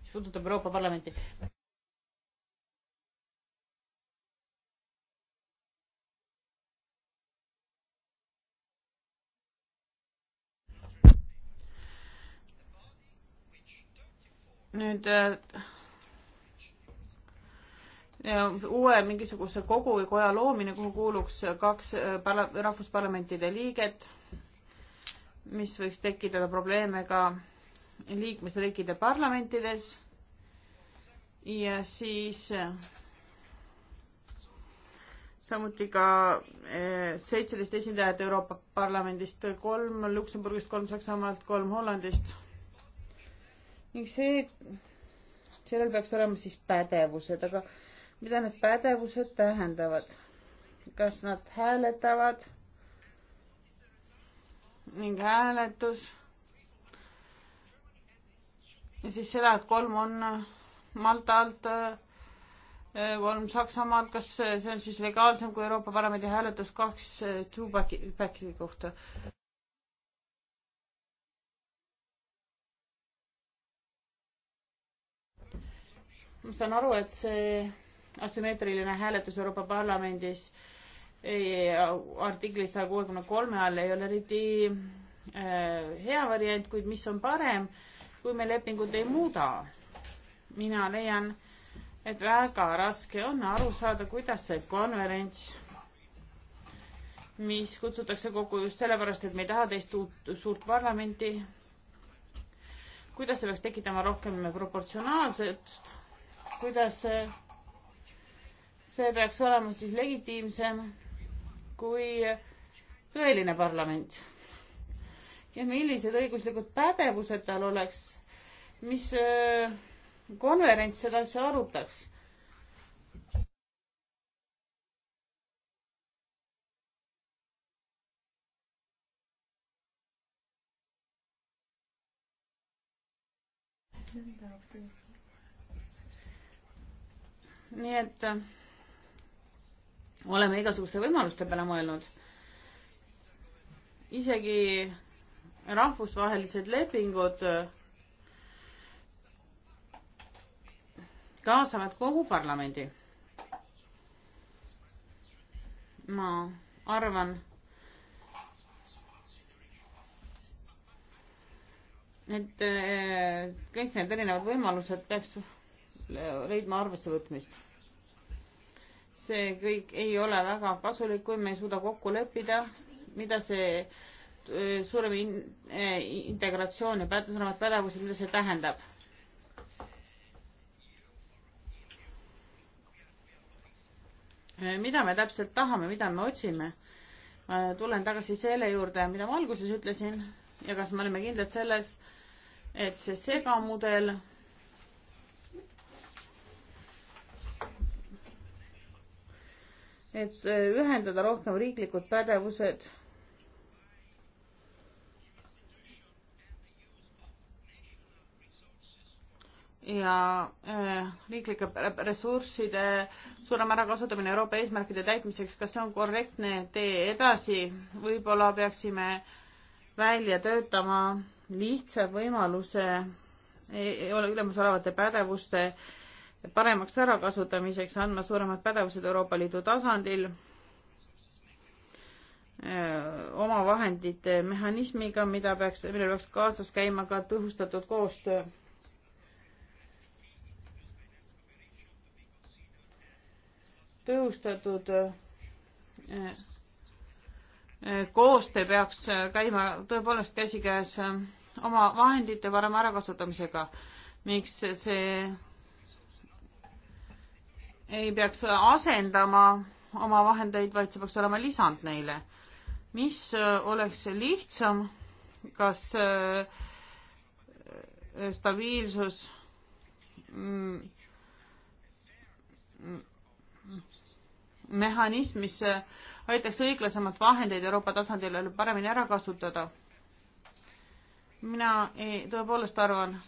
mis puudutab Euroopa Parlamenti. nüüd äh, Ja uue mingisuguse kogukoja loomine, kuhu kuuluks kaks äh, parla-, rahvusparlamentide liiget mis võiks tekitada probleeme ka liikmesriikide parlamentides ja siis eh, samuti ka eh, seitseteist esindajat Euroopa Parlamendist, kolm Luksemburgist, kolm Saksamaalt, kolm Hollandist. ning see, sellel peaks olema siis pädevused, aga mida need pädevused tähendavad? kas nad hääletavad ning hääletus. ja siis seda, et kolm on äh, Maltalt, äh, äh, kolm Saksamaalt, kas see on siis legaalsem kui Euroopa Parlamendi hääletus kaks Tubaki kohta? ma saan aru, et see asümmeetriline hääletus Euroopa Parlamendis äh, artikli saja kuuekümne kolme all ei ole eriti äh, hea variant, kuid mis on parem, kui me lepingut ei muuda. mina leian, et väga raske on aru saada, kuidas see konverents, mis kutsutakse kokku just sellepärast, et me ei taha teist uut suurt parlamenti, kuidas see peaks tekitama rohkem proportsionaalsust, kuidas see, see peaks olema siis legitiimsem kui tõeline parlament. ja millised õiguslikud pädevused tal oleks, mis äh, konverents seda asja arutaks nii et äh, oleme igasuguste võimaluste peale mõelnud. isegi rahvusvahelised lepingud kaasavad kogu parlamendi. ma arvan, et eh, kõik need erinevad võimalused peaks leidma arvesse võtmist see kõik ei ole väga kasulik, kui me ei suuda kokku leppida, mida see äh, suurem in, äh, integratsioon ja päde, suuremad pädevused, mida see tähendab. Äh, mida me täpselt tahame, mida me otsime? ma tulen tagasi selle juurde, mida ma alguses ütlesin ja kas me oleme kindlad selles, et see segamudel et äh, ühendada rohkem riiklikud pädevused ja äh, riiklike ressursside suurem ärakasutamine Euroopa eesmärkide täitmiseks, kas see on korrektne tee edasi, võib-olla peaksime välja töötama lihtsa võimaluse ei ole e-, ülemusolevate pädevuste paremaks ärakasutamiseks, andma suuremad pädevused Euroopa Liidu tasandil omavahendite mehhanismiga, mida peaks, millel peaks kaasas käima ka tõhustatud koostöö. tõhustatud koostöö peaks käima tõepoolest käsikäes oma vahendite parema ärakasutamisega. miks see ei peaks asendama oma vahendeid, vaid see peaks olema lisand neile. mis äh, oleks lihtsam, kas äh, stabiilsus mehhanism, mis äh, aitaks õiglasemalt vahendeid Euroopa tasandil paremini ära kasutada. mina ei, tõepoolest arvan,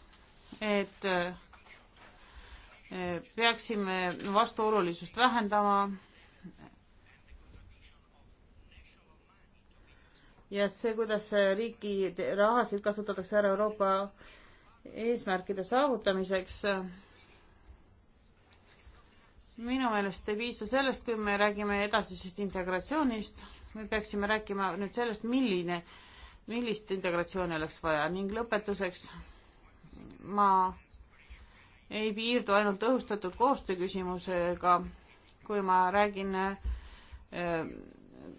et peaksime vastuolulisust vähendama. ja see, kuidas riigi rahasid kasutatakse ära Euroopa eesmärkide saavutamiseks. minu meelest ei piisa sellest, kui me räägime edasisest integratsioonist, me peaksime rääkima nüüd sellest, milline, millist integratsiooni oleks vaja ning lõpetuseks ma ei piirdu ainult õhustatud koostöö küsimusega, kui ma räägin äh,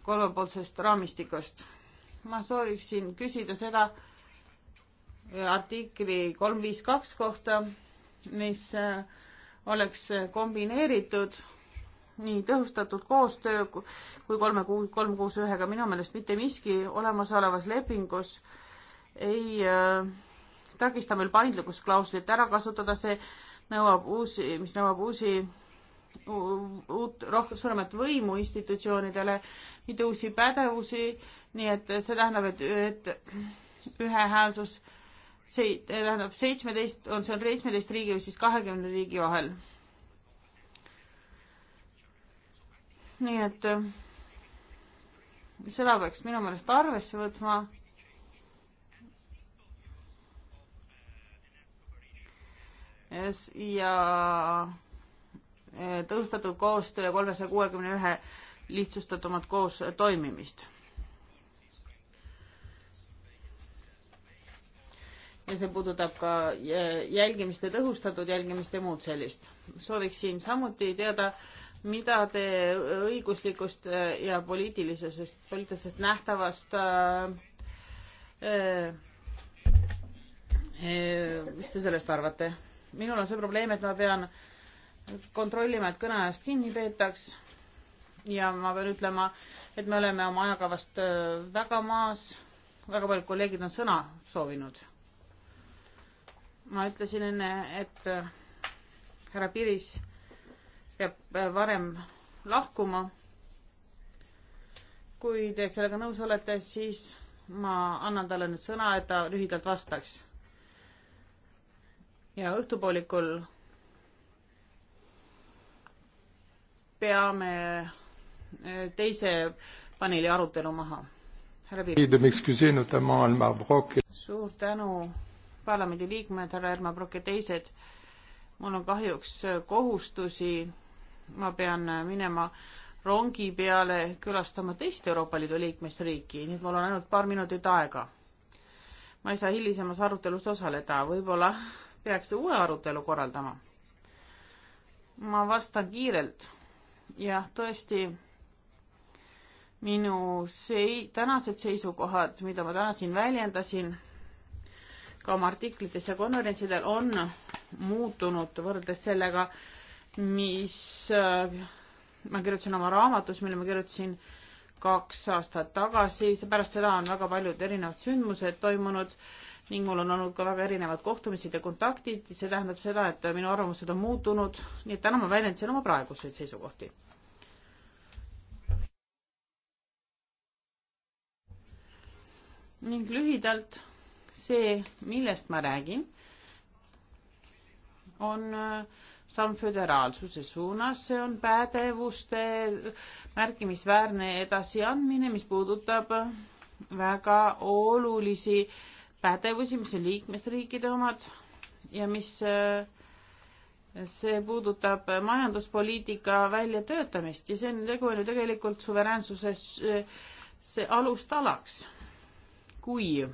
kolmepoolsest raamistikust. ma sooviksin küsida seda äh, artikli kolm viis kaks kohta, mis äh, oleks kombineeritud nii tõhustatud koostöö kui kolme kuu, kolm kuus ühega, minu meelest mitte miski olemasolevas lepingus ei äh, takista meil paindlikkusklauslit ära kasutada, see nõuab uusi, mis nõuab uusi uut, rohkem suuremat võimu institutsioonidele, mitte uusi pädevusi, nii et see tähendab, et, et ühehäälsus, see tähendab seitsmeteist, on seal seitsmeteist riigi või siis kahekümne riigi vahel. nii et seda peaks minu meelest arvesse võtma ja eh, tõhustatud koostöö kolmesaja kuuekümne ühe lihtsustatumat koos toimimist. ja see puudutab ka eh, jälgimist ja tõhustatud jälgimist ja muud sellist. sooviksin samuti teada, mida te õiguslikust eh, ja poliitilisusest, poliitilisest nähtavast äh, äh, mis te sellest arvate? minul on see probleem, et ma pean kontrollima, et kõneajast kinni peetaks ja ma pean ütlema, et me oleme oma ajakavast äh, väga maas, väga paljud kolleegid on sõna soovinud. ma ütlesin enne, et äh, härra Piris peab äh, varem lahkuma. kui te sellega nõus olete, siis ma annan talle nüüd sõna, et ta lühidalt vastaks ja õhtupoolikul peame äh, teise paneeli arutelu maha. suur tänu, parlamendiliikmed, härra Erma Brock ja teised. mul on kahjuks äh, kohustusi, ma pean äh, minema rongi peale külastama teist Euroopa Liidu liikmesriiki, nii et mul on ainult paar minutit aega. ma ei saa hilisemas arutelus osaleda, võib-olla peaks uue arutelu korraldama? ma vastan kiirelt. jah, tõesti, minu sei-, tänased seisukohad, mida ma täna siin väljendasin, ka oma artiklites ja konverentsidel on muutunud võrreldes sellega, mis äh, ma kirjutasin oma raamatus, mille ma kirjutasin kaks aastat tagasi, pärast seda on väga paljud erinevad sündmused toimunud ning mul on olnud ka väga erinevad kohtumised ja kontaktid, see tähendab seda, et minu arvamused on muutunud, nii et täna ma väljendasin oma praeguseid seisukohti. ning lühidalt see, millest ma räägin, on äh, samm föderaalsuse suunas, see on pädevuste märkimisväärne edasiandmine, mis puudutab väga olulisi äh, pädevusi, mis on liikmesriikide omad ja mis, äh, see puudutab majanduspoliitika väljatöötamist ja see on, tegu on ju tegelikult suveräänsuse äh, see alustalaks. kui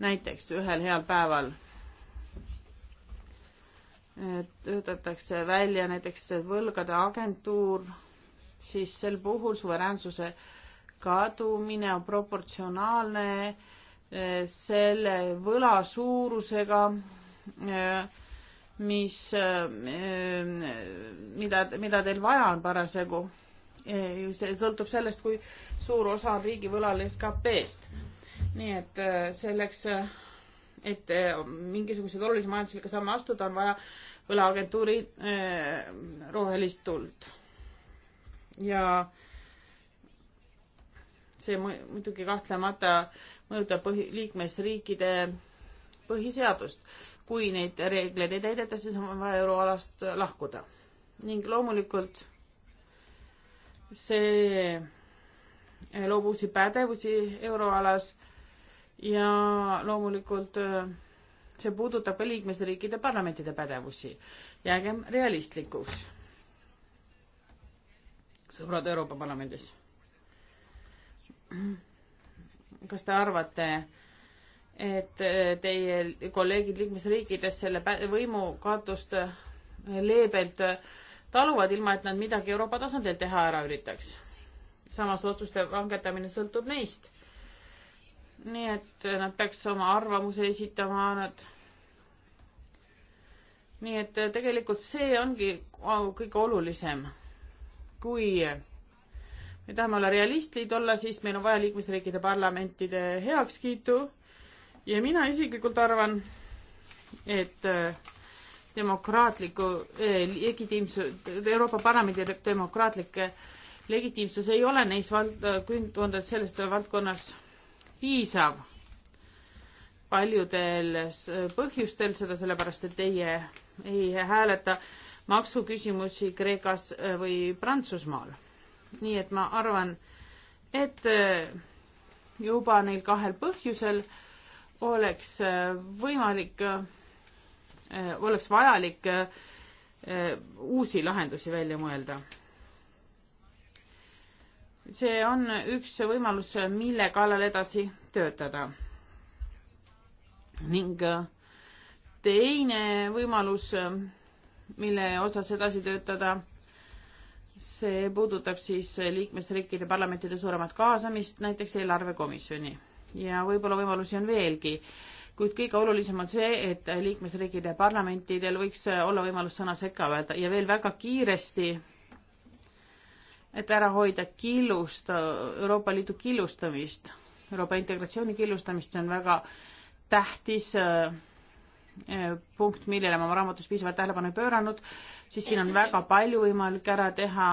näiteks ühel heal päeval äh, töötatakse välja näiteks võlgade agentuur, siis sel puhul suveräänsuse kadumine on proportsionaalne äh, selle võla suurusega, mis, mida, mida teil vaja on parasjagu. see sõltub sellest, kui suur osa on riigivõlal SKP-st. nii et äh, selleks, et äh, mingisuguseid olulisi majanduslikke samme astuda, on vaja võlaagentuuri äh, rohelist tuld. ja see muidugi kahtlemata äh, mõjutab põhi, liikmesriikide põhiseadust. kui neid reegleid ei täideta, siis on vaja euroalast lahkuda. ning loomulikult see loob uusi pädevusi euroalas ja loomulikult äh, see puudutab ka liikmesriikide parlamentide pädevusi. jäägem realistlikuks, sõbrad Euroopa Parlamendis kas te arvate, et äh, teie kolleegid liikmesriikides selle võimukatust äh, leebelt äh, taluvad, ilma et nad midagi Euroopa tasandil teha ära üritaks? samas otsuste langetamine sõltub neist. nii et nad peaks oma arvamuse esitama, nad nii et tegelikult see ongi kõige olulisem, kui me tahame olla realistid olla, siis meil on vaja liikmesriikide parlamentide heakskiitu ja mina isiklikult arvan, et äh, demokraatliku äh, legitiimsus, Euroopa Parlamendi demokraatlik legitiimsus ei ole neis vald-, kündkondades, selles valdkonnas piisav paljudel põhjustel, seda sellepärast, et teie ei hääleta maksuküsimusi Kreekas äh, või Prantsusmaal nii et ma arvan, et äh, juba neil kahel põhjusel oleks äh, võimalik, äh, oleks vajalik uusi lahendusi välja mõelda. see on üks võimalus, mille kallal edasi töötada. ning teine võimalus, mille osas edasi töötada see puudutab siis liikmesriikide parlamentide suuremat kaasamist näiteks eelarvekomisjoni ja võib-olla võimalusi on veelgi, kuid kõige olulisem on see, et liikmesriikide parlamentidel võiks olla võimalus sõna sekka öelda ja veel väga kiiresti, et ära hoida killust, Euroopa Liidu killustamist, Euroopa integratsiooni killustamist, see on väga tähtis Eh, punkt, millele ma oma raamatus piisavalt tähelepanu ei pööranud, siis siin on väga palju võimalik ära teha,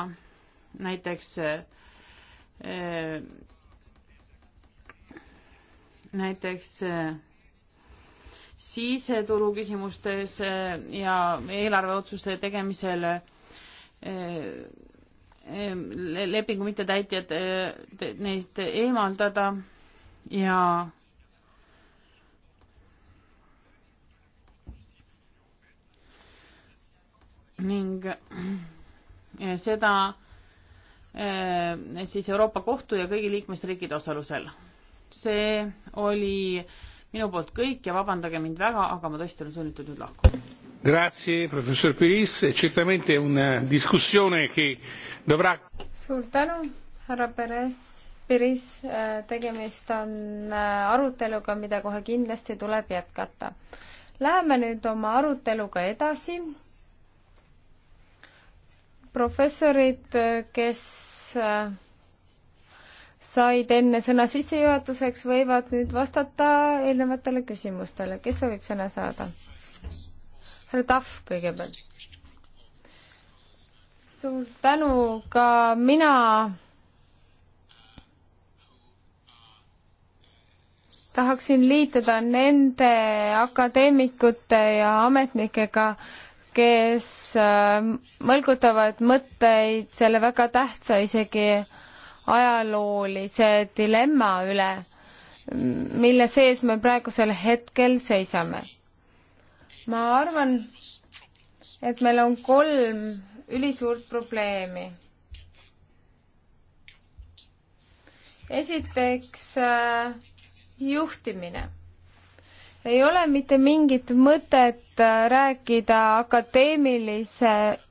näiteks eh, näiteks eh, siseturu küsimustes ja eelarveotsuste tegemisel lepingu mittetäitjad, neid eemaldada ja ning eh, seda eh, siis Euroopa Kohtu ja kõigi liikmesriikide osalusel. see oli minu poolt kõik ja vabandage mind väga, aga ma tõesti olen sunnitud nüüd lahkuma. Grazie professor Piris, certamente una discussione che dovrà. suur tänu, härra Perez. Piris, eh, tegemist on aruteluga, mida kohe kindlasti tuleb jätkata. Läheme nüüd oma aruteluga edasi professorid, kes äh, said enne sõna sissejuhatuseks, võivad nüüd vastata eelnevatele küsimustele. kes soovib sõna saada? härra Tahv kõigepealt. suur tänu, ka mina tahaksin liituda nende akadeemikute ja ametnikega, kes ähm, mõlgutavad mõtteid selle väga tähtsa isegi ajaloolise dilemma üle, mille sees me praegusel hetkel seisame. ma arvan, et meil on kolm ülisuurt probleemi. esiteks äh, juhtimine ei ole mitte mingit mõtet äh, rääkida akadeemiliselt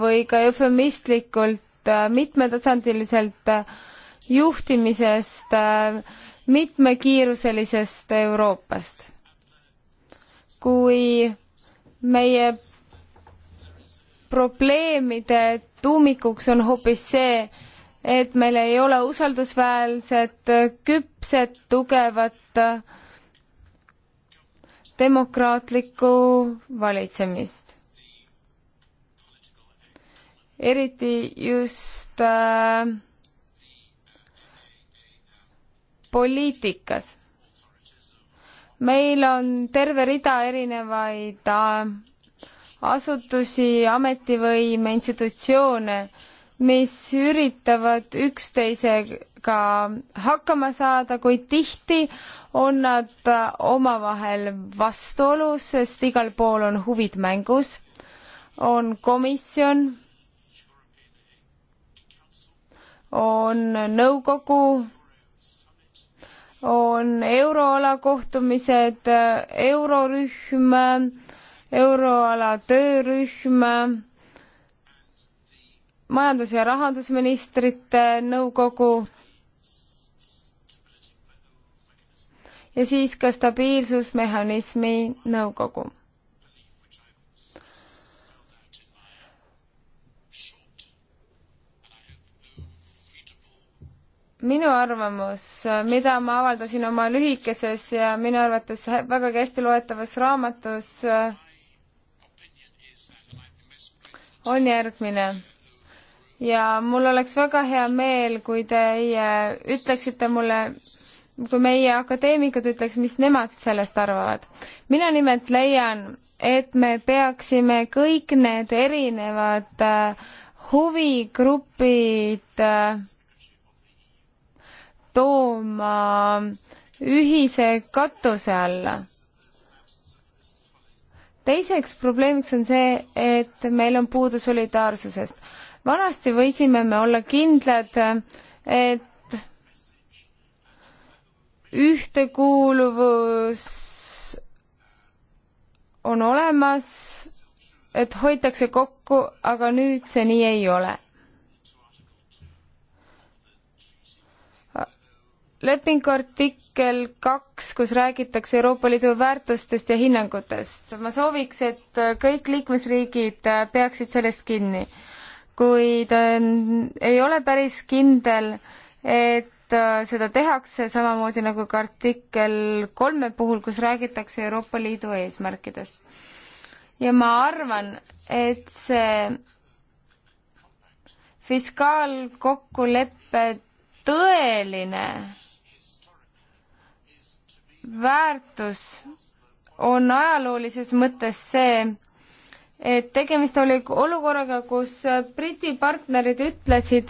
või ka eufemistlikult äh, mitmetasandiliselt äh, juhtimisest, mitmekiiruselisest Euroopast. kui meie probleemide tuumikuks on hoopis see, et meil ei ole usaldusväärset, küpset, tugevat äh, demokraatlikku valitsemist. eriti just äh, poliitikas. meil on terve rida erinevaid äh, asutusi, ametivõime, institutsioone mis üritavad üksteisega hakkama saada, kuid tihti on nad omavahel vastuolus, sest igal pool on huvid mängus. on komisjon, on nõukogu, on euroala kohtumised, eurorühm, euroala töörühm majandus- ja rahandusministrite nõukogu ja siis ka stabiilsusmehhanismi nõukogu. minu arvamus, mida ma avaldasin oma lühikeses ja minu arvates vägagi hästi loetavas raamatus, on järgmine ja mul oleks väga hea meel, kui teie ütleksite mulle, kui meie akadeemikud ütleks, mis nemad sellest arvavad. mina nimelt leian, et me peaksime kõik need erinevad äh, huvigrupid äh, tooma ühise katuse alla teiseks probleemiks on see, et meil on puudu solidaarsusest vanasti võisime me olla kindlad, et ühtekuuluvus on olemas, et hoitakse kokku, aga nüüd see nii ei ole. lepingu artikkel kaks, kus räägitakse Euroopa Liidu väärtustest ja hinnangutest. ma sooviks, et kõik liikmesriigid peaksid sellest kinni kuid ähm, ei ole päris kindel, et äh, seda tehakse, samamoodi nagu ka artikkel kolme puhul, kus räägitakse Euroopa Liidu eesmärkidest. ja ma arvan, et see fiskaalkokkuleppe tõeline väärtus on ajaloolises mõttes see, et tegemist oli olukorraga, kus Briti partnerid ütlesid,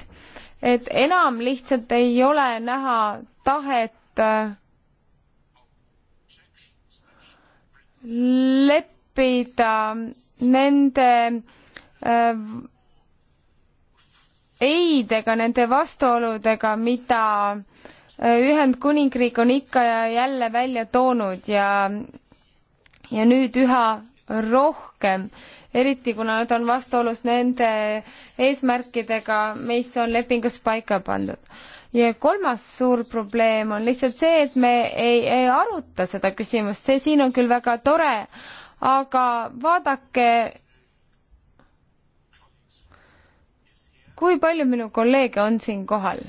et enam lihtsalt ei ole näha tahet äh, leppida nende äh, eidega, nende vastuoludega, mida äh, Ühendkuningriik on ikka ja jälle välja toonud ja, ja nüüd üha rohkem eriti kuna nad on vastuolus nende eesmärkidega, mis on lepingus paika pandud. ja kolmas suur probleem on lihtsalt see, et me ei, ei aruta seda küsimust, see siin on küll väga tore, aga vaadake, kui palju minu kolleege on siin kohal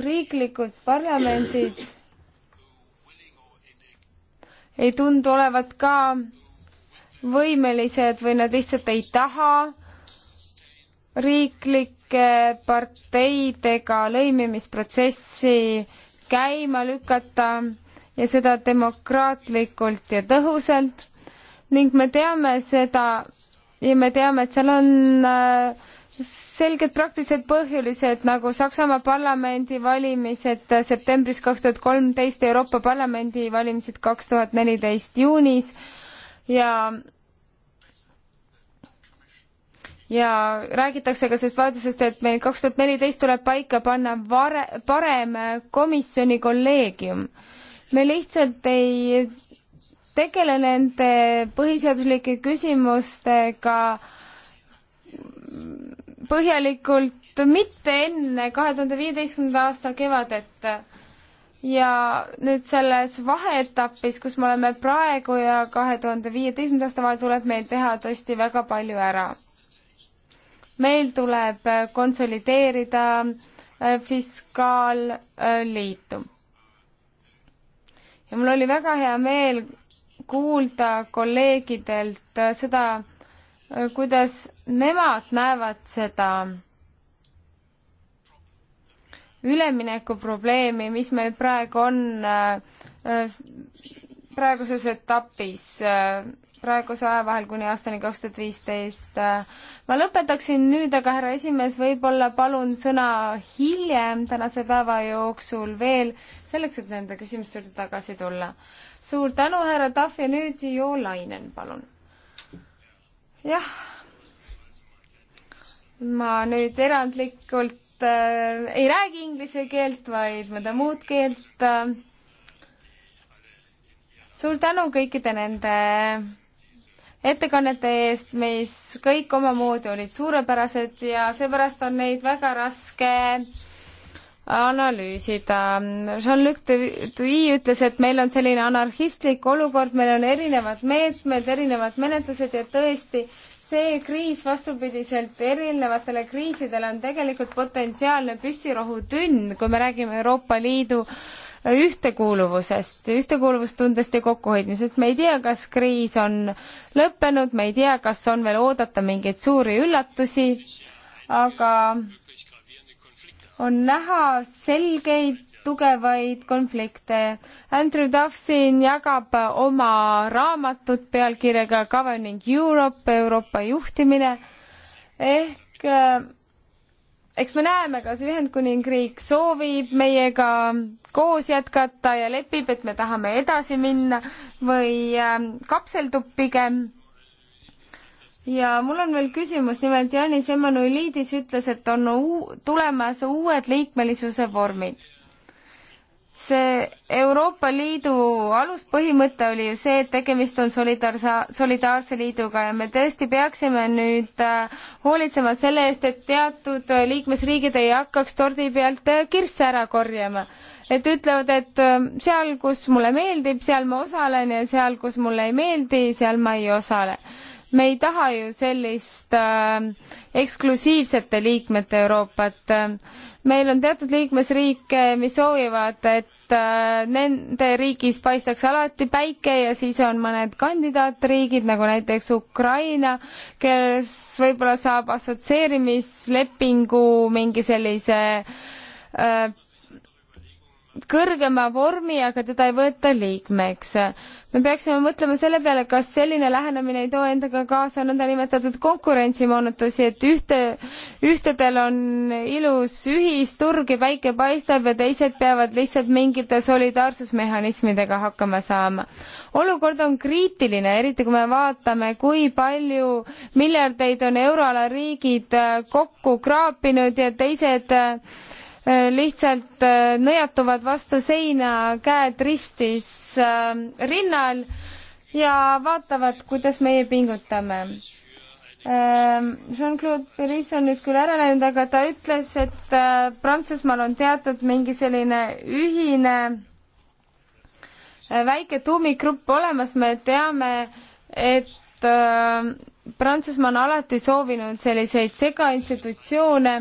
riiklikud parlamendid ei tundu olevat ka võimelised või nad lihtsalt ei taha riiklike parteidega lõimimisprotsessi käima lükata ja seda demokraatlikult ja tõhusalt ning me teame seda ja me teame, et seal on äh, selged praktilised põhjulised nagu Saksamaa parlamendi valimised septembris kaks tuhat kolmteist, Euroopa Parlamendi valimised kaks tuhat neliteist juunis ja ja räägitakse ka sellest vajadusest, et meil kaks tuhat neliteist tuleb paika panna vare, parem komisjoni kolleegium. me lihtsalt ei tegele nende põhiseaduslike küsimustega põhjalikult mitte enne kahe tuhande viieteistkümnenda aasta kevadet. ja nüüd selles vaheetapis, kus me oleme praegu ja kahe tuhande viieteistkümnenda aasta vahel, tuleb meil teha tõesti väga palju ära. meil tuleb konsolideerida äh, fiskaalliitu. ja mul oli väga hea meel kuulda kolleegidelt äh, seda, Äh, kuidas nemad näevad seda üleminekuprobleemi, mis meil praegu on äh, äh, praeguses etapis, praeguse aja vahel kuni aastani kaks tuhat viisteist. ma lõpetaksin nüüd, aga härra esimees, võib-olla palun sõna hiljem tänase päeva jooksul veel, selleks, et nende küsimuste juurde tagasi tulla. suur tänu, härra Tahv ja nüüd Jo Lainen, palun jah, ma nüüd erandlikult äh, ei räägi inglise keelt, vaid mõnda muud keelt äh.. suur tänu kõikide nende ettekannete eest, mis kõik omamoodi olid suurepärased ja seepärast on neid väga raske äh, analüüsida. Jean-Luc Tui ütles, et meil on selline anarhistlik olukord, meil on erinevad meetmed, erinevad menetlused ja tõesti, see kriis vastupidiselt erinevatele kriisidele on tegelikult potentsiaalne püssirohutünn, kui me räägime Euroopa Liidu ühtekuuluvusest, ühtekuuluvustundest ja kokkuhoidmisest. me ei tea, kas kriis on lõppenud, me ei tea, kas on veel oodata mingeid suuri üllatusi, aga on näha selgeid tugevaid konflikte. Andrew Duff siin jagab oma raamatut pealkirjaga Governing Europe, Euroopa juhtimine ehk äh, eks me näeme, kas Ühendkuningriik soovib meiega koos jätkata ja lepib, et me tahame edasi minna või äh, kapseldub pigem ja mul on veel küsimus, nimelt Janis Emmanuelidis ütles, et on uu-, tulemas uued liikmelisuse vormid. see Euroopa Liidu aluspõhimõte oli ju see, et tegemist on solidaarse, solidaarse liiduga ja me tõesti peaksime nüüd äh, hoolitsema selle eest, et teatud äh, liikmesriigid ei hakkaks tordi pealt äh, kirsse ära korjama et ütlevad, et seal, kus mulle meeldib, seal ma osalen ja seal, kus mulle ei meeldi, seal ma ei osale me ei taha ju sellist äh, eksklusiivsete liikmete Euroopat. meil on teatud liikmesriike, mis soovivad, et äh, nende riigis paistaks alati päike ja siis on mõned kandidaatriigid, nagu näiteks Ukraina, kes võib-olla saab assotsieerimislepingu mingi sellise äh, kõrgema vormi, aga teda ei võeta liikmeks. me peaksime mõtlema selle peale, kas selline lähenemine ei too endaga kaasa nõndanimetatud konkurentsimoonutusi, et ühte, ühtedel on ilus ühisturg ja päike paistab ja teised peavad lihtsalt mingite solidaarsusmehhanismidega hakkama saama. olukord on kriitiline, eriti kui me vaatame, kui palju miljardeid on euroala riigid äh, kokku kraapinud ja teised äh, Äh, lihtsalt äh, nõjatuvad vastu seina, käed ristis äh, rinnal ja vaatavad, kuidas meie pingutame. Ähm, Jean-Claude Peliss on nüüd küll ära läinud, aga ta ütles, et Prantsusmaal on teatud mingi selline ühine väike tuumikgrupp olemas, me teame, et Prantsusmaa on alati soovinud selliseid segainstitutsioone,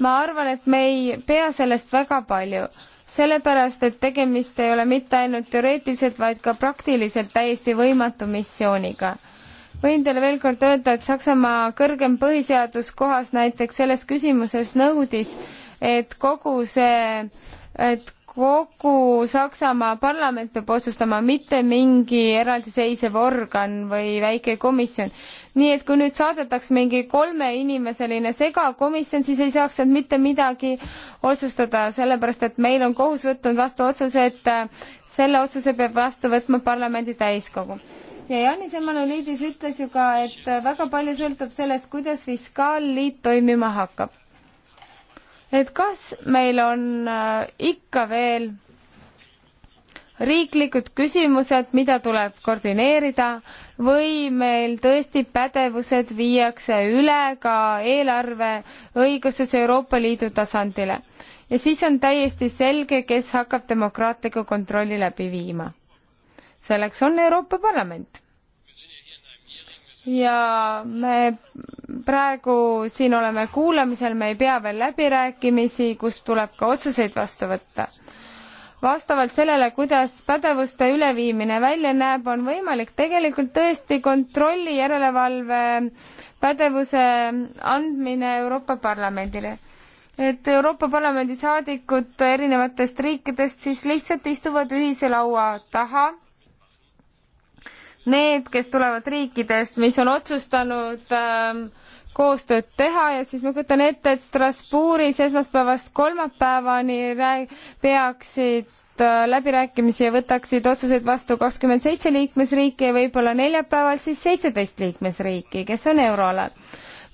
ma arvan, et me ei pea sellest väga palju, sellepärast et tegemist ei ole mitte ainult teoreetiliselt, vaid ka praktiliselt täiesti võimatu missiooniga võin teile veel kord öelda, et Saksamaa kõrgem põhiseaduskohas näiteks selles küsimuses nõudis, et kogu see, et kogu Saksamaa parlament peab otsustama, mitte mingi eraldiseisev organ või väike komisjon. nii et kui nüüd saadetaks mingi kolmeinimeseline segakomisjon, siis ei saaks sealt mitte midagi otsustada, sellepärast et meil on kohus võtnud vastu otsuse, et äh, selle otsuse peab vastu võtma parlamendi täiskogu ja Janis Emmanuelidis ütles ju ka, et väga palju sõltub sellest, kuidas fiskaalliit toimima hakkab et kas meil on äh, ikka veel riiklikud küsimused, mida tuleb koordineerida või meil tõesti pädevused viiakse üle ka eelarveõiguses Euroopa Liidu tasandile. ja siis on täiesti selge, kes hakkab demokraatlikku kontrolli läbi viima. selleks on Euroopa Parlament. ja me praegu siin oleme kuulamisel, me ei pea veel läbirääkimisi, kus tuleb ka otsuseid vastu võtta. vastavalt sellele, kuidas pädevuste üleviimine välja näeb, on võimalik tegelikult tõesti kontrolli järelevalve pädevuse andmine Euroopa Parlamendile et Euroopa Parlamendi saadikud erinevatest riikidest siis lihtsalt istuvad ühise laua taha need, kes tulevad riikidest, mis on otsustanud ähm, koostööd teha ja siis ma kujutan ette, et Strasbourgis esmaspäevast kolmapäevani peaksid äh, läbirääkimisi ja võtaksid otsuseid vastu kakskümmend seitse liikmesriiki ja võib-olla neljapäeval siis seitseteist liikmesriiki, kes on euroalal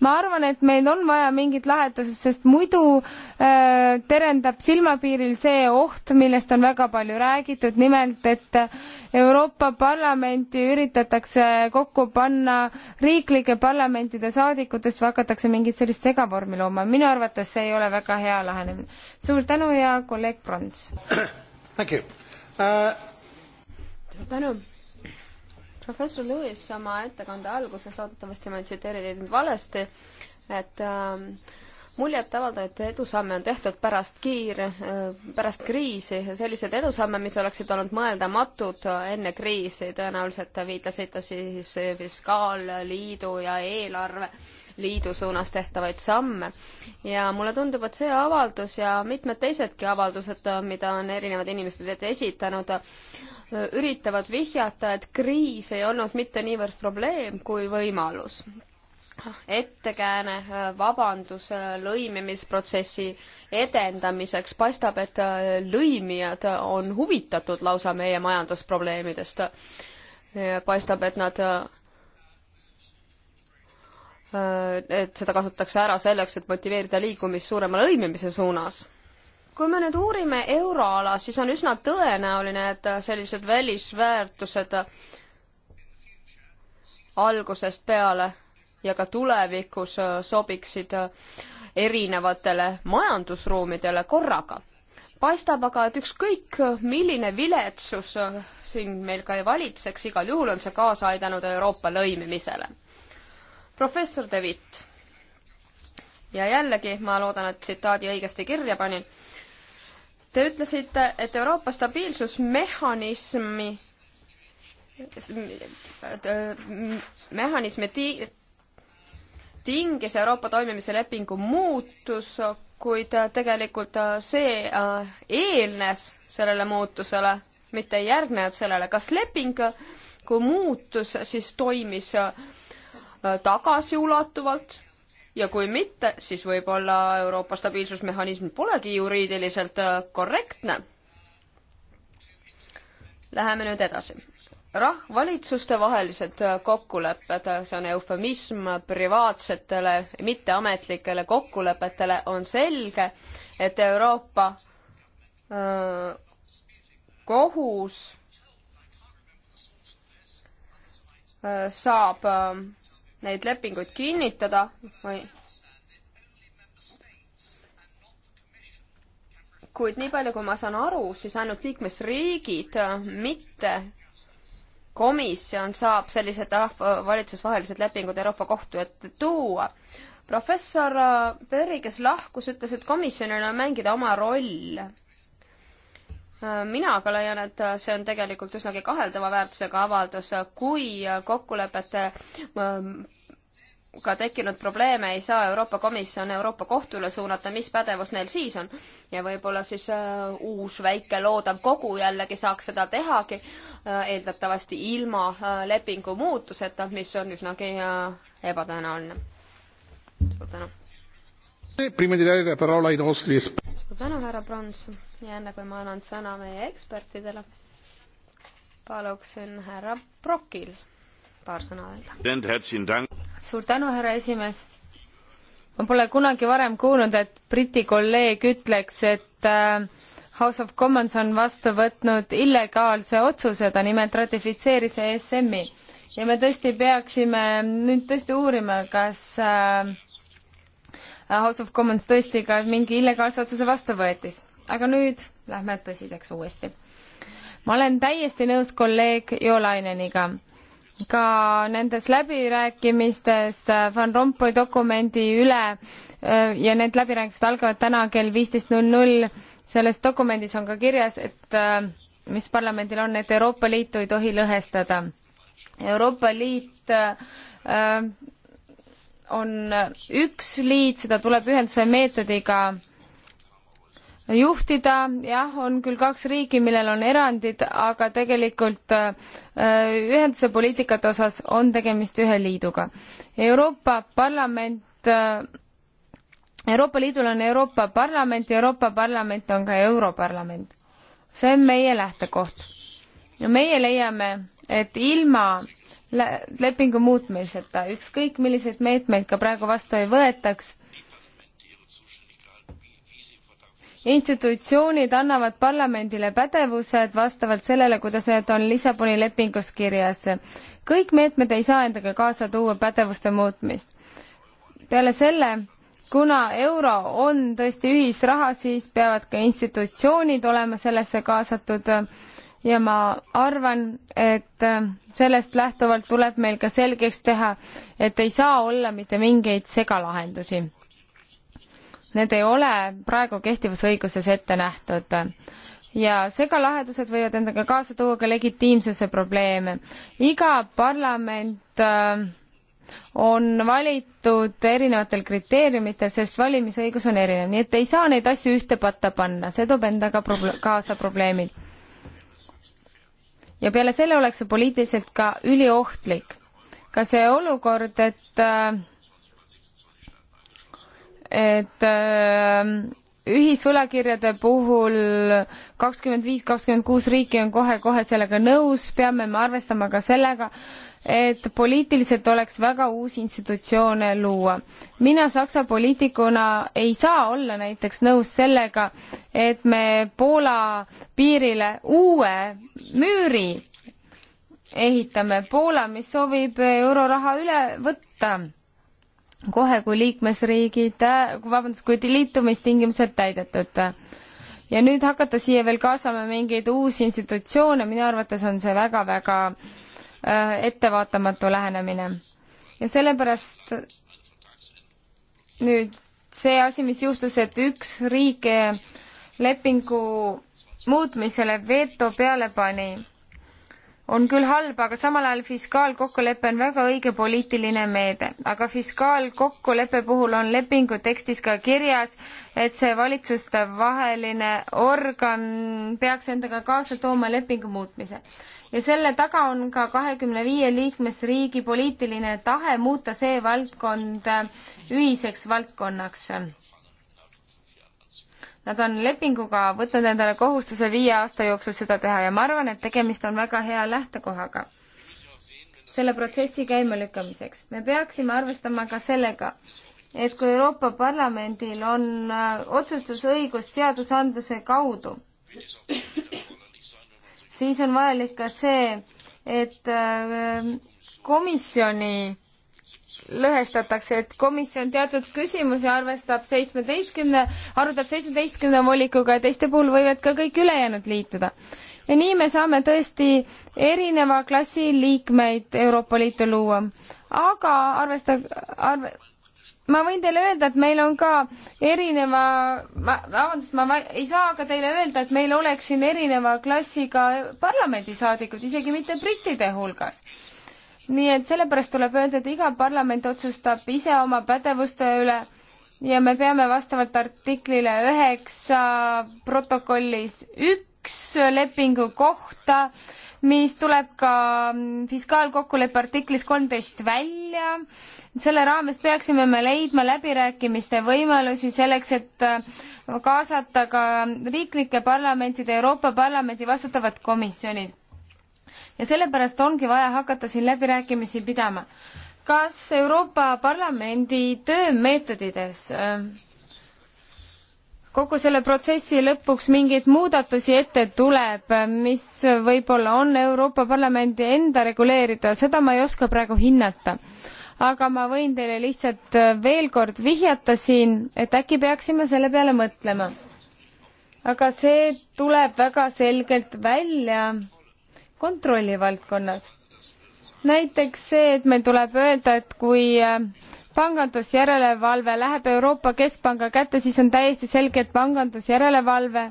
ma arvan, et meil on vaja mingit lahendust, sest muidu äh, terendab silmapiiril see oht, millest on väga palju räägitud, nimelt et Euroopa Parlamenti üritatakse kokku panna riiklike parlamentide saadikutest või hakatakse mingit sellist segavormi looma. minu arvates see ei ole väga hea lähenemine. suur tänu ja kolleeg Prons. Thank you uh.... suur tänu professor Lewis oma ettekande alguses, loodetavasti ma ei tsiteerinud valesti, et äh, muljetavaldavat edusamme on tehtud pärast kiir, äh, pärast kriisi, selliseid edusamme, mis oleksid olnud mõeldamatud enne kriisi, tõenäoliselt viitasite siis Fiskaalliidu ja eelarve äh, Liidu suunas tehtavaid samme. ja mulle tundub, et see avaldus ja mitmed teisedki avaldused, mida on erinevad inimesed esitanud, üritavad vihjata, et kriis ei olnud mitte niivõrd probleem kui võimalus ettekääne vabanduse lõimimisprotsessi edendamiseks paistab, et lõimijad on huvitatud lausa meie majandusprobleemidest. paistab, et nad Äh, et seda kasutatakse ära selleks, et motiveerida liikumist suurema lõimimise suunas. kui me nüüd uurime euroala, siis on üsna tõenäoline, et sellised välisväärtused algusest peale ja ka tulevikus sobiksid erinevatele majandusruumidele korraga. paistab aga, et ükskõik, milline viletsus siin meil ka ei valitseks, igal juhul on see kaasa aidanud Euroopa lõimimisele professor De Witt. ja jällegi, ma loodan, et tsitaadi õigesti kirja panin. Te ütlesite, et Euroopa stabiilsusmehhanismi, mehhanismi ti-, tingis Euroopa toimimise lepingu muutus, kuid tegelikult see äh, eelnes sellele muutusele, mitte ei järgnenud sellele. kas leping, kui muutus, siis toimis äh, tagasiulatuvalt ja kui mitte, siis võib-olla Euroopa stabiilsusmehhanism polegi juriidiliselt äh, korrektne. Läheme nüüd edasi. rahvalitsuste vahelised äh, kokkulepped, äh, see on eufemism privaatsetele, mitteametlikele kokkulepetele, on selge, et Euroopa öö, kohus öö, saab öö, neid lepinguid kinnitada või kuid nii palju, kui ma saan aru, siis ainult liikmesriigid, mitte komisjon saab sellised valitsusvahelised lepingud Euroopa Kohtu ette tuua. professor Perri, kes lahkus, ütles, et komisjonil on mängida oma roll mina aga leian, et see on tegelikult üsnagi kaheldava väärtusega avaldus, kui kokkulepete ähm, ka tekkinud probleeme ei saa Euroopa Komisjon Euroopa Kohtule suunata, mis pädevus neil siis on. ja võib-olla siis äh, uus väike loodav kogu jällegi saaks seda tehagi äh,, eeldatavasti ilma äh, lepingu muutuseta, mis on üsnagi äh, ebatõenäoline. suur tänu suur tänu, härra Prons ja enne kui ma annan sõna meie ekspertidele, paluksin härra Brokil paar sõna öelda. suur tänu, härra esimees. ma pole kunagi varem kuulnud, et Briti kolleeg ütleks, et äh, House of Commons on vastu võtnud illegaalse otsuse, ta nimelt ratifitseeris ESM-i ja me tõesti peaksime nüüd tõesti uurima, kas äh, Äh, House of Commons tõesti ka mingi illegaalse otsuse vastu võetis. aga nüüd lähme tõsiseks uuesti. ma olen täiesti nõus kolleeg Joolaineniga. ka nendes läbirääkimistes äh, Van Rompuy dokumendi üle äh, ja need läbirääkimised algavad täna kell viisteist null null, selles dokumendis on ka kirjas, et mis parlamendil on, et Euroopa Liitu ei tohi lõhestada. Euroopa Liit äh, on üks liit, seda tuleb ühenduse meetodiga juhtida, jah, on küll kaks riiki, millel on erandid, aga tegelikult äh, ühenduse poliitikate osas on tegemist ühe liiduga. Euroopa Parlament, äh, Euroopa Liidul on Euroopa Parlament ja Euroopa Parlament on ka Europarlament. see on meie lähtekoht. meie leiame, et ilma lepingu muutmiseta, ükskõik milliseid meetmeid ka praegu vastu ei võetaks. institutsioonid annavad parlamendile pädevused vastavalt sellele, kuidas need on Lissaboni lepingus kirjas. kõik meetmed ei saa endaga kaasa tuua pädevuste muutmist. peale selle kuna euro on tõesti ühisraha, siis peavad ka institutsioonid olema sellesse kaasatud ja ma arvan, et äh, sellest lähtuvalt tuleb meil ka selgeks teha, et ei saa olla mitte mingeid segalahendusi. Need ei ole praegu kehtivas õiguses ette nähtud ja segalahendused võivad endaga kaasa tuua ka legitiimsuse probleeme. iga parlament äh, on valitud erinevatel kriteeriumitel, sest valimisõigus on erinev, nii et ei saa neid asju ühte patta panna, see toob endaga proble kaasa probleemid ja peale selle oleks see poliitiliselt ka üliohtlik. ka see olukord, et äh, et äh, ühisvõlakirjade puhul kakskümmend viis, kakskümmend kuus riiki on kohe-kohe sellega nõus, peame me arvestama ka sellega, et poliitiliselt oleks väga uusi institutsioone luua. mina Saksa poliitikuna ei saa olla näiteks nõus sellega, et me Poola piirile uue müüri ehitame, Poola, mis soovib euroraha üle võtta kohe, kui liikmesriigid, vabandust, kui liitumistingimused täidetud. ja nüüd hakata siia veel kaasama mingeid uusi institutsioone, minu arvates on see väga-väga äh, ettevaatamatu lähenemine. ja sellepärast nüüd see asi, mis juhtus, et üks riik lepingu muutmisele veto peale pani on küll halb, aga samal ajal fiskaalkokkulepe on väga õige poliitiline meede, aga fiskaalkokkuleppe puhul on lepingu tekstis ka kirjas, et see valitsustevaheline organ peaks endaga kaasa tooma lepingu muutmise. ja selle taga on ka kahekümne viie liikmesriigi poliitiline tahe muuta see valdkond ühiseks valdkonnaks Nad on lepinguga võtnud endale kohustuse viie aasta jooksul seda teha ja ma arvan, et tegemist on väga hea lähtekohaga selle protsessi käimelükkamiseks. me peaksime arvestama ka sellega, et kui Euroopa Parlamendil on äh, otsustusõigus seadusandluse kaudu, siis on vajalik ka see, et äh, komisjoni lõhestatakse, et komisjon teatud küsimusi arvestab seitsmeteistkümne, arutab seitsmeteistkümne volikuga ja teiste puhul võivad ka kõik ülejäänud liituda. ja nii me saame tõesti erineva klassi liikmeid Euroopa Liitu luua. aga arvesta, arve-, ma võin teile öelda, et meil on ka erineva, ma, vabandust, ma ei saa ka teile öelda, et meil oleks siin erineva klassiga parlamendisaadikud, isegi mitte brittide hulgas nii et sellepärast tuleb öelda, et iga parlament otsustab ise oma pädevuste üle ja me peame vastavalt artiklile üheksa protokollis üks lepingu kohta, mis tuleb ka fiskaalkokkuleppe artiklis kolmteist välja. selle raames peaksime me leidma läbirääkimiste võimalusi selleks, et kaasata ka riiklike parlamentide, Euroopa Parlamendi vastutavad komisjonid ja sellepärast ongi vaja hakata siin läbirääkimisi pidama. kas Euroopa Parlamendi töömeetodides äh, kogu selle protsessi lõpuks mingeid muudatusi ette tuleb, äh, mis võib-olla on Euroopa Parlamendi enda reguleerida, seda ma ei oska praegu hinnata. aga ma võin teile lihtsalt äh, veel kord vihjata siin, et äkki peaksime selle peale mõtlema. aga see tuleb väga selgelt välja kontrolli valdkonnas. näiteks see, et meil tuleb öelda, et kui äh, pangandusjärelevalve läheb Euroopa Keskpanga kätte, siis on täiesti selge, et pangandusjärelevalve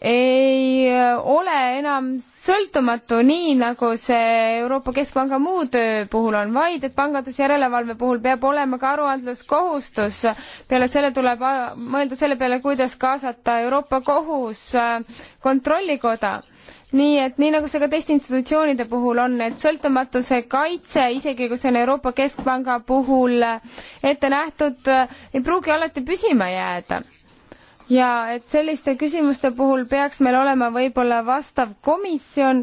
ei äh, ole enam sõltumatu, nii nagu see Euroopa Keskpanga muu töö puhul on, vaid et pangandusjärelevalve puhul peab olema ka aruandluskohustus. peale selle tuleb äh, mõelda selle peale, kuidas kaasata Euroopa Kohus äh, kontrollikoda. nii et nii nagu see ka teiste institutsioonide puhul on, et sõltumatuse kaitse, isegi kui see on Euroopa Keskpanga puhul ette nähtud, ei pruugi alati püsima jääda ja et selliste küsimuste puhul peaks meil olema võib-olla vastav komisjon,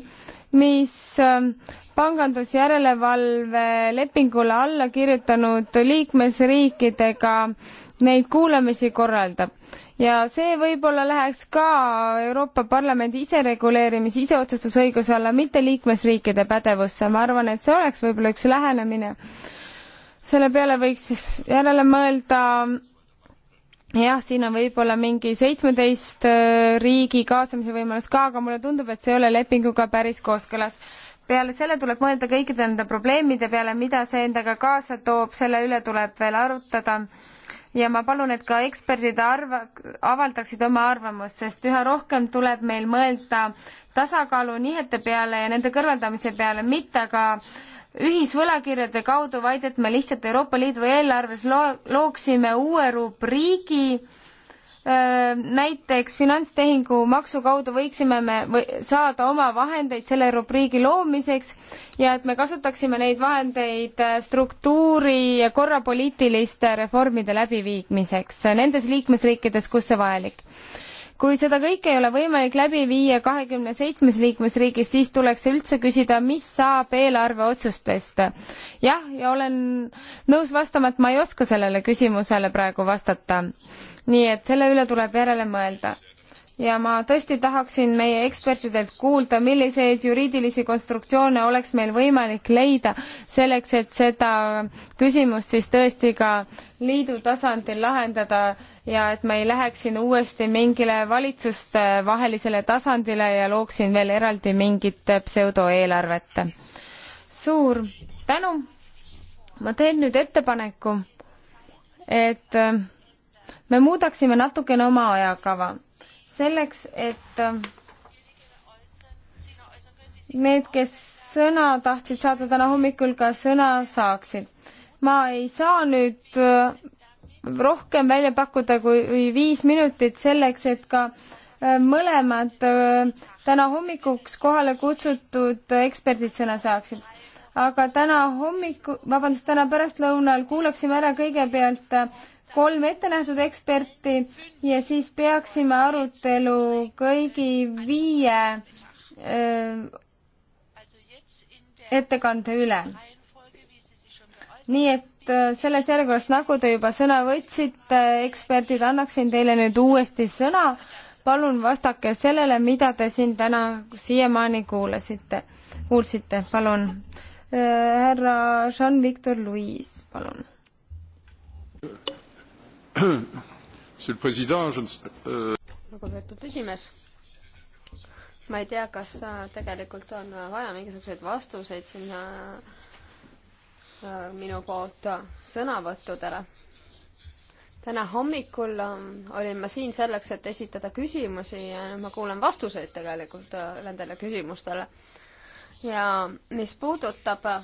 mis ähm, pangandusjärelevalve lepingule alla kirjutanud liikmesriikidega neid kuulamisi korraldab. ja see võib-olla läheks ka Euroopa Parlamendi isereguleerimise, iseotsustusõiguse alla, mitte liikmesriikide pädevusse, ma arvan, et see oleks võib-olla üks lähenemine. selle peale võiks siis järele mõelda jah, siin on võib-olla mingi seitsmeteist äh, riigi kaasamise võimalus ka, aga mulle tundub, et see ei ole lepinguga päris kooskõlas. peale selle tuleb mõelda kõikide nende probleemide peale, mida see endaga kaasa toob, selle üle tuleb veel arutada. ja ma palun, et ka eksperdid arva, avaldaksid oma arvamust, sest üha rohkem tuleb meil mõelda tasakaalu nihete peale ja nende kõrvaldamise peale, mitte aga äh, ühisvõlakirjade kaudu, vaid et me lihtsalt Euroopa Liidu eelarves loo-, looksime uue rubriigi, näiteks finantstehingu maksu kaudu võiksime me või saada oma vahendeid selle rubriigi loomiseks ja et me kasutaksime neid vahendeid äh, struktuuri ja korrapoliitiliste reformide läbiviimiseks nendes liikmesriikides, kus see vajalik kui seda kõike ei ole võimalik läbi viia kahekümne seitsmes liikmesriigis, siis tuleks üldse küsida, mis saab eelarveotsustest. jah, ja olen nõus vastama, et ma ei oska sellele küsimusele praegu vastata. nii et selle üle tuleb järele mõelda ja ma tõesti tahaksin meie ekspertidelt kuulda, milliseid juriidilisi konstruktsioone oleks meil võimalik leida selleks, et seda küsimust siis tõesti ka liidu tasandil lahendada ja et ma ei läheks siin uuesti mingile valitsustevahelisele tasandile ja looksin veel eraldi mingit pseudoeelarvet. suur tänu, ma teen nüüd ettepaneku, et äh, me muudaksime natukene oma ajakava selleks, et äh, need, kes sõna tahtsid saada täna hommikul, ka sõna saaksid. ma ei saa nüüd äh, rohkem välja pakkuda kui viis minutit selleks, et ka äh, mõlemad äh, täna hommikuks kohale kutsutud eksperdid sõna saaksid. aga täna hommiku, vabandust, täna pärastlõunal kuulaksime ära kõigepealt äh, kolm ettenähtud eksperti ja siis peaksime arutelu kõigi viie öö, ettekande üle. nii et Äh, selles järjekorras, nagu te juba sõna võtsite, eksperdid, annaksin teile nüüd uuesti sõna. palun vastake sellele, mida te siin täna siiamaani kuulasite, kuulsite, palun. Äh, härra Jean-Victor Louis, palun. Euh, lugupeetud esimees ma ei tea, kas tegelikult on vaja mingisuguseid vastuseid sinna äh, minu poolt sõnavõttudele. täna hommikul ähm, olin ma siin selleks, et esitada küsimusi ja nüüd ma kuulen vastuseid tegelikult äh, nendele küsimustele. ja mis puudutab äh,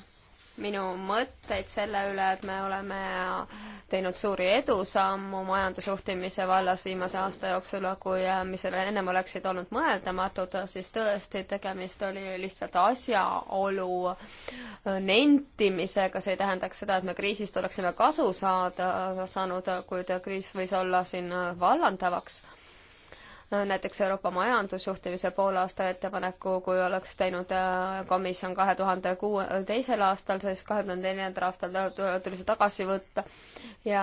minu mõtteid selle üle, et me oleme teinud suuri edusammu majandusjuhtimise vallas viimase aasta jooksul, kui mis ennem oleksid olnud mõeldamatud, siis tõesti, tegemist oli lihtsalt asjaolu nentimisega, see ei tähendaks seda, et me kriisist oleksime kasu saada, saanud, kuid kriis võis olla siin vallandavaks näiteks Euroopa majandusjuhtimise poolaasta ettepaneku, kui oleks teinud äh, komisjon kahe tuhande kuue, teisel aastal, siis kahe tuhande neljandal aastal tuli see tagasi võtta. ja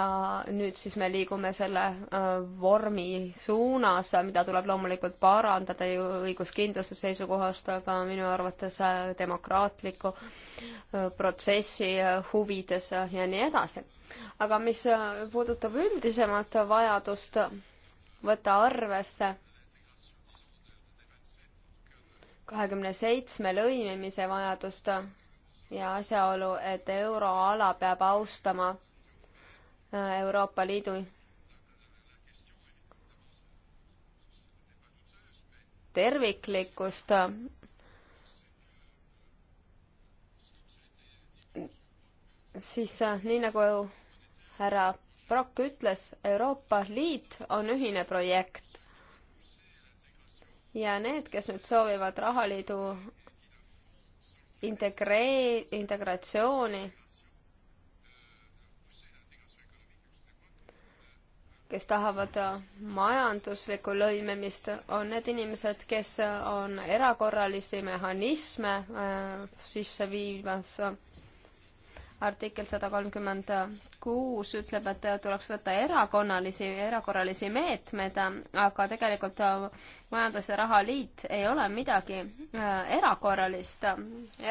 nüüd siis me liigume selle äh, vormi suunas, mida tuleb loomulikult parandada ju õiguskindluse seisukohast, aga minu arvates äh, demokraatliku protsessi huvides ja nii edasi. aga mis puudutab üldisemat vajadust, võta arvesse kahekümne seitsme lõimimise vajadust ja asjaolu, et euroala peab austama äh, Euroopa Liidu terviklikkust siis äh, nii nagu härra Brock ütles, Euroopa Liit on ühine projekt. ja need, kes nüüd soovivad rahaliidu integree-, integratsiooni, kes tahavad majanduslikku lõimimist, on need inimesed, kes on erakorralisi mehhanisme äh, sisse viimas äh, artikkel sada kolmkümmend kuus ütleb, et tuleks võtta erakonnalisi, erakorralisi meetmeid, aga tegelikult Majandus- ja Rahaliit ei ole midagi äh, erakorralist.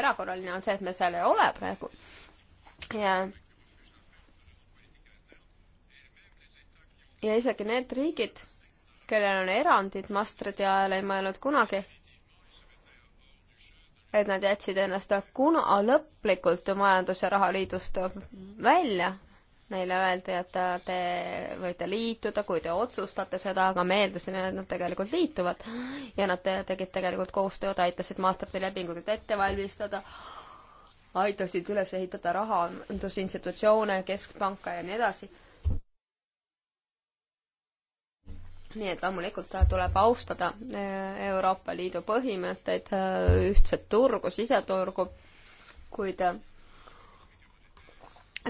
erakorraline on see, et me seal ei ole praegu. ja ja isegi need riigid, kellel on erandid, Maastrichti ajal ei mõelnud kunagi et nad jätsid ennast kuna lõplikult Majandus- ja Rahaliidust välja. Neile öeldi, et te võite liituda, kui te otsustate seda, aga me eeldasime, et nad tegelikult liituvad. ja nad tegid tegelikult koostööd, aitasid Maastrichti lepingut ette valmistada, aitasid üles ehitada rahandusinstitutsioone, keskpanka ja nii edasi nii et loomulikult äh, tuleb austada äh, Euroopa Liidu põhimõtteid, äh, ühtset turgu, siseturgu, kuid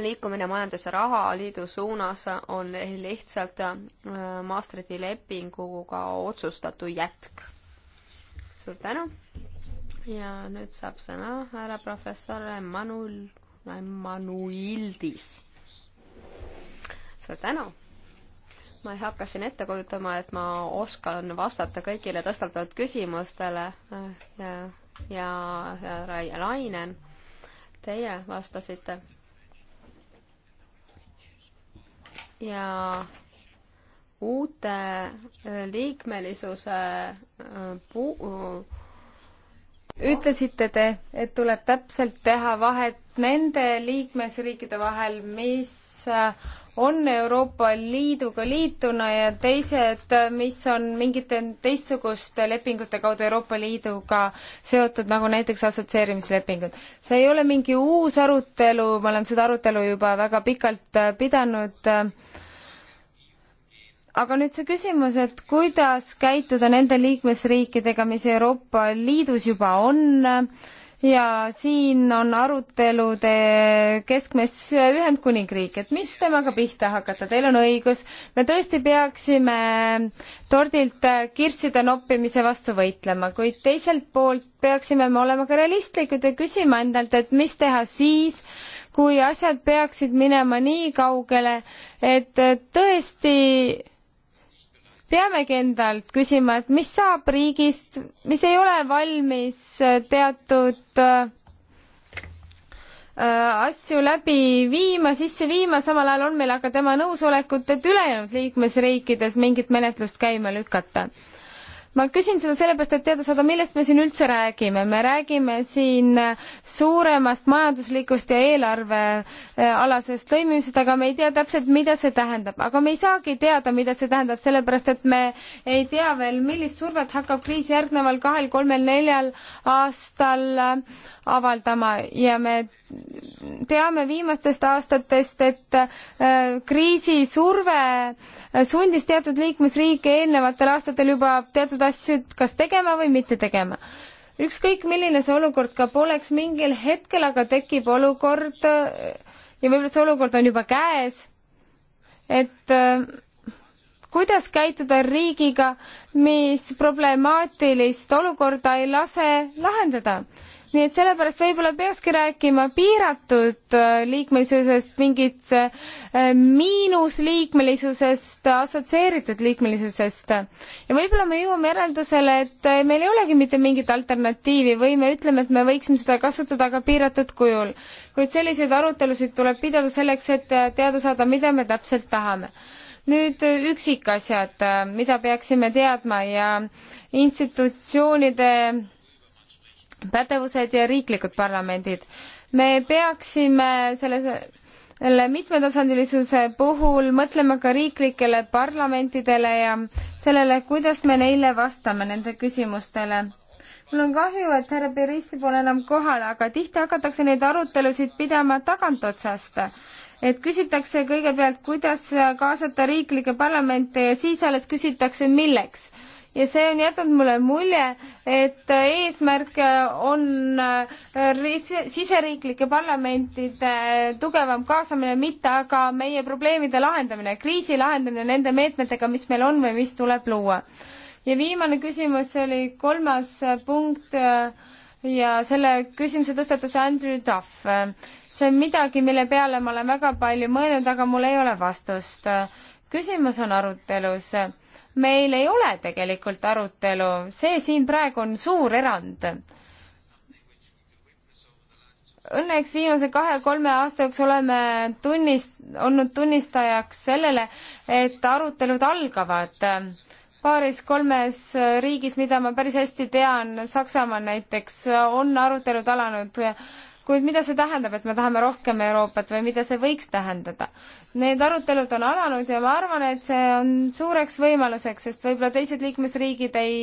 liikumine Majandus- ja Rahaliidu suunas on lihtsalt Maastrichti lepinguga otsustatu jätk. suur tänu ja nüüd saab sõna härra professor Emmanuel, Emmanuildis. suur tänu ma ei hakka siin ette kujutama, et ma oskan vastata kõigile tõstatatud küsimustele äh, ja, ja, ja Raie Lainen, teie vastasite. ja uute äh, liikmelisuse äh, puu-, ütlesite te, et tuleb täpselt teha vahet nende liikmesriikide vahel, mis on Euroopa Liiduga liituna ja teised, mis on mingite teistsuguste lepingute kaudu Euroopa Liiduga seotud, nagu näiteks assotsieerimislepingud. see ei ole mingi uus arutelu, me oleme seda arutelu juba väga pikalt pidanud aga nüüd see küsimus, et kuidas käituda nende liikmesriikidega, mis Euroopa Liidus juba on, ja siin on arutelude keskmes Ühendkuningriik, et mis temaga pihta hakata, teil on õigus, me tõesti peaksime tordilt kirsside noppimise vastu võitlema, kuid teiselt poolt peaksime me olema ka realistlikud ja küsima endalt, et mis teha siis, kui asjad peaksid minema nii kaugele, et tõesti peamegi endalt küsima, et mis saab riigist, mis ei ole valmis äh, teatud äh, äh, asju läbi viima, sisse viima, samal ajal on meil aga tema nõusolekut, et ülejäänud liikmesriikides mingit menetlust käima lükata ma küsin seda sellepärast, et teada saada, millest me siin üldse räägime. me räägime siin suuremast majanduslikust ja eelarvealasest lõimimisest, aga me ei tea täpselt, mida see tähendab. aga me ei saagi teada, mida see tähendab, sellepärast et me ei tea veel, millist survet hakkab kriis järgneval kahel-kolmel-neljal aastal avaldama ja me teame viimastest aastatest, et äh, kriisisurve äh, sundis teatud liikmesriike eelnevatel aastatel juba teatud asju kas tegema või mitte tegema. ükskõik, milline see olukord ka poleks, mingil hetkel aga tekib olukord äh, ja võib-olla see olukord on juba käes, et kuidas käituda riigiga, mis problemaatilist olukorda ei lase lahendada nii et sellepärast võib-olla peakski rääkima piiratud äh, liikmelisusest, mingit äh, miinusliikmelisusest, assotsieeritud liikmelisusest. ja võib-olla me jõuame järeldusele, et äh, meil ei olegi mitte mingit alternatiivi või me ütleme, et me võiksime seda kasutada ka piiratud kujul. kuid selliseid arutelusid tuleb pidada selleks, et teada saada, mida me täpselt tahame nüüd üksikasjad, mida peaksime teadma ja institutsioonide pädevused ja riiklikud parlamendid. me peaksime selles selle mitmetasandilisuse puhul mõtlema ka riiklikele parlamentidele ja sellele, kuidas me neile vastame, nende küsimustele. mul on kahju, et härra Berissi pole enam kohal, aga tihti hakatakse neid arutelusid pidama tagantotsast. et küsitakse kõigepealt, kuidas kaasata riiklikke parlamente ja siis alles küsitakse, milleks ja see on jätnud mulle mulje, et eesmärk on äh, siseriiklike parlamentide tugevam kaasamine, mitte aga meie probleemide lahendamine, kriisi lahendamine nende meetmetega, mis meil on või mis tuleb luua. ja viimane küsimus oli kolmas punkt äh, ja selle küsimuse tõstatas Andrew Duff see on midagi, mille peale ma olen väga palju mõelnud, aga mul ei ole vastust. küsimus on arutelus. meil ei ole tegelikult arutelu, see siin praegu on suur erand. Õnneks viimase kahe-kolme aasta jooksul oleme tunnist-, olnud tunnistajaks sellele, et arutelud algavad paaris-kolmes riigis, mida ma päris hästi tean, Saksamaal näiteks, on arutelud alanud kuid mida see tähendab, et me tahame rohkem Euroopat või mida see võiks tähendada? Need arutelud on alanud ja ma arvan, et see on suureks võimaluseks, sest võib-olla teised liikmesriigid ei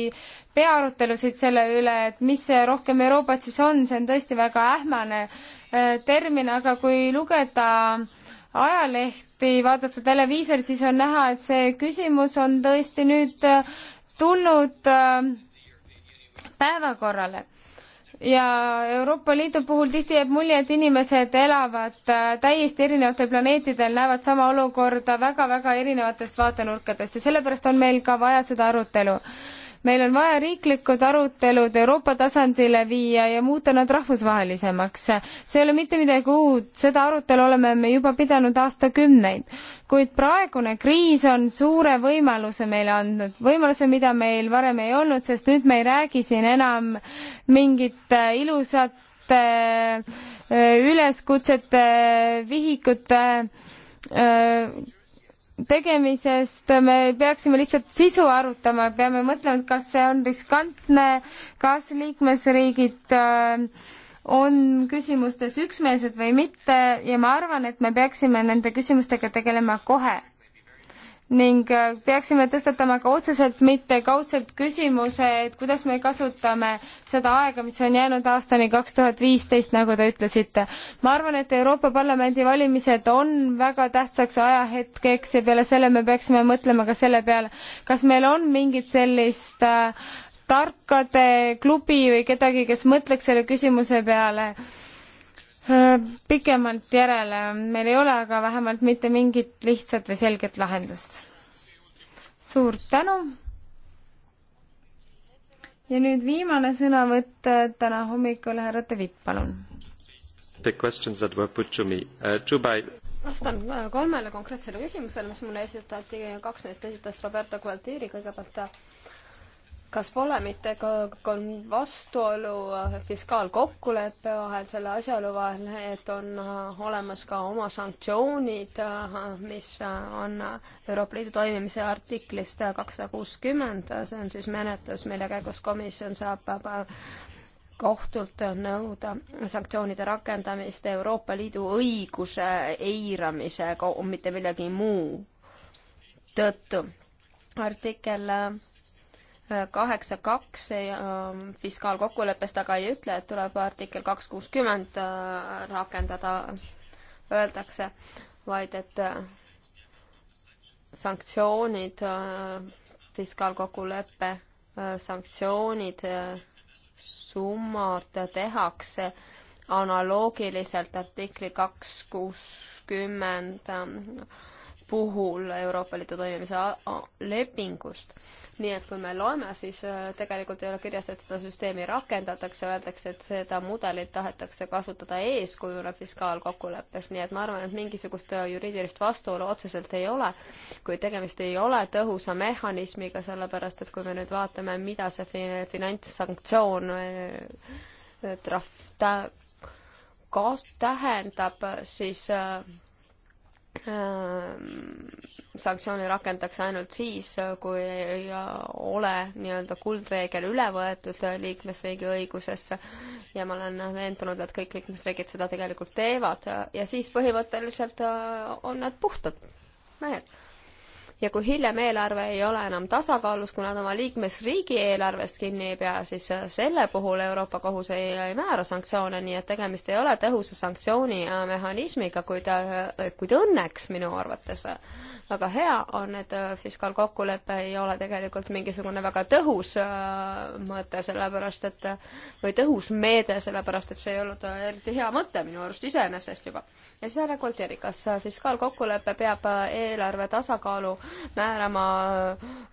pea arutelusid selle üle, et mis see rohkem Euroopat siis on, see on tõesti väga ähmane äh, termin, aga kui lugeda ajalehti, vaadata televiisorit, siis on näha, et see küsimus on tõesti nüüd äh, tulnud äh, päevakorrale ja Euroopa Liidu puhul tihti jääb mulje, et inimesed elavad äh, täiesti erinevatel planeetidel, näevad sama olukorda väga-väga erinevatest vaatenurkadest ja sellepärast on meil ka vaja seda arutelu meil on vaja riiklikud arutelud Euroopa tasandile viia ja muuta nad rahvusvahelisemaks. see ei ole mitte midagi uut, seda arutelu oleme me juba pidanud aastakümneid, kuid praegune kriis on suure võimaluse meile andnud, võimaluse, mida meil varem ei olnud, sest nüüd me ei räägi siin enam mingit äh, ilusat äh, äh, üleskutsete, vihikute tegemisest me peaksime lihtsalt sisu arutama, peame mõtlema, et kas see on riskantne, kas liikmesriigid äh, on küsimustes üksmeelsed või mitte ja ma arvan, et me peaksime nende küsimustega tegelema kohe ning äh, peaksime tõstatama ka otseselt, mitte kaudselt küsimuse, et kuidas me kasutame seda aega, mis on jäänud aastani kaks tuhat viisteist, nagu te ütlesite. ma arvan, et Euroopa Parlamendi valimised on väga tähtsaks ajahetkeks ja peale selle me peaksime mõtlema ka selle peale, kas meil on mingit sellist äh, tarkade klubi või kedagi, kes mõtleks selle küsimuse peale pikemalt järele, meil ei ole aga vähemalt mitte mingit lihtsat või selget lahendust. suur tänu! ja nüüd viimane sõnavõtt täna hommikul, härra Tevit, palun. Uh, vastan äh, kolmele konkreetsele küsimusele, mis mulle esitati, kaks neist esitas Roberto Gualtieri, kõigepealt ta kas pole mitte ka kon-, vastuolu fiskaalkokkuleppe vahel, selle asjaolu vahel, et on äh, olemas ka oma sanktsioonid, äh, mis äh, on Euroopa Liidu toimimise artiklist kakssada kuuskümmend, see on siis menetlus, mille käigus komisjon saab kohtult nõuda sanktsioonide rakendamist Euroopa Liidu õiguse eiramisega, mitte millegi muu tõttu. artikkel kaheksa kaks ähm, fiskaalkokkuleppest aga ei ütle, et tuleb artikkel kaks kuuskümmend äh, rakendada, öeldakse, vaid et äh, sanktsioonid, äh, fiskaalkokkuleppe sanktsioonid, summad tehakse analoogiliselt artikli kaks kuuskümmend ähm, puhul Euroopa Liidu toimimise lepingust nii et kui me loeme, siis äh, tegelikult ei ole kirjas, et seda süsteemi rakendatakse, öeldakse, et seda mudelit tahetakse kasutada eeskujuna fiskaalkokkuleppes, nii et ma arvan, et mingisugust äh, juriidilist vastuolu otseselt ei ole, kui tegemist ei ole tõhusa mehhanismiga, sellepärast et kui me nüüd vaatame, mida see finantssanktsioon äh, trahv tähendab, siis äh, Ehm, sanktsiooni rakendatakse ainult siis, kui ei ole nii-öelda kuldreegel üle võetud liikmesriigi õigusesse ja ma olen veendunud, et kõik liikmesriigid seda tegelikult teevad ja siis põhimõtteliselt äh, on nad puhtad mehed ja kui hiljem eelarve ei ole enam tasakaalus, kui nad oma liikmesriigi eelarvest kinni ei pea, siis äh, selle puhul Euroopa Kohus ei, ei määra sanktsioone, nii et tegemist ei ole tõhusa sanktsioonimehhanismiga, kuid, äh, kuid õnneks minu arvates väga hea on, et äh, fiskaalkokkulepe ei ole tegelikult mingisugune väga tõhus mõte, sellepärast et või tõhus meede, sellepärast et see ei olnud eriti hea mõte minu arust iseenesest juba. ja siis härra Kolteri, kas fiskaalkokkulepe peab eelarve tasakaalu määrama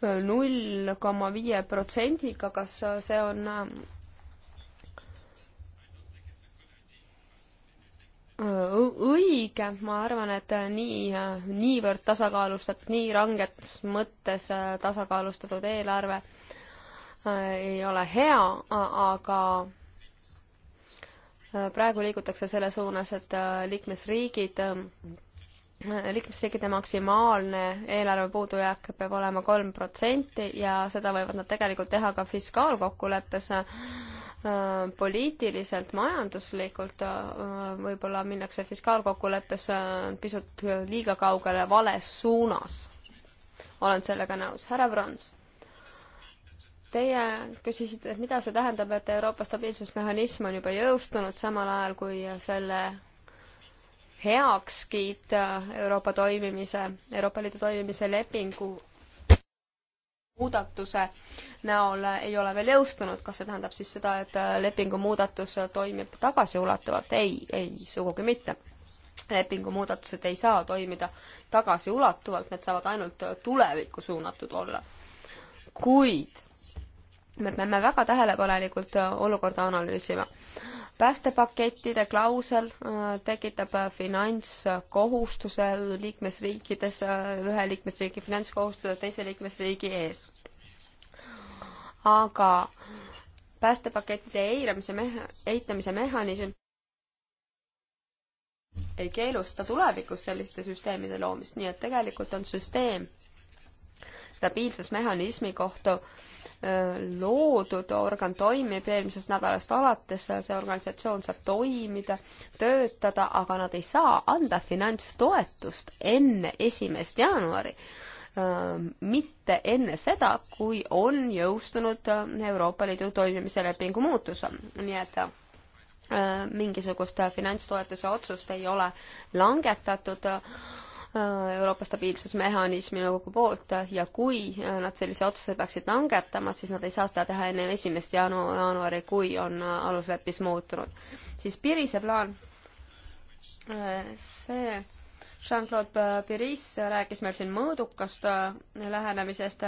äh, null koma viie protsendiga, kas äh, see on äh, õige, ma arvan, et nii, niivõrd tasakaalustatud, nii ranges mõttes tasakaalustatud eelarve ei ole hea, aga praegu liigutakse selle suunas, et liikmesriigid liikmesriikide maksimaalne eelarve puudujääk peab olema kolm protsenti ja seda võivad nad tegelikult teha ka fiskaalkokkuleppes äh, poliitiliselt, majanduslikult äh, võib-olla minnakse fiskaalkokkuleppes äh, pisut liiga kaugele vales suunas. olen sellega nõus. härra Brons teie küsisite, et mida see tähendab, et Euroopa stabiilsusmehhanism on juba jõustunud, samal ajal kui selle heaks kiita äh, Euroopa toimimise, Euroopa Liidu toimimise lepingu muudatuse näol ei ole veel jõustunud, kas see tähendab siis seda, et äh, lepingu muudatus äh, toimib tagasiulatuvalt? ei, ei, sugugi mitte. lepingu muudatused ei saa toimida tagasiulatuvalt, need saavad ainult tulevikku suunatud olla. kuid me peame väga tähelepanelikult olukorda analüüsima päästepakettide klausel äh, tekitab äh, finantskohustuse liikmesriikides, äh, ühe liikmesriigi finantskohustuse teise liikmesriigi ees. aga päästepakettide eiramise meha-, eitamise mehhanism ei keelusta tulevikus selliste süsteemide loomist, nii et tegelikult on süsteem stabiilsusmehhanismi kohta äh, Äh, loodud, organ toimib eelmisest nädalast alates, see organisatsioon saab toimida, töötada, aga nad ei saa anda finantstoetust enne esimest jaanuari äh, mitte enne seda, kui on jõustunud äh, Euroopa Liidu toimimise lepingu muutus. nii et mingisugust finantstoetuse otsust ei ole langetatud Äh, Euroopa stabiilsusmehhanismi nõukogu poolt ja kui äh, nad sellise otsuse peaksid langetama, siis nad ei saa seda teha enne esimest jaanu-, jaanuari, kui on äh, alusleppis muutunud. siis Pirise plaan, see Jean-Claude Piris rääkis meil siin mõõdukast lähenemisest,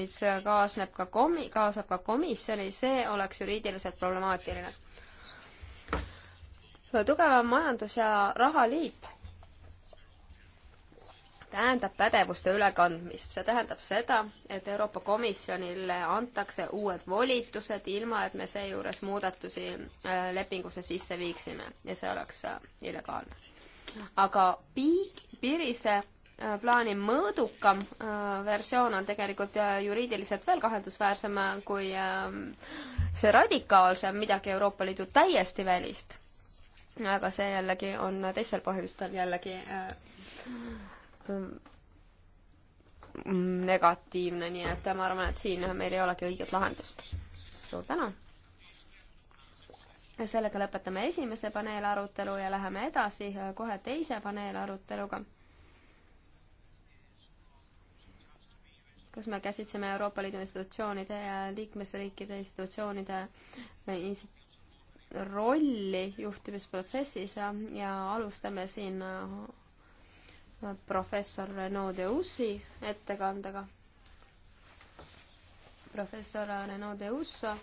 mis kaasneb ka komi-, kaasab ka komisjoni, see oleks juriidiliselt problemaatiline. tugevam majandus- ja rahaliit tähendab pädevuste ülekandmist. see tähendab seda, et Euroopa Komisjonile antakse uued volitused, ilma et me seejuures muudatusi äh, lepingusse sisse viiksime ja see oleks äh, illegaalne. aga piik, piirise äh, plaani mõõdukam versioon on tegelikult juriidiliselt veel kaheldusväärsem kui see radikaalsem midagi Euroopa Liidu täiesti välist. aga see jällegi on teistel põhjustel jällegi negatiivne, nii et ma arvan, et siin äh, meil ei olegi õiget lahendust. suur tänu! ja sellega lõpetame esimese paneelarutelu ja läheme edasi äh, kohe teise paneelaruteluga. kus me käsitlesime Euroopa Liidu institutsioonide ja liikmesriikide institutsioonide äh, rolli juhtimisprotsessis ja, ja alustame siin professor Renaud de Ussi ettekandega. professor Renaud de Usso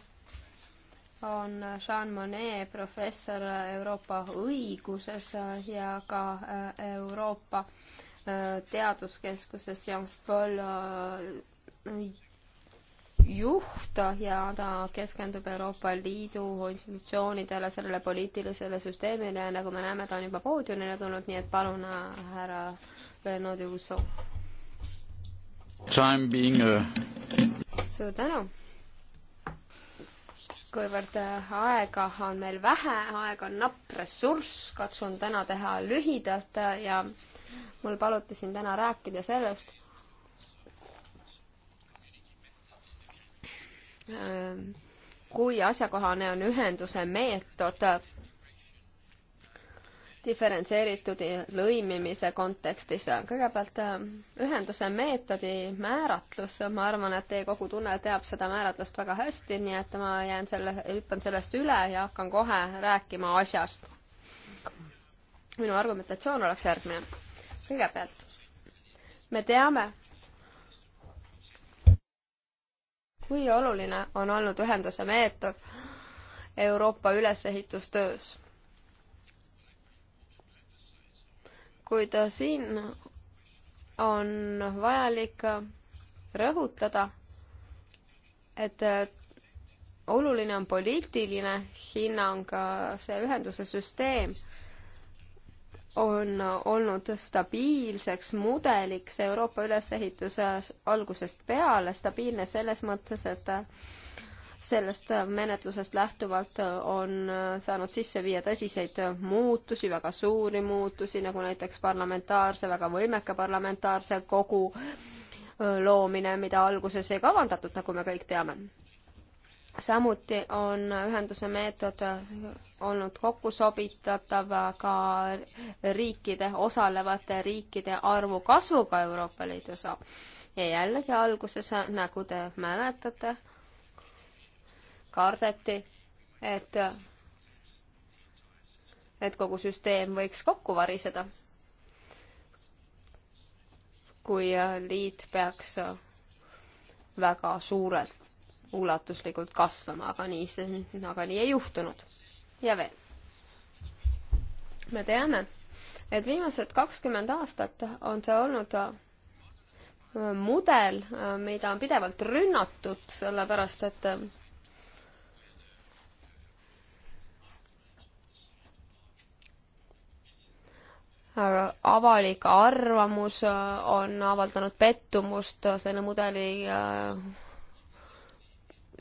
on Jean Monnet professor Euroopa õiguses ja ka äh, Euroopa äh, Teaduskeskuse Sciences Po juht ja ta keskendub Euroopa Liidu institutsioonidele, sellele poliitilisele süsteemile ja nagu me näeme, ta on juba poodiumile tulnud, nii et palun, härra Renaud Jusso. Time being a... Uh, suur tänu. kuivõrd äh, aega on meil vähe, aeg on napp ressurss, katsun täna teha lühidalt äh, ja mul paluti siin täna rääkida sellest Äh, kui asjakohane on ühenduse meetod diferentseeritud lõimimise kontekstis. kõigepealt äh, ühenduse meetodi määratlus, ma arvan, et teie kogu tunne teab seda määratlust väga hästi, nii et ma jään selle, hüppan sellest üle ja hakkan kohe rääkima asjast. minu argumentatsioon oleks järgmine. kõigepealt, me teame, kui oluline on olnud ühenduse meetod Euroopa ülesehitustöös. kuid siin on vajalik rõhutada, et oluline on poliitiline hinnang, see ühenduse süsteem on olnud stabiilseks mudeliks Euroopa ülesehituse algusest peale, stabiilne selles mõttes, et sellest menetlusest lähtuvalt on saanud sisse viia tõsiseid muutusi, väga suuri muutusi, nagu näiteks parlamentaarse, väga võimeka parlamentaarse kogu loomine, mida alguses ei kavandatud, nagu me kõik teame samuti on ühenduse meetod olnud kokkusobitatav ka riikide, osalevate riikide arvu kasvuga Euroopa Liidus. ja jällegi alguses, nagu te mäletate, kardeti, et, et kogu süsteem võiks kokku variseda. kui liit peaks väga suurelt ulatuslikult kasvama, aga nii see, aga nii ei juhtunud. ja veel. me teame, et viimased kakskümmend aastat on see olnud äh, mudel, äh, mida on pidevalt rünnatud, sellepärast et äh, avalik arvamus on avaldanud pettumust selle mudeli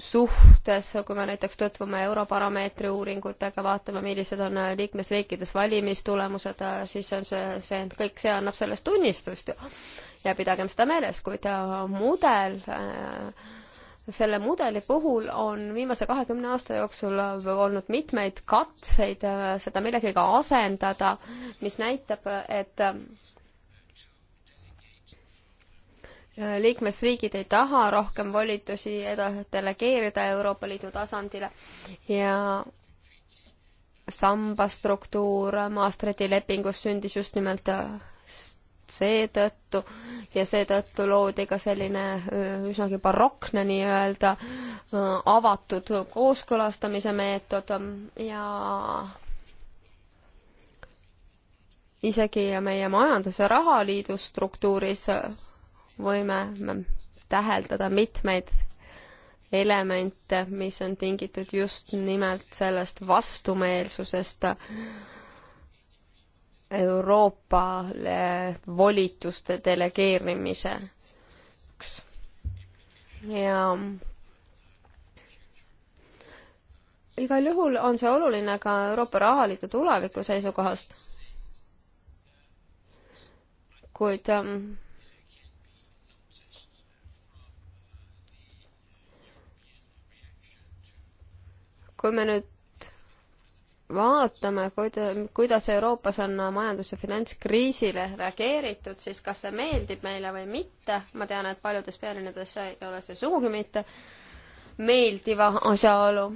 suhtes, kui me näiteks tutvume Eurobaromeetri uuringutega, vaatame, millised on liikmesriikides valimistulemused, siis on see, see kõik, see annab sellest tunnistust ju. ja pidagem seda meeles, kuid äh, mudel äh, selle mudeli puhul on viimase kahekümne aasta jooksul olnud mitmeid katseid äh, seda millegagi asendada, mis näitab, et liikmesriigid ei taha rohkem volitusi edasi delegeerida Euroopa Liidu tasandile ja samba struktuur Maastrichti lepingus sündis just nimelt äh, seetõttu ja seetõttu loodi ka selline äh, üsnagi barokne nii-öelda äh, avatud kooskõlastamise meetod ja isegi meie majandus- ja rahaliidu struktuuris võime täheldada mitmeid elemente, mis on tingitud just nimelt sellest vastumeelsusest Euroopale volituste delegeerimiseks. ja igal juhul on see oluline ka Euroopa rahaliidu tuleviku seisukohast, kuid ähm, kui me nüüd vaatame, kuida-, kuidas Euroopas on majandus- ja finantskriisile reageeritud, siis kas see meeldib meile või mitte, ma tean, et paljudes pealinnades ei ole see sugugi mitte meeldiva asjaolu,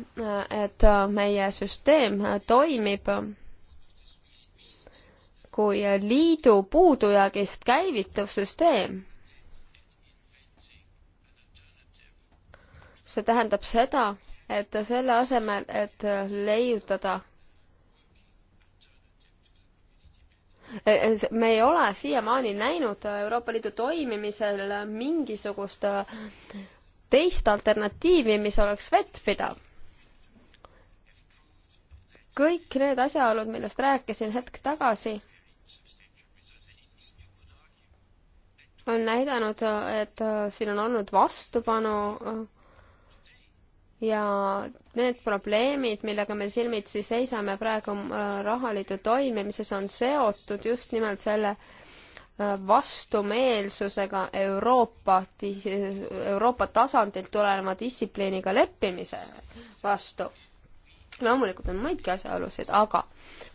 et meie süsteem toimib kui liidu puudujäägist käivituv süsteem see tähendab seda, et selle asemel, et leiutada me ei ole siiamaani näinud Euroopa Liidu toimimisel mingisugust teist alternatiivi, mis oleks vettpidav kõik need asjaolud, millest rääkisin hetk tagasi, on näidanud, et siin on olnud vastupanu ja need probleemid, millega me silmitsi seisame praegu äh, rahaliidu toimimises, on seotud just nimelt selle äh, vastumeelsusega Euroopa, Euroopa tasandilt tuleneva distsipliiniga leppimise vastu. loomulikult on muidki asjaolusid, aga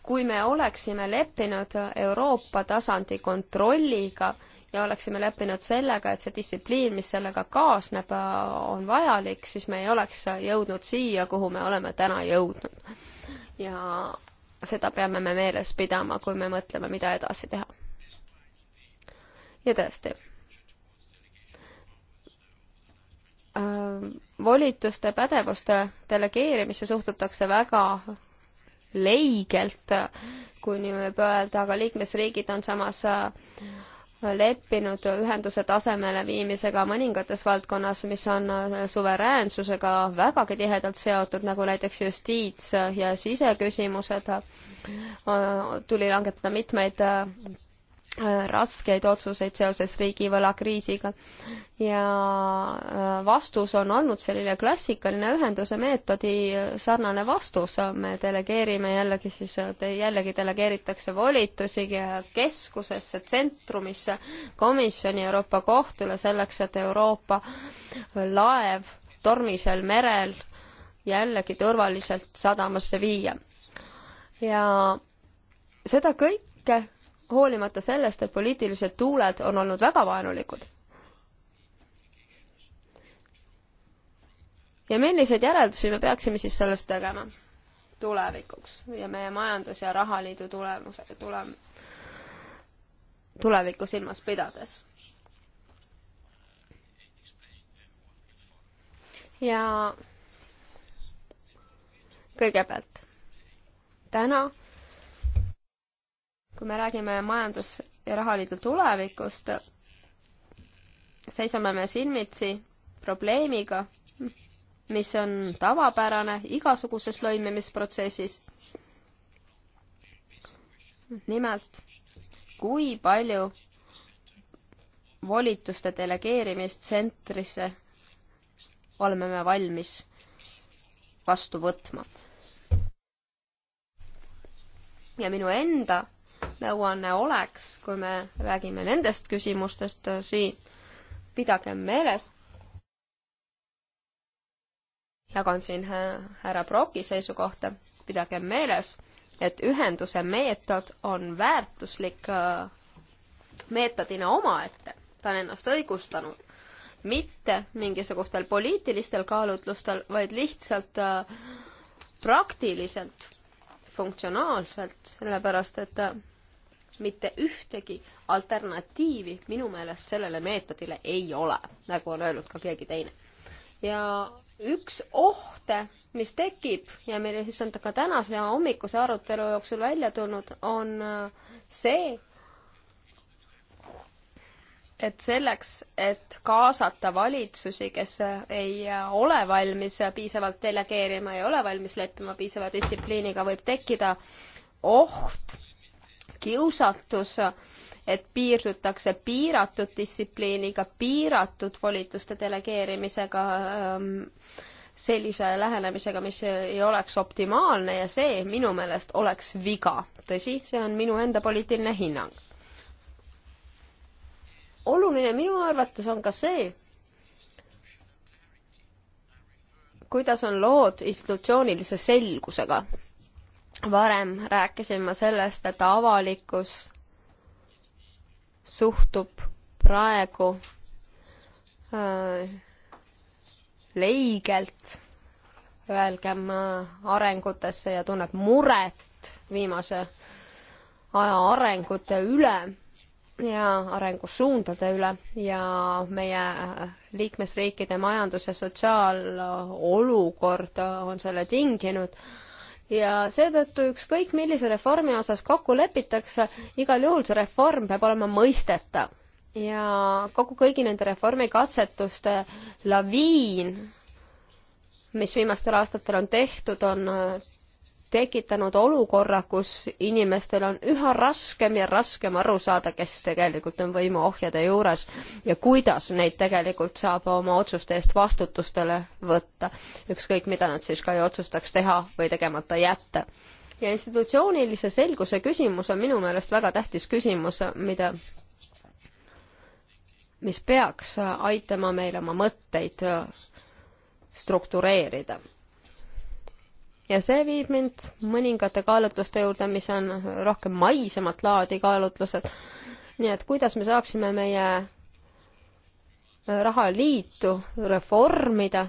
kui me oleksime leppinud Euroopa tasandi kontrolliga ja oleksime leppinud sellega, et see distsipliin, mis sellega kaasneb, äh, on vajalik, siis me ei oleks jõudnud siia, kuhu me oleme täna jõudnud. ja seda peame me meeles pidama, kui me mõtleme, mida edasi teha. ja tõesti äh, volituste, pädevuste delegeerimisse suhtutakse väga leigelt, kui nii võib öelda, aga liikmesriigid on samas äh, leppinud ühenduse tasemele viimisega mõningates valdkonnas, mis on suveräänsusega vägagi tihedalt seotud, nagu näiteks justiits- ja siseküsimused, tuli langetada mitmeid raskeid otsuseid seoses riigivõlakriisiga ja äh, vastus on olnud selline klassikaline ühenduse meetodi äh, sarnane vastus, me delegeerime jällegi siis, äh, jällegi delegeeritakse volitusi keskusesse, tsentrumisse, komisjoni Euroopa Kohtule selleks, et Euroopa laev tormisel merel jällegi turvaliselt sadamasse viia. ja seda kõike hoolimata sellest, et poliitilised tuuled on olnud väga vaenulikud. ja milliseid järeldusi me peaksime siis sellest tegema tulevikuks ja meie majandus- ja rahaliidu tulemuse, tulem-, tulevikku silmas pidades? ja kõigepealt täna kui me räägime majandus- ja rahaliidu tulevikust, seisame me silmitsi probleemiga, mis on tavapärane igasuguses lõimimisprotsessis. nimelt, kui palju volituste delegeerimist tsentrisse oleme me valmis vastu võtma. ja minu enda nõuanne oleks, kui me räägime nendest küsimustest äh, siin, pidagem meeles. jagan siin äh, härra Broki seisukohta, pidagem meeles, et ühenduse meetod on väärtuslik äh, meetodina omaette, ta on ennast õigustanud, mitte mingisugustel poliitilistel kaalutlustel, vaid lihtsalt praktiliselt, funktsionaalselt, sellepärast et mitte ühtegi alternatiivi minu meelest sellele meetodile ei ole, nagu on öelnud ka keegi teine. ja üks ohte, mis tekib ja mille siis on ka tänase hommikuse arutelu jooksul välja tulnud, on äh, see, et selleks, et kaasata valitsusi, kes äh, ei äh, ole valmis piisavalt delegeerima, ei ole valmis leppima piisava distsipliiniga, võib tekkida oht kiusatus, et piirdutakse piiratud distsipliiniga, piiratud volituste delegeerimisega ähm, sellise lähenemisega, mis ei oleks optimaalne ja see minu meelest oleks viga. tõsi, see on minu enda poliitiline hinnang. oluline minu arvates on ka see, kuidas on lood institutsioonilise selgusega varem rääkisin ma sellest, et avalikkus suhtub praegu äh, leigelt, öelgem, äh, arengutesse ja tunneb muret viimase aja arengute üle ja arengusuundade üle ja meie äh, liikmesriikide majandus- ja sotsiaalolukord äh, on selle tinginud ja seetõttu ükskõik, millise reformi osas kokku lepitakse, igal juhul see reform peab olema mõistetav. ja kogu kõigi nende reformikatsetuste laviin mis viimastel aastatel on tehtud, on äh, tekitanud olukorra, kus inimestel on üha raskem ja raskem aru saada, kes tegelikult on võimuohjade juures ja kuidas neid tegelikult saab oma otsuste eest vastutustele võtta, ükskõik mida nad siis ka ei otsustaks teha või tegemata jätta. ja institutsioonilise selguse küsimus on minu meelest väga tähtis küsimus, mida mis peaks aitama meil oma mõtteid struktureerida ja see viib mind mõningate kaalutluste juurde, mis on rohkem maisemat laadi kaalutlused. nii et kuidas me saaksime meie rahaliitu reformida,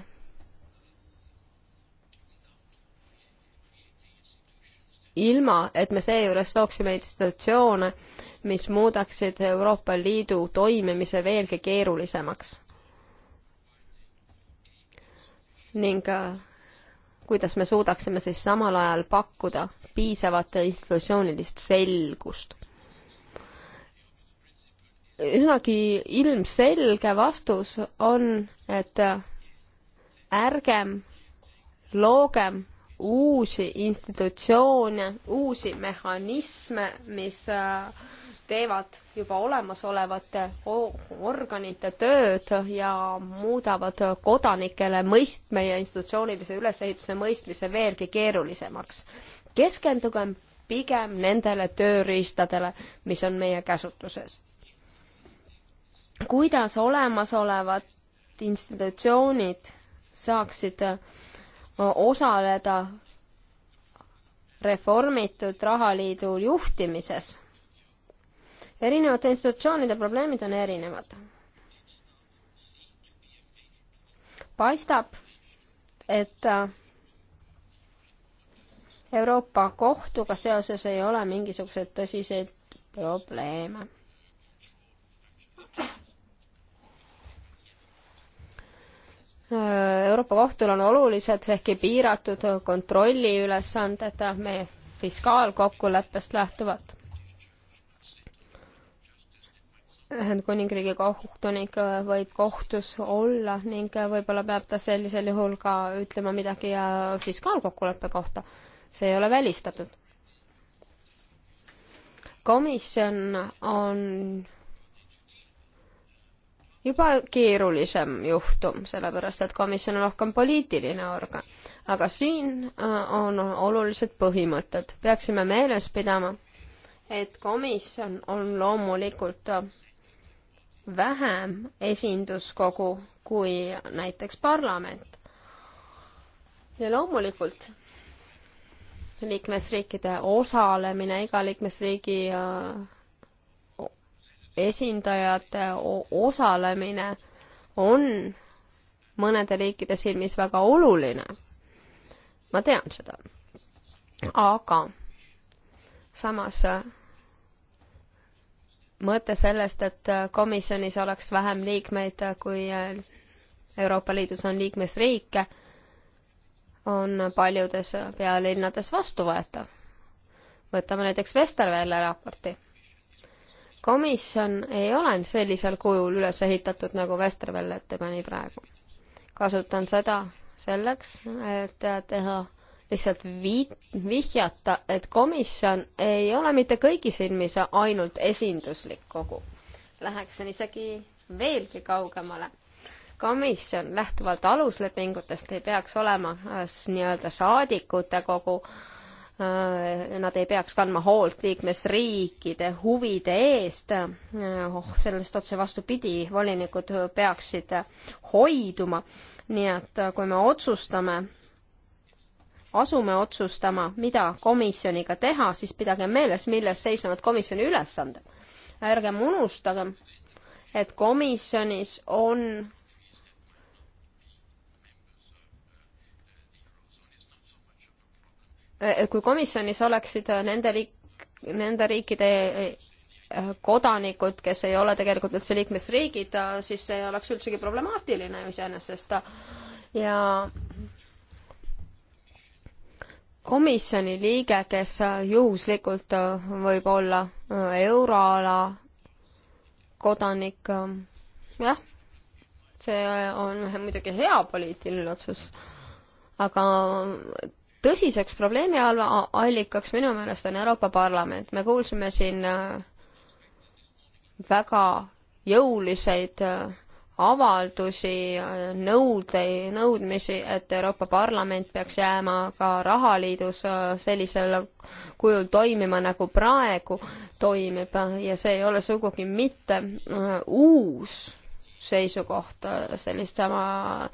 ilma et me seejuures looksime institutsioone, mis muudaksid Euroopa Liidu toimimise veelgi keerulisemaks. ning äh, kuidas me suudaksime siis samal ajal pakkuda piisavat institutsioonilist selgust. üsnagi ilmselge vastus on, et ärgem loogem uusi institutsioone, uusi mehhanisme, mis äh, teevad juba olemasolevate organite tööd ja muudavad kodanikele mõist-, meie institutsioonilise ülesehituse mõistmise veelgi keerulisemaks. keskendugem pigem nendele tööriistadele, mis on meie käsutuses. kuidas olemasolevad institutsioonid saaksid osaleda reformitud rahaliidu juhtimises. erinevate institutsioonide probleemid on erinevad. paistab, et äh, Euroopa Kohtuga seoses ei ole mingisuguseid tõsiseid probleeme Euroopa Kohtul on olulised, ehkki piiratud kontrolliülesanded meie fiskaalkokkuleppest lähtuvalt. Ühendkuningriigi kohtunik võib kohtus olla ning võib-olla peab ta sellisel juhul ka ütlema midagi fiskaalkokkuleppe kohta. see ei ole välistatud. komisjon on juba keerulisem juhtum, sellepärast et komisjon on rohkem poliitiline organ. aga siin äh, on olulised põhimõtted. peaksime meeles pidama, et komisjon on loomulikult äh, vähem esinduskogu kui näiteks parlament. ja loomulikult liikmesriikide osalemine iga liikmesriigi äh, esindajate osalemine on mõnede riikide silmis väga oluline. ma tean seda. aga samas äh, mõte sellest, et äh, komisjonis oleks vähem liikmeid, äh, kui Euroopa Liidus on liikmesriike, on paljudes pealinnades vastuvõetav. võtame näiteks Vesterwelle raporti komisjon ei ole sellisel kujul üles ehitatud, nagu Vesterwell ette pani praegu. kasutan seda selleks, et teha lihtsalt viit-, vihjata, et komisjon ei ole mitte kõigi silmis ainult esinduslik kogu. Läheksin isegi veelgi kaugemale. komisjon lähtuvalt aluslepingutest ei peaks olema äh, nii-öelda saadikute kogu äh,, Äh, nad ei peaks kandma hoolt liikmesriikide huvide eest. Äh, oh, sellest otse vastupidi, volinikud peaksid hoiduma. nii et äh, kui me otsustame, asume otsustama, mida komisjoniga teha, siis pidage meeles, milles seisnevad komisjoni ülesanded. ärgem unustagem, et komisjonis on Äh, kui komisjonis oleksid äh, nende liik-, nende riikide äh, kodanikud, kes ei ole tegelikult üldse liikmesriigid, siis see ei oleks üldsegi problemaatiline iseenesest ja komisjoni liige, kes juhuslikult võib olla euroala kodanik, jah, see on muidugi hea poliitiline otsus, aga tõsiseks probleemi allikaks minu meelest on Euroopa Parlament. me kuulsime siin äh, väga jõuliseid äh, avaldusi, äh, nõudeid, nõudmisi, et Euroopa Parlament peaks jääma ka rahaliidus sellisel kujul toimima, nagu praegu toimib ja see ei ole sugugi mitte uus seisukoht, sellist sama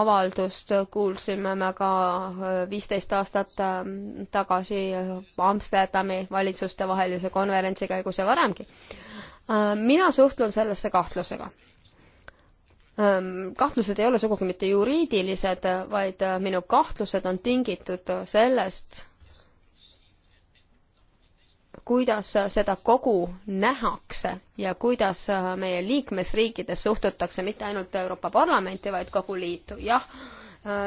avaldust kuulsime me ka äh, viisteist aastat ähm, tagasi Amsterdami valitsustevahelise konverentsi käigus ja varemgi. Äh, mina suhtun sellesse kahtlusega. Ähm, kahtlused ei ole sugugi mitte juriidilised, vaid äh, minu kahtlused on tingitud sellest, kuidas seda kogu nähakse ja kuidas meie liikmesriikides suhtutakse mitte ainult Euroopa Parlamenti, vaid kogu liitu, jah,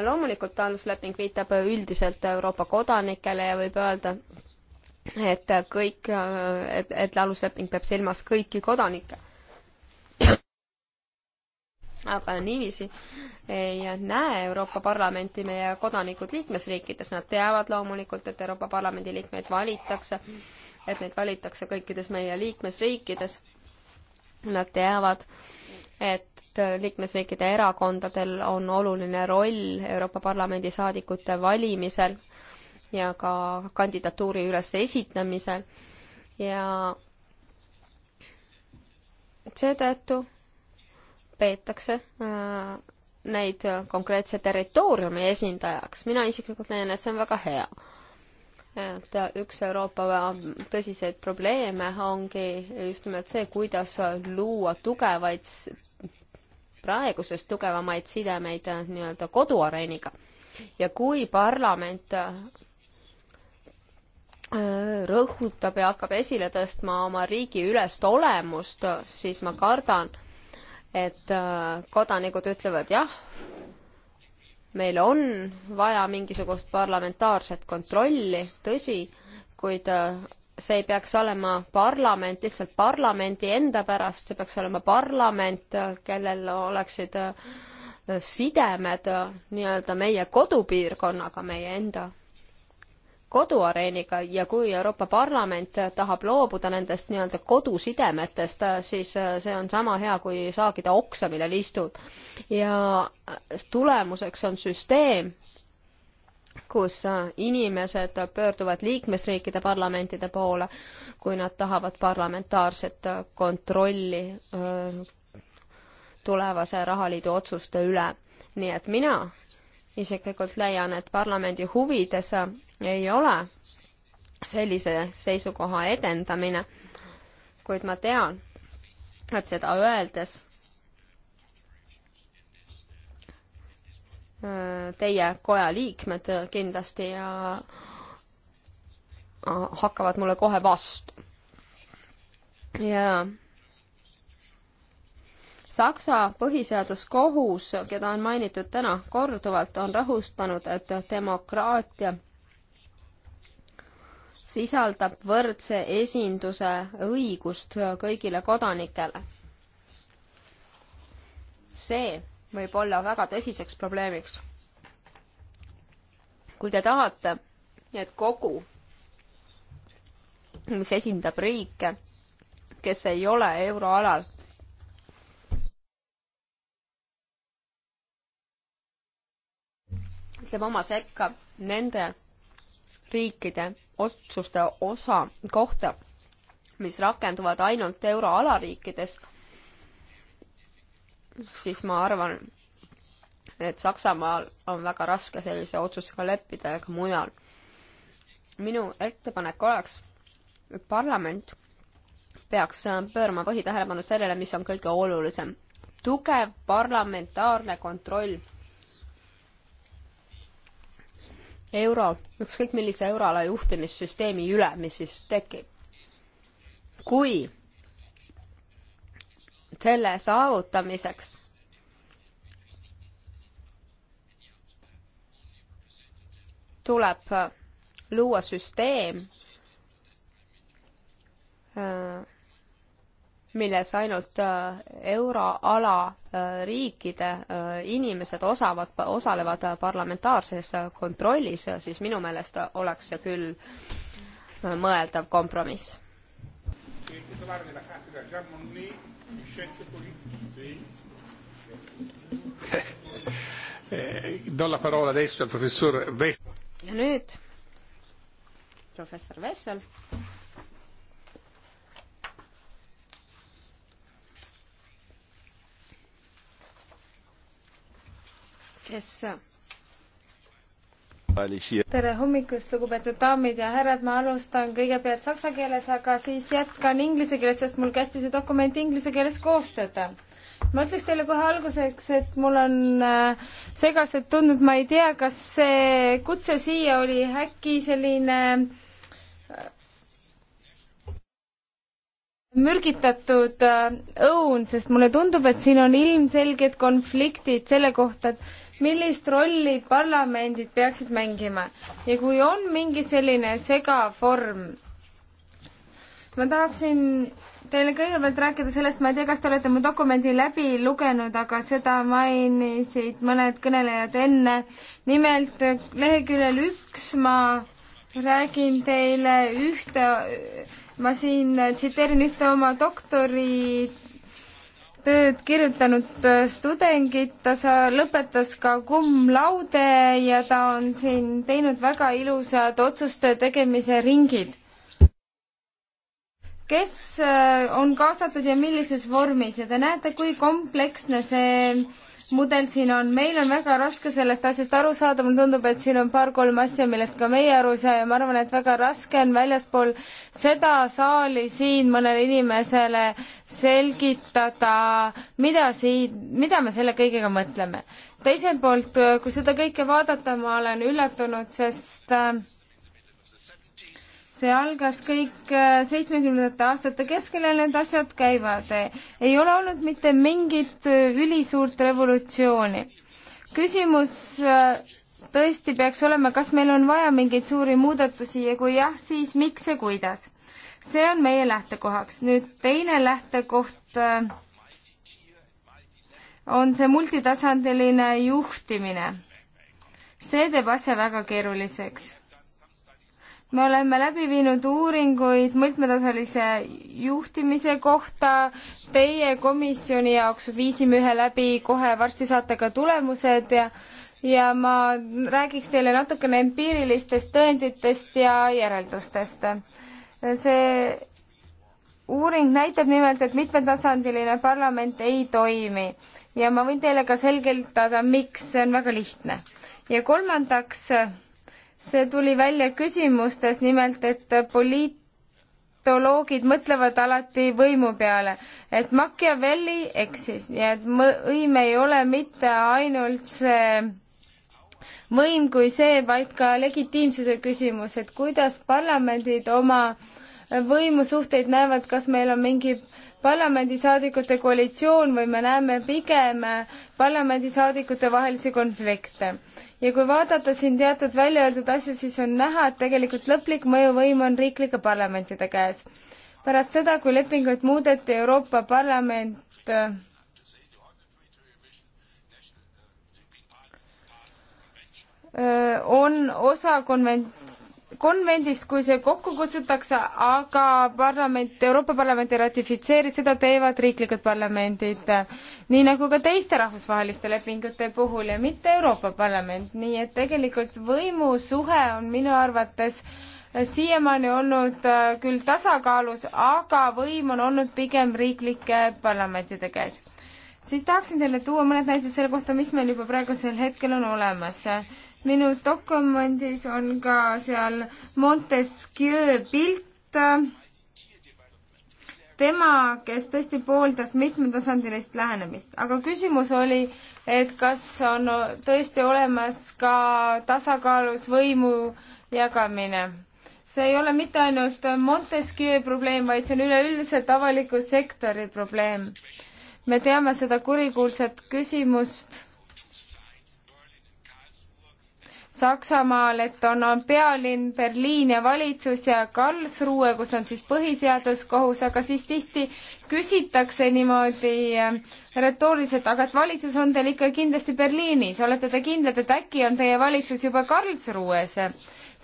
loomulikult alusleping viitab üldiselt Euroopa kodanikele ja võib öelda, et kõik, et, et alusleping peab silmas kõiki kodanikke aga niiviisi ei näe Euroopa Parlamenti meie kodanikud liikmesriikides, nad teavad loomulikult, et Euroopa Parlamendi liikmeid valitakse, et neid valitakse kõikides meie liikmesriikides, nad teavad, et liikmesriikide erakondadel on oluline roll Euroopa Parlamendi saadikute valimisel ja ka kandidatuuri üles esitamisel ja seetõttu peetakse äh, neid konkreetse territooriumi esindajaks. mina isiklikult leian, et see on väga hea. et üks Euroopa tõsiseid probleeme ongi just nimelt see, kuidas luua tugevaid, praegusest tugevamaid sidemeid nii-öelda koduareeniga. ja kui parlament äh, rõhutab ja hakkab esile tõstma oma riigi ülest olemust, siis ma kardan, et äh, kodanikud ütlevad jah, meil on vaja mingisugust parlamentaarset kontrolli, tõsi, kuid äh, see ei peaks olema parlament lihtsalt parlamendi enda pärast, see peaks olema parlament, äh, kellel oleksid sidemed nii-öelda meie kodupiirkonnaga, meie enda koduareeniga ja kui Euroopa Parlament tahab loobuda nendest nii-öelda kodusidemetest, siis see on sama hea kui saagida oksa, millel istud. ja tulemuseks on süsteem, kus inimesed pöörduvad liikmesriikide parlamentide poole, kui nad tahavad parlamentaarset kontrolli äh, tulevase rahaliidu otsuste üle. nii et mina isiklikult leian, et parlamendi huvides ei ole sellise seisukoha edendamine, kuid ma tean, et seda öeldes äh, teie koja liikmed kindlasti ja äh, hakkavad mulle kohe vastu. ja Saksa põhiseaduskohus, keda on mainitud täna korduvalt, on rõhustanud, et demokraatia sisaldab võrdse esinduse õigust kõigile kodanikele. see võib olla väga tõsiseks probleemiks. kui te tahate, et kogu, mis esindab riike, kes ei ole euroalal, ütleb oma sekka nende riikide otsuste osa kohta, mis rakenduvad ainult euroala riikides, siis ma arvan, et Saksamaal on väga raske sellise otsusega leppida ja ka mujal. minu ettepanek oleks, et parlament peaks äh, pöörama põhitähelepanu sellele, mis on kõige olulisem. tugev parlamentaarne kontroll euro, ükskõik millise euroala juhtimissüsteemi üle, mis siis tekib. kui selle saavutamiseks tuleb luua süsteem, äh, milles ainult äh, euroala äh, riikide äh, inimesed osavad, osalevad parlamentaarses kontrollis, siis minu meelest oleks see küll mõeldav kompromiss. *laughs* ja nüüd professor Vessel. kes tere hommikust, lugupeetud daamid ja härrad, ma alustan kõigepealt saksa keeles, aga siis jätkan inglise keeles, sest mul kästi see dokument inglise keeles koostada. ma ütleks teile kohe alguseks, et mul on äh, segased tunded, ma ei tea, kas see kutse siia oli äkki selline äh, mürgitatud äh, õun, sest mulle tundub, et siin on ilmselged konfliktid selle kohta, et millist rolli parlamendid peaksid mängima ja kui on mingi selline segavorm, ma tahaksin teile kõigepealt rääkida sellest, ma ei tea, kas te olete mu dokumendi läbi lugenud, aga seda mainisid mõned kõnelejad enne. nimelt leheküljel üks ma räägin teile ühte, ma siin tsiteerin ühte oma doktori tööd kirjutanud äh, tudengid, ta sa-, lõpetas ka cum laude ja ta on siin teinud väga ilusad otsuste tegemise ringid. kes äh, on kaasatud ja millises vormis ja te näete, kui kompleksne see mudel siin on, meil on väga raske sellest asjast aru saada, mulle tundub, et siin on paar-kolm asja, millest ka meie aru ei saa ja ma arvan, et väga raske on väljaspool seda saali siin mõnele inimesele selgitada, mida siin, mida me selle kõigega mõtleme. teiselt poolt, kui seda kõike vaadata, ma olen üllatunud, sest äh, see algas kõik äh, seitsmekümnendate aastate keskel ja need asjad käivad. ei ole olnud mitte mingit äh, ülisuurt revolutsiooni. küsimus äh, tõesti peaks olema, kas meil on vaja mingeid suuri muudatusi ja kui jah, siis miks ja kuidas. see on meie lähtekohaks. nüüd teine lähtekoht on see multitasandiline juhtimine. see teeb asja väga keeruliseks me oleme läbi viinud uuringuid mitmetasalise juhtimise kohta. Teie komisjoni jaoks viisime ühe läbi, kohe varsti saate ka tulemused ja ja ma räägiks teile natukene empiirilistest tõenditest ja järeldustest. see uuring näitab nimelt, et mitmetasandiline parlament ei toimi ja ma võin teile ka selgitada, miks, see on väga lihtne. ja kolmandaks see tuli välja küsimustes, nimelt et poliitoloogid mõtlevad alati võimu peale, et Machiavelli eksis ja et võim ei ole mitte ainult see võim kui see, vaid ka legitiimsuse küsimus, et kuidas parlamendid oma võimusuhteid näevad, kas meil on mingi parlamendisaadikute koalitsioon või me näeme pigem parlamendisaadikute vahelisi konflikte ja kui vaadata siin teatud välja öeldud asju, siis on näha, et tegelikult lõplik mõjuvõim on riiklike parlamentide käes. pärast seda, kui lepinguid muudeti, Euroopa Parlament äh, on osa konvent-, konvendist, kui see kokku kutsutakse, aga parlament, Euroopa Parlament ei ratifitseeri, seda teevad riiklikud parlamendid, nii nagu ka teiste rahvusvaheliste lepingute puhul ja mitte Euroopa Parlament, nii et tegelikult võimusuhe on minu arvates siiamaani olnud äh, küll tasakaalus, aga võim on olnud pigem riiklike parlamentide käes. siis tahaksin teile tuua mõned näited selle kohta, mis meil juba praegusel hetkel on olemas minu dokumendis on ka seal Montesquieu pilt, tema, kes tõesti pooldas mitmetasandilist lähenemist, aga küsimus oli, et kas on tõesti olemas ka tasakaalus võimu jagamine. see ei ole mitte ainult Montesquieu probleem, vaid see on üleüldiselt avaliku sektori probleem. me teame seda kurikuulsat küsimust Saksamaal, et on, on pealinn Berliin ja valitsus ja Karlsruhe, kus on siis põhiseaduskohus, aga siis tihti küsitakse niimoodi eh, retooriliselt, aga et valitsus on teil ikka kindlasti Berliinis, olete te kindlad, et äkki on teie valitsus juba Karlsruhes?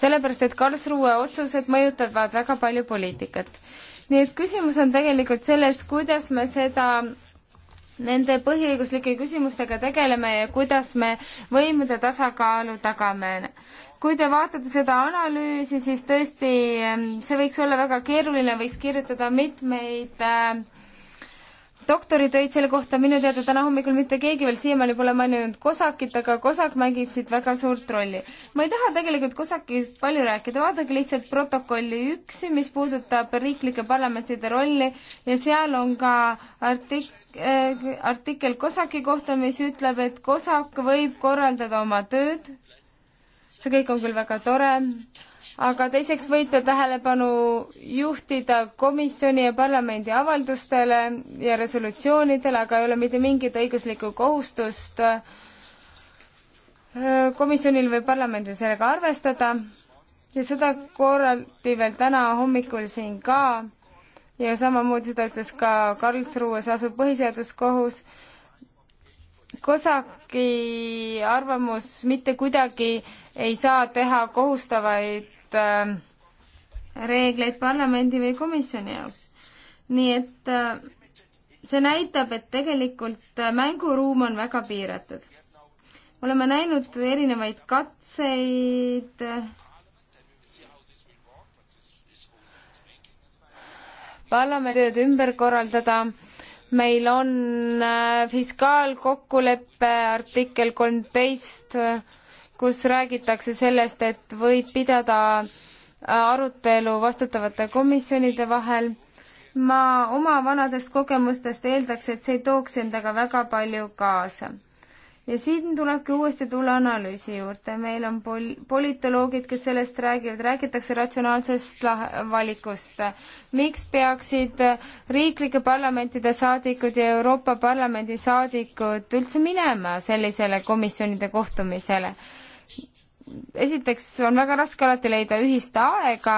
sellepärast, et Karlsruhe otsused mõjutavad väga palju poliitikat. nii et küsimus on tegelikult selles, kuidas me seda nende põhiõiguslike küsimustega tegeleme ja kuidas me võimude tasakaalu tagame. kui te vaatate seda analüüsi, siis tõesti, ehm, see võiks olla väga keeruline, võiks kirjutada mitmeid äh, doktoritöid selle kohta minu teada täna hommikul mitte keegi veel siiamaani pole maininud Kosakit, aga Kosak mängib siit väga suurt rolli. ma ei taha tegelikult Kosakist palju rääkida, vaadake lihtsalt protokolli üks, mis puudutab riiklike parlamentide rolli ja seal on ka artik- äh,, artikkel Kosaki kohta, mis ütleb, et Kosak võib korraldada oma tööd. see kõik on küll väga tore aga teiseks võite tähelepanu juhtida komisjoni ja parlamendi avaldustele ja resolutsioonidele, aga ei ole mitte mingit õiguslikku kohustust äh, komisjonil või parlamendil sellega arvestada ja seda korraldi veel täna hommikul siin ka ja samamoodi seda ütles ka Karlsruues asuv põhiseaduskohus. Kosaki arvamus mitte kuidagi ei saa teha kohustavaid mingeid äh, reegleid parlamendi või komisjoni jaoks. nii et äh, see näitab, et tegelikult äh, mänguruum on väga piiratud. oleme näinud erinevaid katseid parlamenditööd ümber korraldada. meil on fiskaalkokkuleppe artikkel kolmteist 13 kus räägitakse sellest, et võib pidada äh, arutelu vastutavate komisjonide vahel. ma oma vanadest kogemustest eeldaks, et see tooks endaga väga palju kaasa. ja siin tulebki uuesti tulla analüüsi juurde, meil on pol-, politoloogid, kes sellest räägivad, räägitakse ratsionaalsest lah-, valikust. miks peaksid äh, riiklike parlamentide saadikud ja Euroopa Parlamendi saadikud üldse minema sellisele komisjonide kohtumisele? esiteks on väga raske alati leida ühist aega,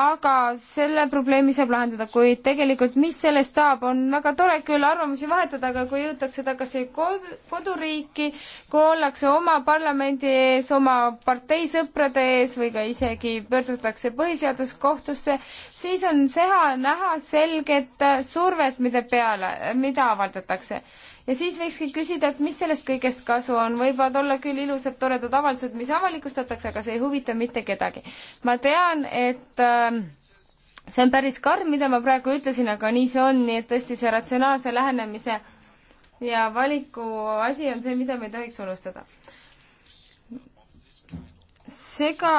aga selle probleemi saab lahendada, kuid tegelikult, mis sellest saab, on väga tore küll arvamusi vahetada, aga kui jõutakse tagasi kod koduriiki, kui ollakse oma parlamendi ees, oma partei sõprade ees või ka isegi pöördutakse põhiseaduskohtusse, siis on seha näha selget survet, mida peale, mida avaldatakse ja siis võikski küsida, et mis sellest kõigest kasu on, võivad olla küll ilusad toredad avaldused, mis avalikustatakse, aga see ei huvita mitte kedagi. ma tean, et äh, see on päris karm, mida ma praegu ütlesin, aga nii see on, nii et tõesti see ratsionaalse lähenemise ja valiku asi on see, mida me ei tohiks unustada. sega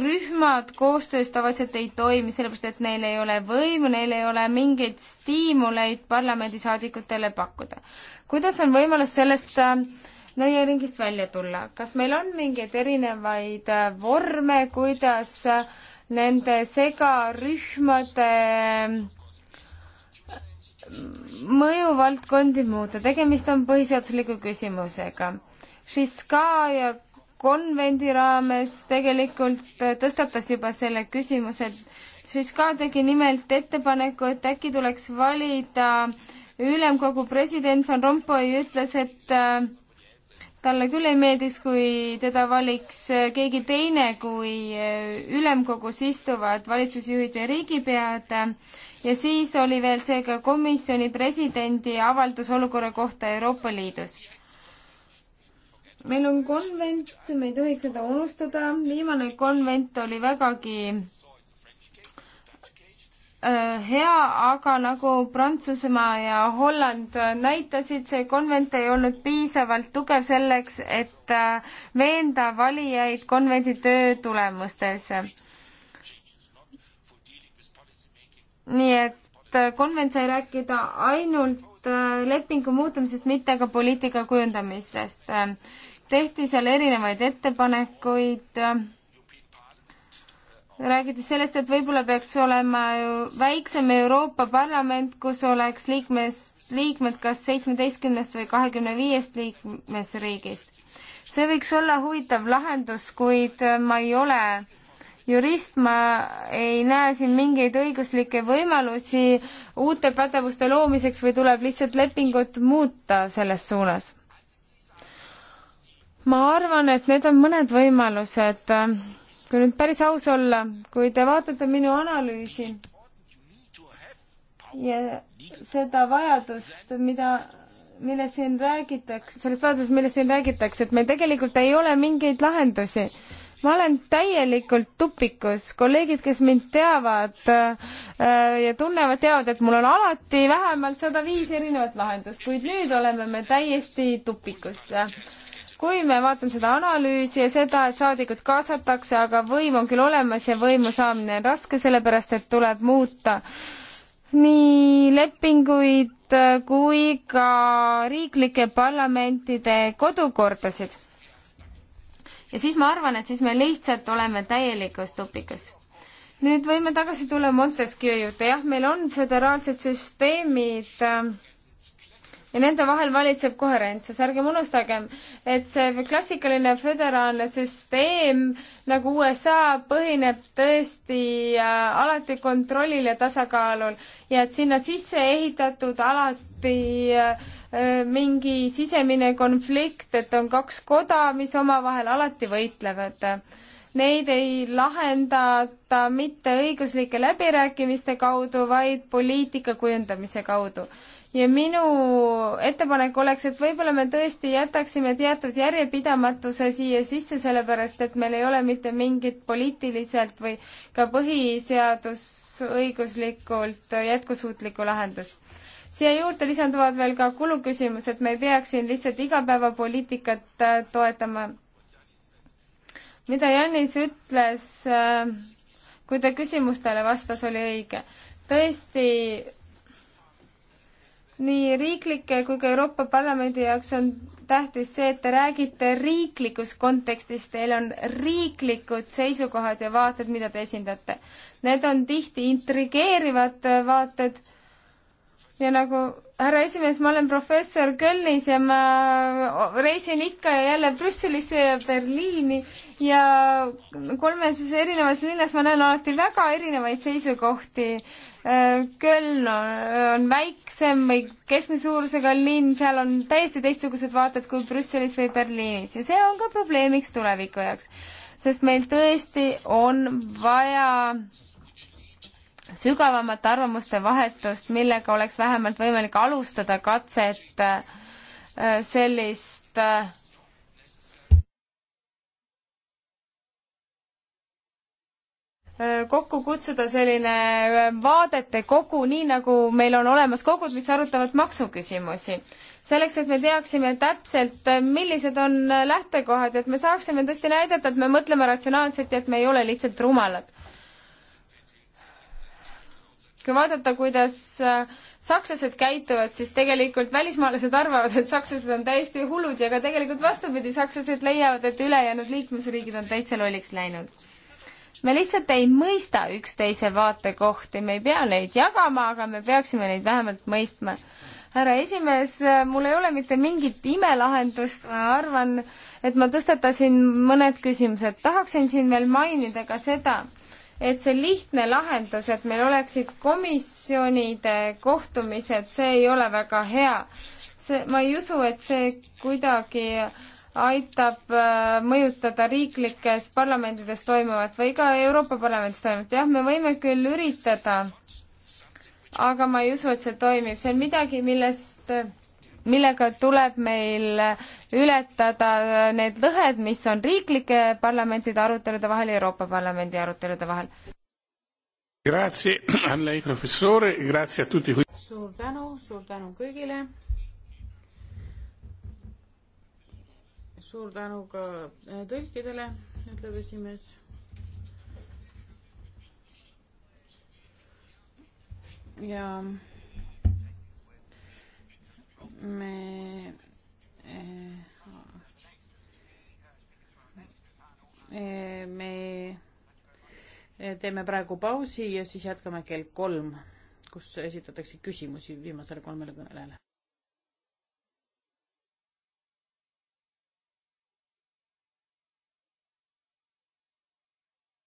rühmad koostöös tavaliselt ei toimi, sellepärast et neil ei ole võimu, neil ei ole mingeid stiimuleid parlamendisaadikutele pakkuda. kuidas on võimalus sellest äh, nõiaringist välja tulla, kas meil on mingeid erinevaid äh, vorme, kuidas äh, nende segarühmade mõjuvaldkondi muuta, tegemist on põhiseadusliku küsimusega. Šiska ja konvendi raames tegelikult äh, tõstatas juba selle küsimuse, et Fiskaal tegi nimelt ettepaneku, et äkki tuleks valida ülemkogu president Van Rompuy ütles, et äh, talle küll ei meeldiks, kui teda valiks äh, keegi teine kui ülemkogus istuvad valitsusjuhid ja riigipead ja siis oli veel see ka komisjoni presidendi avaldus olukorra kohta Euroopa Liidus meil on konvent, me ei tohiks seda unustada, viimane konvent oli vägagi äh, hea, aga nagu Prantsusmaa ja Holland näitasid, see konvent ei olnud piisavalt tugev selleks, et äh, veenda valijaid konvendi töö tulemustes. nii et äh, konvent sai rääkida ainult lepingu muutumisest, mitte ka poliitika kujundamisest tehti seal erinevaid ettepanekuid, räägiti sellest, et võib-olla peaks olema ju väiksem Euroopa Parlament, kus oleks liikmes, liikmed kas seitsmeteistkümnest või kahekümne viiest liikmesriigist. see võiks olla huvitav lahendus, kuid ma ei ole jurist, ma ei näe siin mingeid õiguslikke võimalusi uute pädevuste loomiseks või tuleb lihtsalt lepingut muuta selles suunas ma arvan, et need on mõned võimalused. Äh, kui nüüd päris aus olla, kui te vaatate minu analüüsi ja seda vajadust, mida millest siin räägitakse, selles vastuses, millest siin räägitakse, et meil tegelikult ei ole mingeid lahendusi. ma olen täielikult tupikus, kolleegid, kes mind teavad äh, ja tunnevad, teavad, et mul on alati vähemalt sada viis erinevat lahendust, kuid nüüd oleme me täiesti tupikus äh, kui me vaatame seda analüüsi ja seda, et saadikud kaasatakse, aga võim on küll olemas ja võimu saamine on raske, sellepärast et tuleb muuta nii lepinguid äh, kui ka riiklike parlamentide kodukordasid. ja siis ma arvan, et siis me lihtsalt oleme täielikus tupikus nüüd võime tagasi tulla Montesquieu juurde, jah, meil on föderaalsed süsteemid äh, ja nende vahel valitseb koherentsus, ärgem unustagem, et see klassikaline föderaalne süsteem nagu USA põhineb tõesti äh, alati kontrollil ja tasakaalul ja et sinna sisse ehitatud alati äh, mingi sisemine konflikt, et on kaks koda, mis omavahel alati võitlevad neid ei lahendata mitte õiguslike läbirääkimiste kaudu, vaid poliitika kujundamise kaudu ja minu ettepanek oleks, et võib-olla me tõesti jätaksime teatud järjepidamatuse siia sisse, sellepärast et meil ei ole mitte mingit poliitiliselt või ka põhiseadusõiguslikult jätkusuutlikku lahendust siia juurde lisanduvad veel ka kuluküsimused, me ei peaks siin lihtsalt igapäevapoliitikat äh, toetama. mida Janis ütles, äh, kui ta küsimustele vastas, oli õige. tõesti, nii riiklike kui ka Euroopa Parlamendi jaoks on tähtis see, et te räägite riiklikus kontekstis, teil on riiklikud seisukohad ja vaated, mida te esindate. Need on tihti intrigeerivad vaated ja nagu härra esimees, ma olen professor Kölnis ja ma reisin ikka ja jälle Brüsselisse ja Berliini ja kolmes erinevas linnas ma näen alati väga erinevaid seisukohti. Äh, Köln on väiksem või keskmise suurusega linn, seal on täiesti teistsugused vaated kui Brüsselis või Berliinis ja see on ka probleemiks tuleviku jaoks, sest meil tõesti on vaja sügavamat arvamuste vahetust, millega oleks vähemalt võimalik alustada katset äh, sellist äh, kokku kutsuda selline äh, vaadete kogu, nii nagu meil on olemas kogud, mis arutavad maksuküsimusi. selleks, et me teaksime täpselt, millised on lähtekohad, et me saaksime tõesti näidata, et me mõtleme ratsionaalselt ja et me ei ole lihtsalt rumalad kui vaadata, kuidas äh, sakslased käituvad, siis tegelikult välismaalased arvavad, et sakslased on täiesti hullud ja ka tegelikult vastupidi, sakslased leiavad, et ülejäänud liikmesriigid on täitsa lolliks läinud. me lihtsalt ei mõista üksteise vaatekohti, me ei pea neid jagama, aga me peaksime neid vähemalt mõistma. härra esimees, mul ei ole mitte mingit imelahendust, ma arvan, et ma tõstatasin mõned küsimused. tahaksin siin veel mainida ka seda, et see lihtne lahendus, et meil oleksid komisjonide kohtumised, see ei ole väga hea. see, ma ei usu, et see kuidagi aitab äh, mõjutada riiklikes parlamendides toimuvat või ka Euroopa Parlamendis toimuvat, jah, me võime küll üritada, aga ma ei usu, et see toimib, see on midagi, millest millega tuleb meil ületada need lõhed, mis on riiklike parlamentide arutelude vahel ja Euroopa Parlamendi arutelude vahel. suur tänu, suur tänu kõigile. suur tänu ka eh, tõlkidele, ütleb esimees ja me eh, eh, me teeme praegu pausi ja siis jätkame kell kolm, kus esitatakse küsimusi viimasele kolmele kõnelejale.